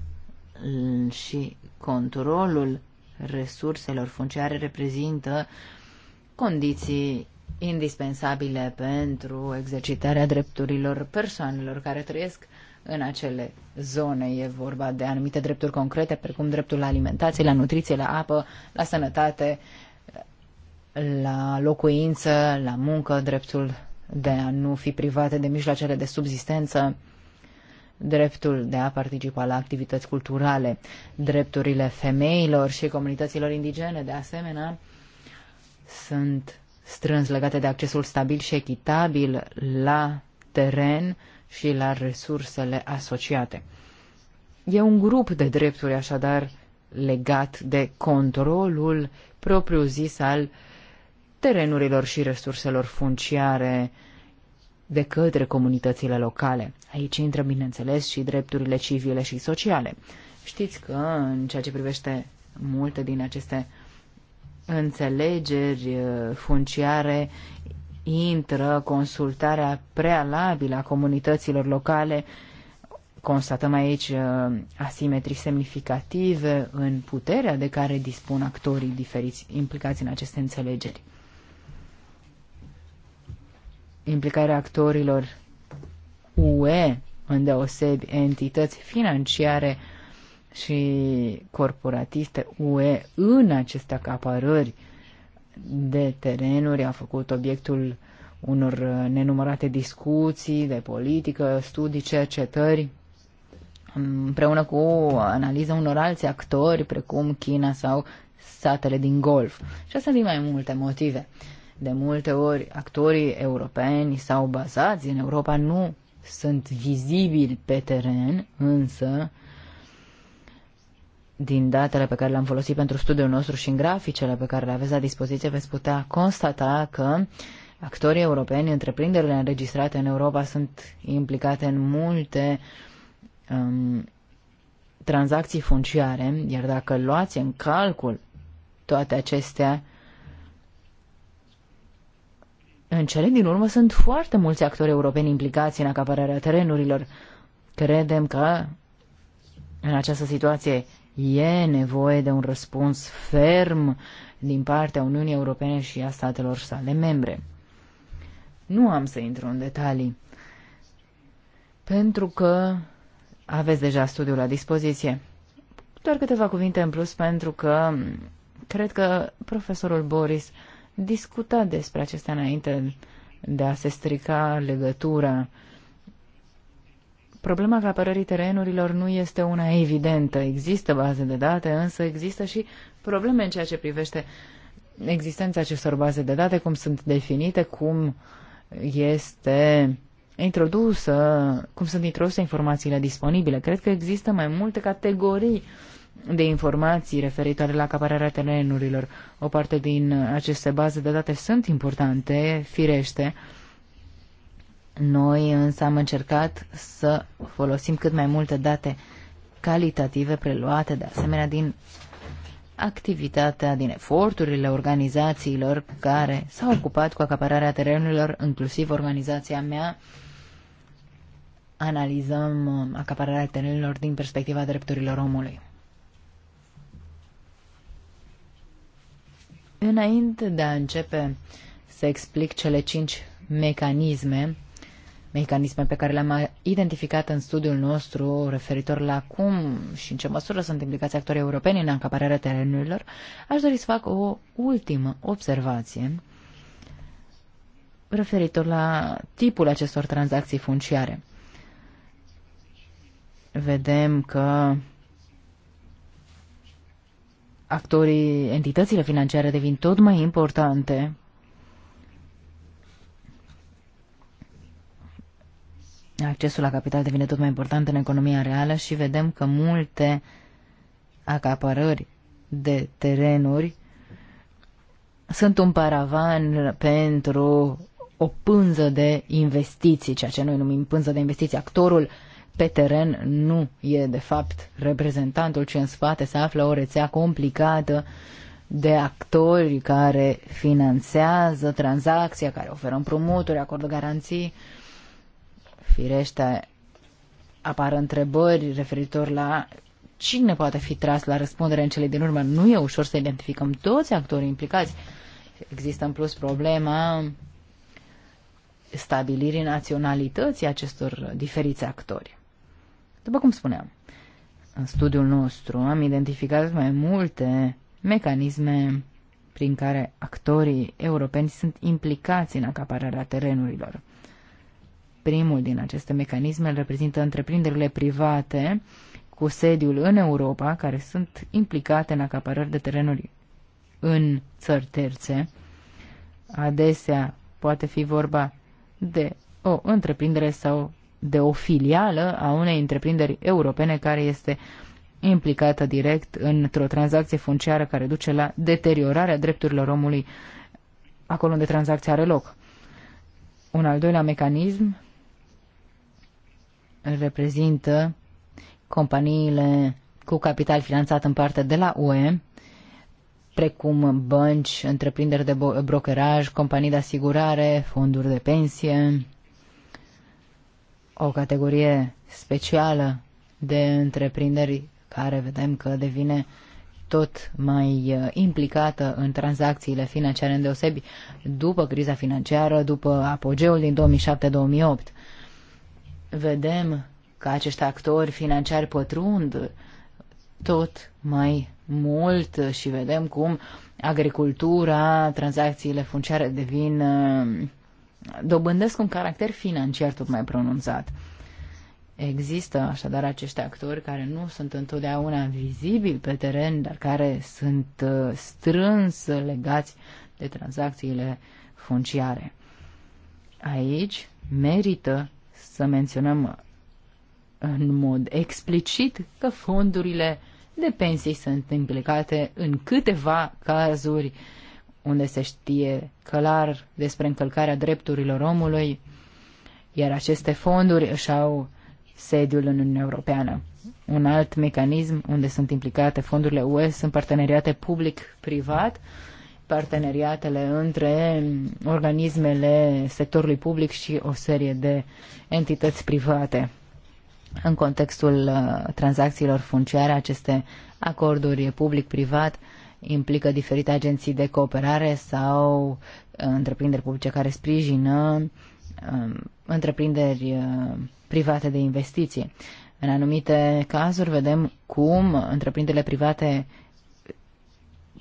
și controlul resurselor funciare reprezintă condiții indispensabile pentru exercitarea drepturilor persoanelor care trăiesc în acele zone. E vorba de anumite drepturi concrete, precum dreptul la alimentație, la nutriție, la apă, la sănătate, la locuință, la muncă, dreptul de a nu fi private de mijloacele de subzistență, dreptul de a participa la activități culturale, drepturile femeilor și comunităților indigene, de asemenea, sunt strâns legate de accesul stabil și echitabil la teren, și la resursele asociate. E un grup de drepturi, așadar, legat de controlul propriu-zis al terenurilor și resurselor funciare de către comunitățile locale. Aici intră, bineînțeles, și drepturile civile și sociale. Știți că, în ceea ce privește multe din aceste înțelegeri uh, funciare, intră consultarea prealabilă a comunităților locale. Constatăm aici uh, asimetrii semnificative în puterea de care dispun actorii diferiți implicați în aceste înțelegeri. Implicarea actorilor UE, îndeosebi entități financiare și corporatiste UE în aceste acapărări de terenuri a făcut obiectul unor nenumărate discuții de politică, studii, cercetări, împreună cu analiza unor alți actori, precum China sau statele din Golf. Și asta din mai multe motive. De multe ori, actorii europeni sau bazați în Europa nu sunt vizibili pe teren, însă din datele pe care le-am folosit pentru studiul nostru și în graficele pe care le aveți la dispoziție, veți putea constata că actorii europeni, întreprinderile înregistrate în Europa sunt implicate în multe um, tranzacții funciare, iar dacă luați în calcul toate acestea, în cele din urmă sunt foarte mulți actori europeni implicați în acapararea terenurilor. Credem că în această situație E nevoie de un răspuns ferm din partea Uniunii Europene și a statelor sale membre. Nu am să intru în detalii, pentru că aveți deja studiul la dispoziție. Doar câteva cuvinte în plus, pentru că cred că profesorul Boris discuta despre acestea înainte de a se strica legătura Problema acapărării terenurilor nu este una evidentă. Există baze de date, însă există și probleme în ceea ce privește existența acestor baze de date, cum sunt definite, cum este introdusă, cum sunt introduse informațiile disponibile. Cred că există mai multe categorii de informații referitoare la acapararea terenurilor. O parte din aceste baze de date sunt importante, firește, noi însă am încercat să folosim cât mai multe date calitative preluate de asemenea din activitatea, din eforturile organizațiilor care s-au ocupat cu acapararea terenurilor, inclusiv organizația mea. Analizăm um, acapararea terenurilor din perspectiva drepturilor omului. Înainte de a începe să explic cele cinci mecanisme mecanisme pe care le-am identificat în studiul nostru referitor la cum și în ce măsură sunt implicați actorii europeni în acapararea terenurilor, aș dori să fac o ultimă observație referitor la tipul acestor tranzacții funciare. Vedem că actorii, entitățile financiare devin tot mai importante accesul la capital devine tot mai important în economia reală și vedem că multe acapărări de terenuri sunt un paravan pentru o pânză de investiții, ceea ce noi numim pânză de investiții. Actorul pe teren nu e de fapt reprezentantul, ci în spate se află o rețea complicată de actori care finanțează tranzacția, care oferă împrumuturi, acordă garanții Firește, apar întrebări referitor la cine poate fi tras la răspundere în cele din urmă. Nu e ușor să identificăm toți actorii implicați. Există în plus problema stabilirii naționalității acestor diferiți actori. După cum spuneam, în studiul nostru am identificat mai multe mecanisme prin care actorii europeni sunt implicați în acapararea terenurilor. Primul din aceste mecanisme reprezintă întreprinderile private cu sediul în Europa, care sunt implicate în acapărări de terenuri în țări terțe. Adesea poate fi vorba de o întreprindere sau de o filială a unei întreprinderi europene care este implicată direct într-o tranzacție funciară care duce la deteriorarea drepturilor omului acolo unde tranzacția are loc. Un al doilea mecanism reprezintă companiile cu capital finanțat în parte de la UE, precum bănci, întreprinderi de brokeraj, companii de asigurare, fonduri de pensie, o categorie specială de întreprinderi care vedem că devine tot mai uh, implicată în tranzacțiile financiare îndeosebi după criza financiară, după apogeul din 2007-2008 vedem că acești actori financiari pătrund tot mai mult și vedem cum agricultura, tranzacțiile funciare devin uh, dobândesc un caracter financiar tot mai pronunțat. Există așadar acești actori care nu sunt întotdeauna vizibili pe teren, dar care sunt uh, strâns legați de tranzacțiile funciare. Aici merită să menționăm în mod explicit că fondurile de pensii sunt implicate în câteva cazuri unde se știe clar despre încălcarea drepturilor omului, iar aceste fonduri își au sediul în Uniunea Europeană. Un alt mecanism unde sunt implicate fondurile UE sunt parteneriate public-privat, uh, parteneriatele între organismele sectorului public și o serie de entități private. În contextul uh, tranzacțiilor funciare, aceste acorduri public-privat implică diferite agenții de cooperare sau uh, întreprinderi publice care sprijină um, întreprinderi uh, private de investiții. În anumite cazuri vedem cum întreprinderile private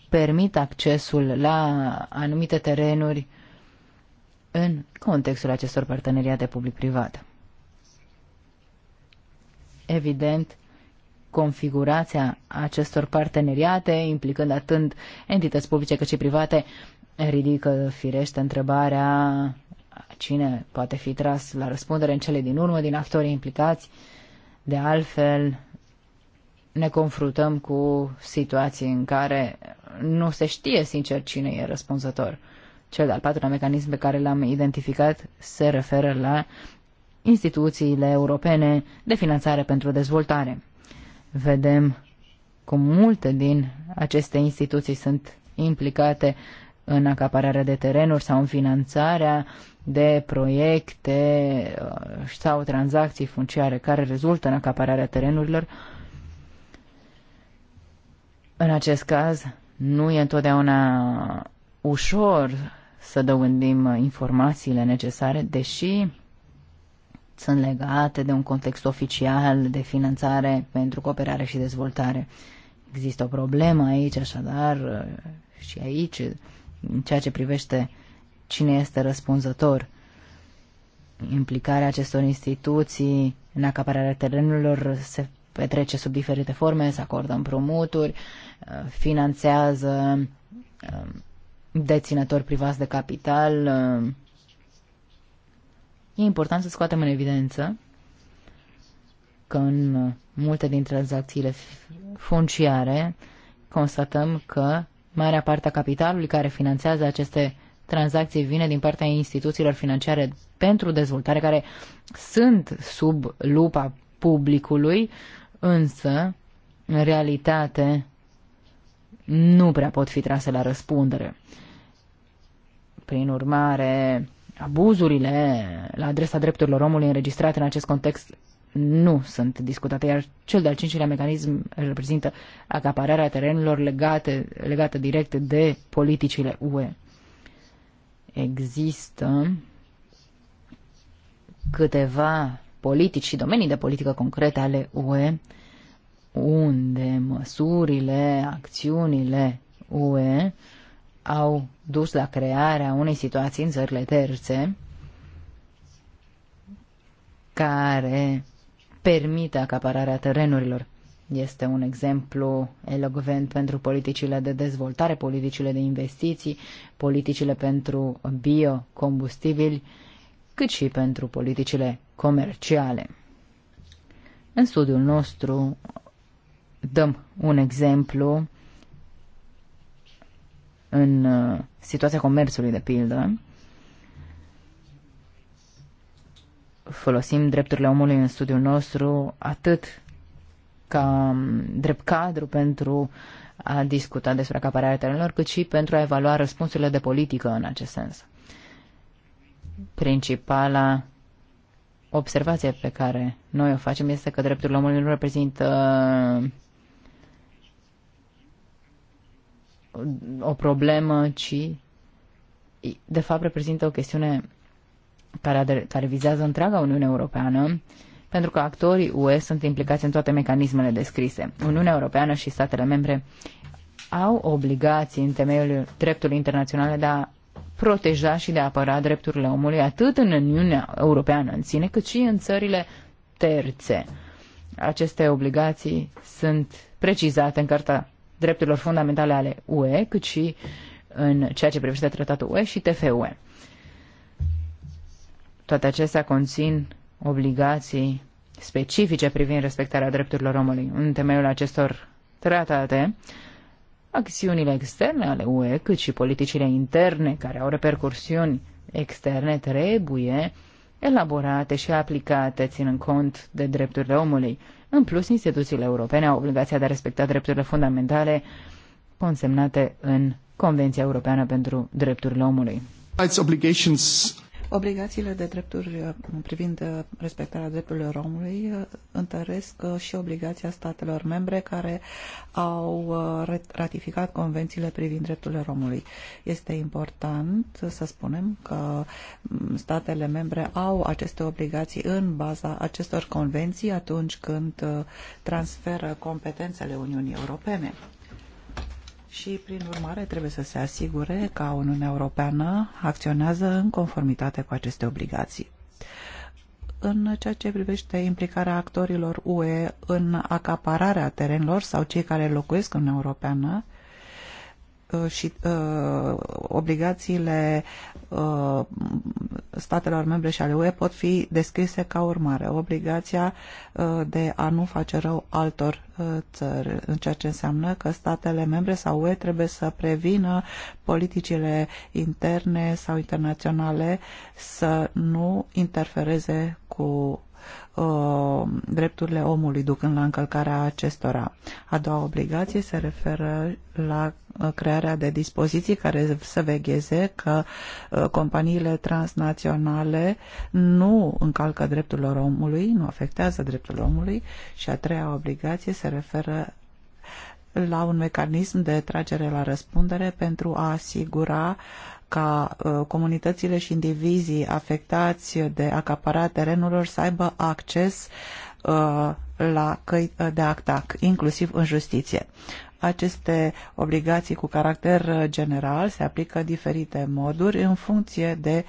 permit accesul la anumite terenuri în contextul acestor parteneriate public-privat. Evident, configurația acestor parteneriate, implicând atât entități publice cât și private, ridică firește întrebarea cine poate fi tras la răspundere în cele din urmă din actorii implicați. De altfel, ne confruntăm cu situații în care nu se știe sincer cine e răspunzător. Cel de-al patrulea mecanism pe care l-am identificat se referă la instituțiile europene de finanțare pentru dezvoltare. Vedem cum multe din aceste instituții sunt implicate în acapararea de terenuri sau în finanțarea de proiecte uh, sau tranzacții funciare care rezultă în acapararea terenurilor, în acest caz, nu e întotdeauna ușor să dobândim informațiile necesare, deși sunt legate de un context oficial de finanțare pentru cooperare și dezvoltare. Există o problemă aici, așadar, și aici, în ceea ce privește cine este răspunzător. Implicarea acestor instituții în acapararea terenurilor se petrece sub diferite forme, se acordă împrumuturi, uh, finanțează um, deținători privați de capital. Um. E important să scoatem în evidență că în multe din tranzacțiile funciare constatăm că marea parte a capitalului care finanțează aceste tranzacții vine din partea instituțiilor financiare pentru dezvoltare, care sunt sub lupa publicului, însă, în realitate, nu prea pot fi trase la răspundere. Prin urmare, abuzurile la adresa drepturilor omului înregistrate în acest context nu sunt discutate, iar cel de-al cincilea mecanism reprezintă acapararea terenurilor legate, legate direct de politicile UE. Există câteva politici și domenii de politică concrete ale UE, unde măsurile, acțiunile UE au dus la crearea unei situații în țările terțe care permite acapararea terenurilor. Este un exemplu elogvent pentru politicile de dezvoltare, politicile de investiții, politicile pentru biocombustibili, cât și pentru politicile comerciale. În studiul nostru dăm un exemplu în uh, situația comerțului, de pildă. Folosim drepturile omului în studiul nostru atât ca um, drept cadru pentru a discuta despre acapararea terenilor, cât și pentru a evalua răspunsurile de politică în acest sens principala observație pe care noi o facem este că drepturile omului nu reprezintă uh, o problemă, ci de fapt reprezintă o chestiune care, care vizează întreaga Uniune Europeană, pentru că actorii UE sunt implicați în toate mecanismele descrise. Uniunea Europeană și statele membre au obligații în temeiul dreptului internațional de a proteja și de a apăra drepturile omului atât în Uniunea Europeană în sine, cât și în țările terțe. Aceste obligații sunt precizate în Carta Drepturilor Fundamentale ale UE, cât și în ceea ce privește tratatul UE și TFUE. Toate acestea conțin obligații specifice privind respectarea drepturilor omului. În temeiul acestor tratate, acțiunile externe ale UE, cât și politicile interne care au repercursiuni externe, trebuie elaborate și aplicate, ținând cont de drepturile omului. În plus, instituțiile europene au obligația de a respecta drepturile fundamentale consemnate în Convenția Europeană pentru Drepturile Omului. Rights obligations Obligațiile de drepturi uh, privind uh, respectarea drepturilor omului uh, întăresc și obligația statelor membre care au ratificat convențiile privind drepturile omului. Este important să spunem că mm, statele membre au aceste obligații în baza acestor convenții atunci când transferă competențele Uniunii Europene și, prin urmare, trebuie să se asigure că Uniunea Europeană acționează în conformitate cu aceste obligații. În ceea ce privește implicarea actorilor UE în acapararea terenilor sau cei care locuiesc în Europeană, Uh, și uh, obligațiile uh, statelor membre și ale UE pot fi descrise ca urmare. Obligația uh, de a nu face rău altor uh, țări, în ceea ce înseamnă că statele membre sau UE trebuie să prevină politicile interne sau internaționale să nu interfereze cu Uh, drepturile omului ducând la încălcarea acestora. A doua obligație se referă la uh, crearea de dispoziții care să vegheze că uh, companiile transnaționale nu încalcă drepturile omului, nu afectează drepturile omului și a treia obligație se referă la un mecanism de tragere la răspundere pentru a asigura uh, ca ă, comunitățile și indivizii afectați de acapararea terenurilor să aibă acces ă, la căi ă, de atac, inclusiv în justiție. Aceste obligații cu caracter general se aplică în diferite moduri în funcție de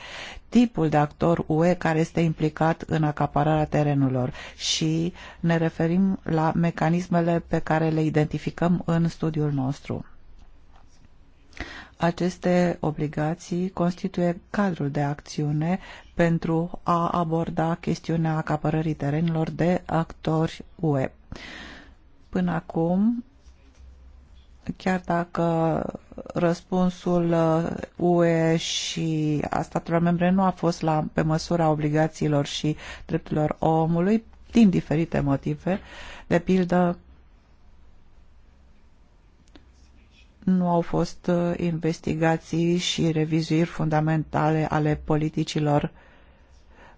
tipul de actor UE care este implicat în acapararea terenurilor și ne referim la mecanismele pe care le identificăm în studiul nostru. Aceste obligații constituie cadrul de acțiune pentru a aborda chestiunea acapărării terenilor de actori UE. Până acum, chiar dacă răspunsul uh, UE și a statelor membre nu a fost la, pe măsura obligațiilor și drepturilor omului, din diferite motive, de pildă nu au fost uh, investigații și revizuiri fundamentale ale politicilor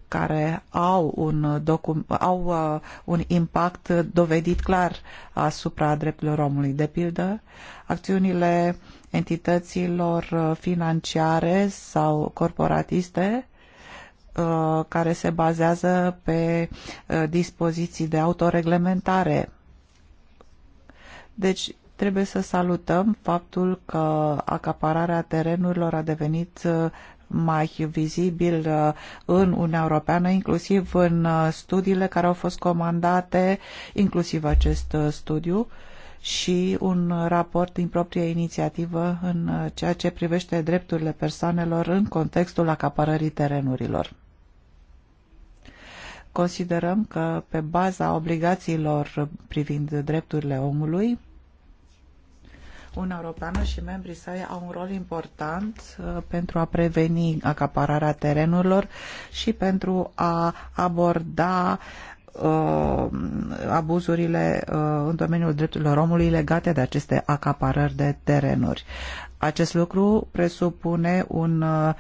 care au un, au uh, un impact dovedit clar asupra drepturilor omului. De pildă, acțiunile entităților uh, financiare sau corporatiste uh, care se bazează pe dispoziții de autoreglementare. Deci, Trebuie să salutăm faptul că acapararea terenurilor a devenit uh, mai vizibil uh, în Uniunea Europeană, inclusiv în uh, studiile care au fost comandate, inclusiv acest studiu și un raport din proprie inițiativă în ceea ce privește drepturile persoanelor în contextul acapărării terenurilor. Considerăm că pe baza obligațiilor privind drepturile omului, Uniunea Europeană și membrii săi au un rol important uh, pentru a preveni acapararea terenurilor și pentru a aborda uh, abuzurile uh, în domeniul drepturilor omului legate de aceste acaparări de terenuri. Acest lucru presupune un uh,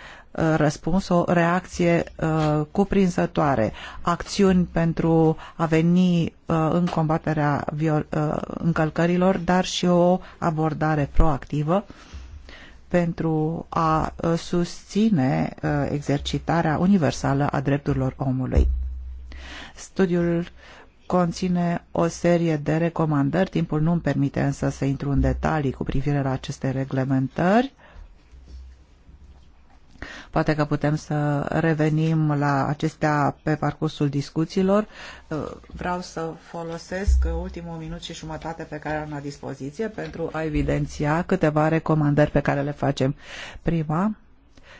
răspuns, o reacție uh, cuprinzătoare, acțiuni pentru a veni uh, în combaterea încălcărilor, dar și o abordare proactivă pentru a susține exercitarea universală a drepturilor omului. Studiul conține o serie de recomandări. Timpul nu îmi permite însă să intru în detalii cu privire la aceste reglementări. Poate că putem să revenim la acestea pe parcursul discuțiilor. Vreau să folosesc ultimul minut și jumătate pe care am la dispoziție pentru a evidenția câteva recomandări pe care le facem. Prima,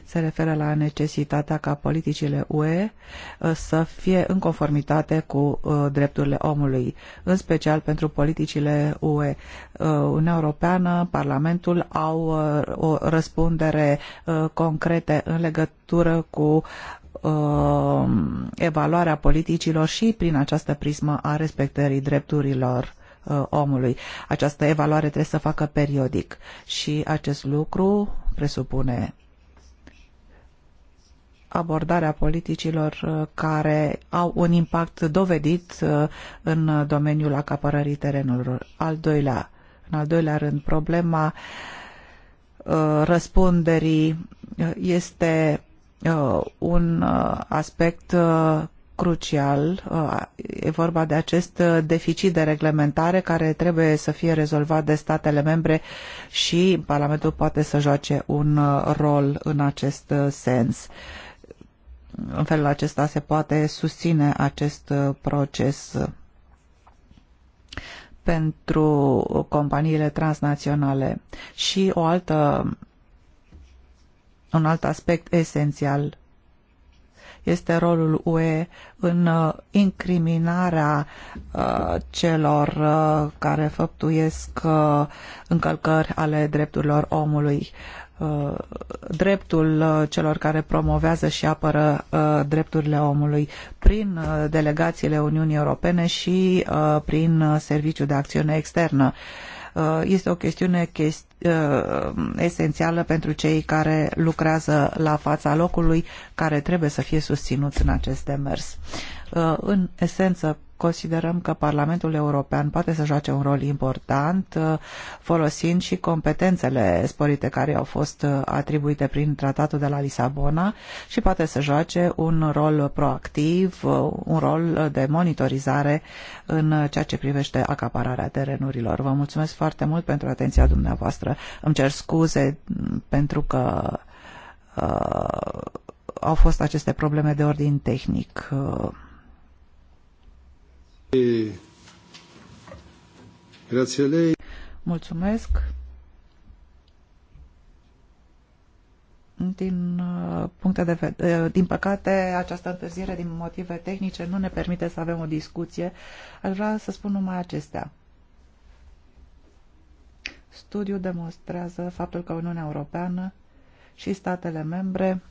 se referă la necesitatea ca politicile UE uh, să fie în conformitate cu uh, drepturile omului, în special pentru politicile UE. Uh, Uniunea Europeană, Parlamentul au o răspundere concrete în legătură cu evaluarea politicilor și prin această prismă a respectării drepturilor omului. Această evaluare trebuie să facă periodic și acest lucru presupune abordarea politicilor uh, care au un impact dovedit uh, în domeniul acapărării terenurilor. Al doilea, în al doilea rând, problema uh, răspunderii este un aspect crucial. E vorba de acest deficit de reglementare care trebuie să fie rezolvat de statele membre și Parlamentul poate să joace un rol în acest sens în felul acesta se poate susține acest uh, proces pentru companiile transnaționale. Și o altă, un alt aspect esențial este rolul UE în uh, incriminarea uh, celor care făptuiesc încălcări ale drepturilor omului. Uh, dreptul uh, celor care promovează și apără uh, drepturile omului prin delegațiile Uniunii Europene și prin Serviciul de Acțiune Externă. Este o chestiune chesti esențială pentru cei care lucrează la fața locului, care trebuie să fie susținuți în acest demers. În esență, considerăm că Parlamentul European poate să joace un rol important uh, folosind și competențele sporite care au fost uh, atribuite prin tratatul de la Lisabona și poate să joace un rol proactiv, uh, un rol de monitorizare în ceea ce privește acapararea terenurilor. Vă mulțumesc foarte mult pentru atenția dumneavoastră. Îmi cer scuze pentru că uh, au fost aceste probleme de ordin tehnic. Uh, Mulțumesc. Din, uh, puncte de vedere, uh, din păcate, această întârziere din motive tehnice nu ne permite să avem o discuție. Aș vrea să spun numai acestea. Studiul demonstrează faptul că Uniunea Europeană și statele membre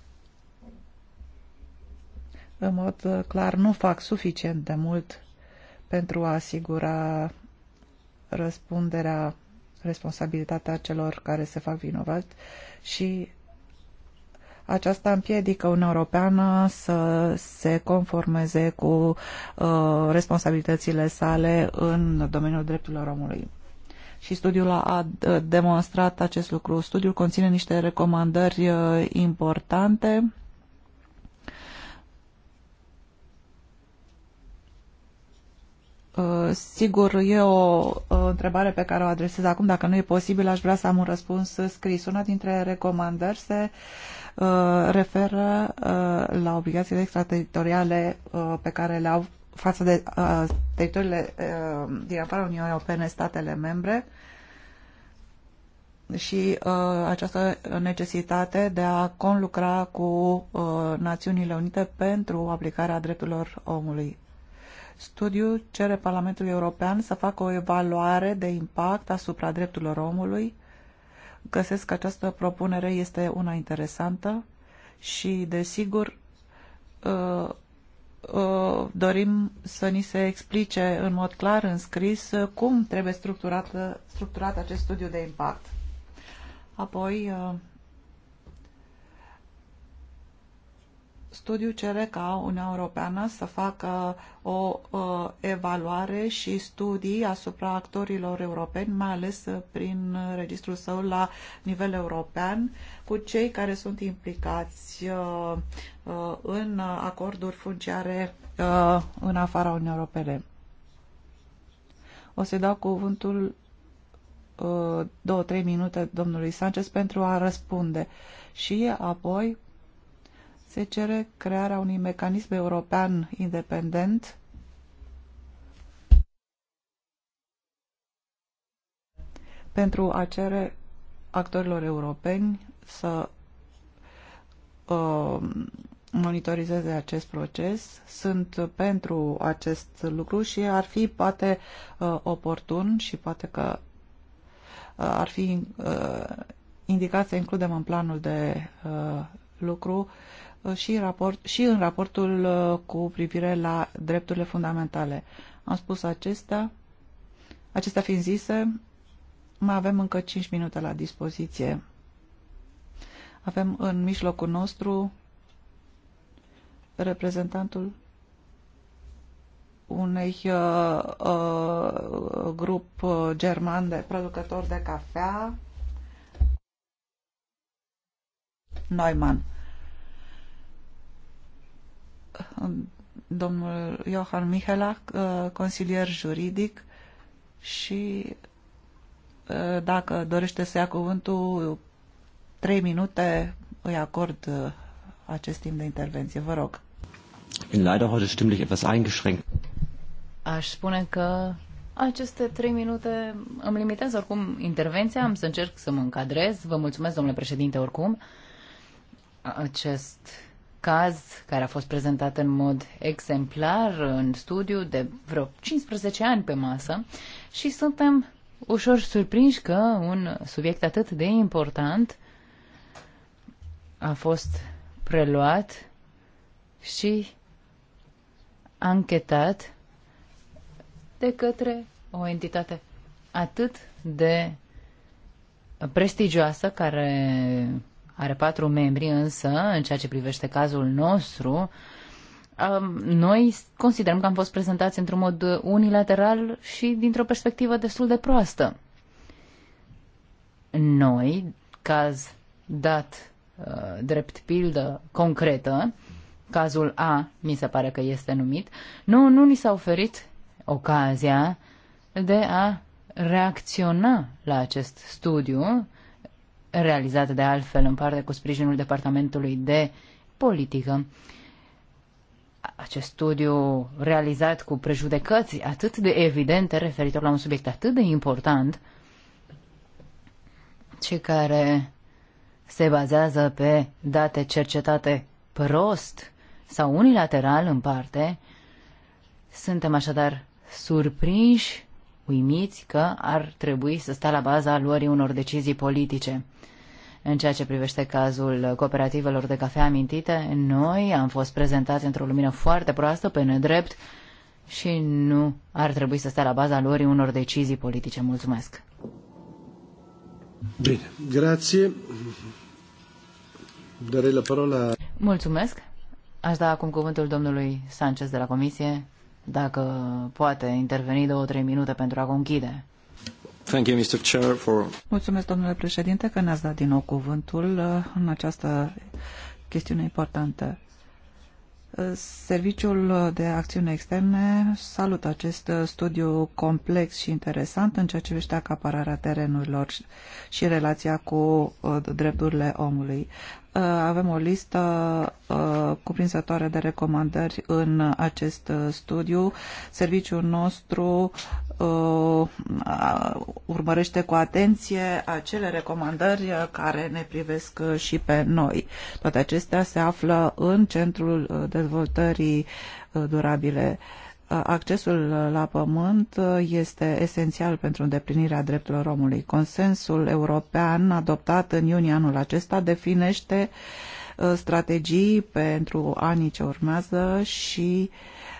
în mod clar nu fac suficient de mult pentru a asigura răspunderea, responsabilitatea celor care se fac vinovați și aceasta împiedică Uniunea Europeană să se conformeze cu uh, responsabilitățile sale în domeniul drepturilor omului. Și studiul a uh, demonstrat acest lucru. Studiul conține niște recomandări uh, importante Uh, sigur, e o uh, întrebare pe care o adresez acum. Dacă nu e posibil, aș vrea să am un răspuns scris. Una dintre recomandări se uh, referă la obligațiile extrateritoriale pe care le au față de teritoriile din afara Uniunii Europene, statele membre și această necesitate de a conlucra cu Națiunile Unite pentru aplicarea drepturilor omului Studiul cere Parlamentului European să facă o evaluare de impact asupra drepturilor omului. Găsesc că această propunere este una interesantă și, desigur, ă, ă, dorim să ni se explice în mod clar, în scris, cum trebuie structurat, structurat acest studiu de impact. Apoi, ă, studiu cere ca Uniunea Europeană să facă o evaluare și studii asupra actorilor europeni, mai ales prin registrul său la nivel european, cu cei care sunt implicați uh, uh, în acorduri funciare uh, în afara Uniunii Europene. O să-i dau cuvântul două-trei minute domnului Sanchez pentru a răspunde și apoi se cere crearea unui mecanism european independent pentru a cere actorilor europeni să uh, monitorizeze acest proces. Sunt pentru acest lucru și ar fi poate uh, oportun și poate că uh, ar fi uh, indicat să includem în planul de uh, lucru și, raport, și în raportul uh, cu privire la drepturile fundamentale. Am spus acestea. Acestea fiind zise, mai avem încă 5 minute la dispoziție. Avem în mijlocul nostru reprezentantul unei uh, uh, grup uh, german de producători de cafea, Neumann domnul Johan Mihelac, uh, consilier juridic și uh, dacă dorește să ia cuvântul, trei minute îi acord uh, acest timp de intervenție. Vă rog. Bin leider heute stimmlich etwas eingeschränkt. Aș spune că aceste trei minute îmi limitez oricum intervenția, am să încerc să mă încadrez. Vă mulțumesc, domnule președinte, oricum. Acest caz care a fost prezentat în mod exemplar în studiu de vreo 15 ani pe masă și suntem ușor surprinși că un subiect atât de important a fost preluat și anchetat de către o entitate atât de prestigioasă care are patru membri, însă, în ceea ce privește cazul nostru, noi considerăm că am fost prezentați într-un mod unilateral și dintr-o perspectivă destul de proastă. Noi, caz dat uh, drept pildă concretă, cazul A mi se pare că este numit, nu, nu ni s-a oferit ocazia de a reacționa la acest studiu realizate de altfel în parte cu sprijinul Departamentului de Politică. Acest studiu realizat cu prejudecăți atât de evidente referitor la un subiect atât de important, ce care se bazează pe date cercetate prost sau unilateral în parte, suntem așadar surprinși uimiți că ar trebui să stea la baza luării unor decizii politice. În ceea ce privește cazul cooperativelor de cafea amintite, noi am fost prezentați într-o lumină foarte proastă, pe nedrept, și nu ar trebui să stea la baza luării unor decizii politice. Mulțumesc! Bine, grație. Darei la parola. Mulțumesc. Aș da acum cuvântul domnului Sanchez de la Comisie dacă poate interveni două-trei minute pentru a conchide. Thank you, Mr. Chair, for... Mulțumesc, domnule președinte, că ne-ați dat din nou cuvântul uh, în această chestiune importantă. Uh, Serviciul de acțiune externe salută acest uh, studiu complex și interesant în ceea ce privește acapararea terenurilor și relația cu drepturile omului. Uh, avem o listă uh, cuprinzătoare de recomandări în acest uh, studiu. Serviciul nostru urmărește cu atenție acele recomandări care ne privesc și pe noi. Toate acestea se află în centrul dezvoltării durabile uh, accesul la pământ este esențial pentru îndeplinirea drepturilor omului. Consensul european adoptat în iunie anul acesta definește uh, strategii pentru anii ce urmează și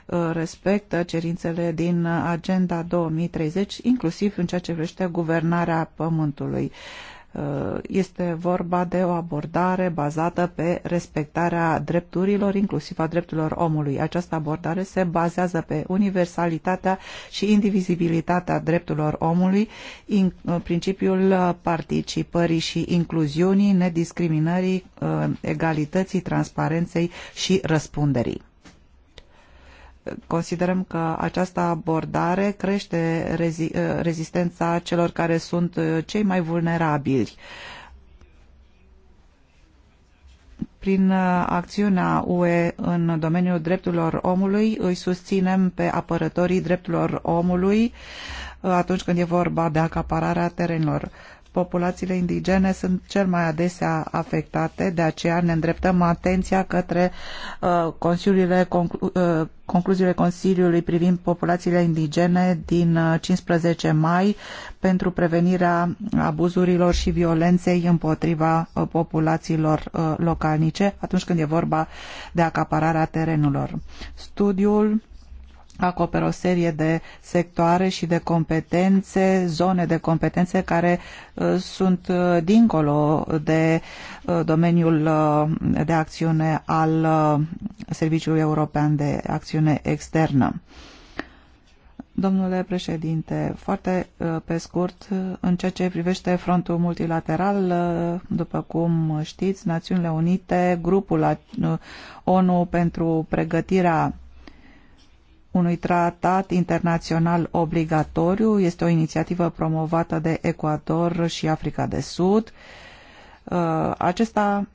uh, respectă cerințele din Agenda 2030, inclusiv în ceea ce privește guvernarea pământului. Uh, este vorba de o abordare bazată pe respectarea drepturilor, inclusiv a drepturilor omului. Această abordare se bazează pe universalitatea și indivizibilitatea drepturilor omului, in, uh, principiul participării și incluziunii, nediscriminării, uh, egalității, transparenței și răspunderii considerăm că această abordare crește rezi uh, rezistența celor care sunt uh, cei mai vulnerabili. Prin uh, acțiunea UE în domeniul drepturilor omului îi susținem pe apărătorii drepturilor omului atunci când e vorba de acapararea terenilor populațiile indigene sunt cel mai adesea afectate, de aceea ne îndreptăm atenția către uh, consiliile conclu- uh, concluziile Consiliului privind populațiile indigene din 15 uh, mai pentru prevenirea abuzurilor și violenței împotriva uh, populațiilor uh, localnice atunci când e vorba de acapararea terenurilor. Studiul acoperă o serie de sectoare și de competențe, zone de competențe care uh, sunt uh, dincolo de uh, domeniul de acțiune al Serviciului European de Acțiune Externă. Domnule președinte, foarte pe scurt, în ceea ce privește frontul multilateral, după cum știți, Națiunile Unite, grupul ONU pentru pregătirea unui tratat internațional obligatoriu. Este o inițiativă promovată de Ecuador și Africa de Sud. Uh, acesta,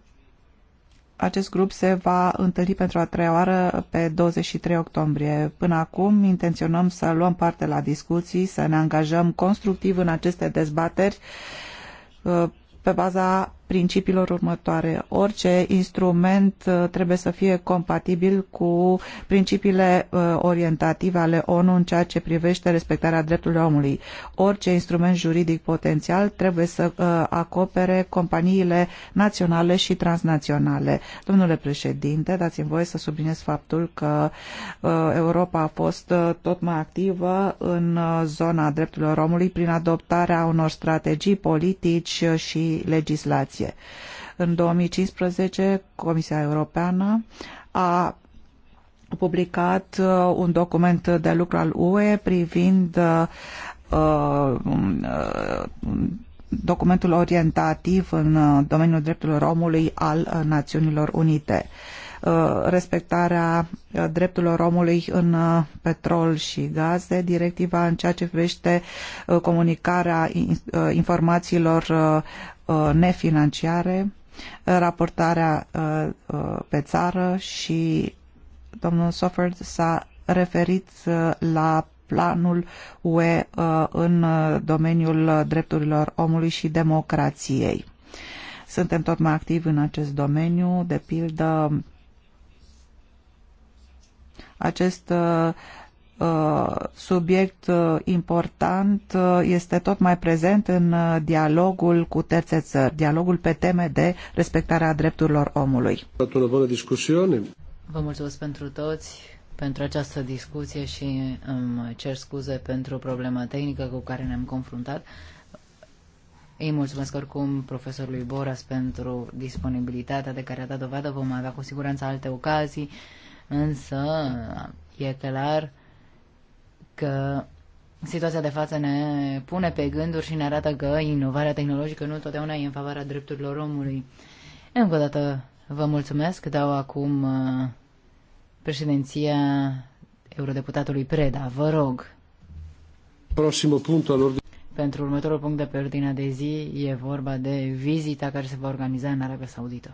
acest grup se va întâlni pentru a treia oară pe 23 octombrie. Până acum intenționăm să luăm parte la discuții, să ne angajăm constructiv în aceste dezbateri uh, pe baza principiilor următoare. Orice instrument uh, trebuie să fie compatibil cu principiile uh, orientative ale ONU în ceea ce privește respectarea drepturilor omului. Orice instrument juridic potențial trebuie să uh, acopere companiile naționale și transnaționale. Domnule președinte, dați-mi voie să subliniez faptul că Europa a fost tot mai activă în zona drepturilor omului prin adoptarea unor strategii politici și legislații Comisie. În 2015, Comisia Europeană a publicat uh, un document de lucru al UE privind uh, uh, documentul orientativ în uh, domeniul drepturilor omului al uh, Națiunilor Unite. Uh, Uh, respectarea uh, drepturilor omului în uh, petrol și gaze, directiva în ceea ce privește comunicarea informațiilor nefinanciare, raportarea pe țară și domnul Sofford s-a referit la planul UE în domeniul drepturilor omului și democrației. Suntem tot mai activi în acest domeniu, de pildă acest uh, uh, subiect uh, important este tot mai prezent în dialogul cu terțe țări, dialogul pe teme de respectarea drepturilor omului. Vă mulțumesc pentru toți, pentru această discuție și îmi cer scuze pentru problema tehnică cu care ne-am confruntat. Îi mulțumesc oricum profesorului Boras pentru disponibilitatea de care a dat dovadă. Vom avea cu siguranță alte ocazii însă e clar că situația de față ne pune pe gânduri și ne arată că inovarea tehnologică nu totdeauna e în favoarea drepturilor omului. Încă o dată vă mulțumesc, dau acum uh, președinția eurodeputatului Preda, vă rog. punct al ordinei Pentru următorul punct de pe ordinea de zi e vorba de vizita care se va organiza în Arabia Saudită.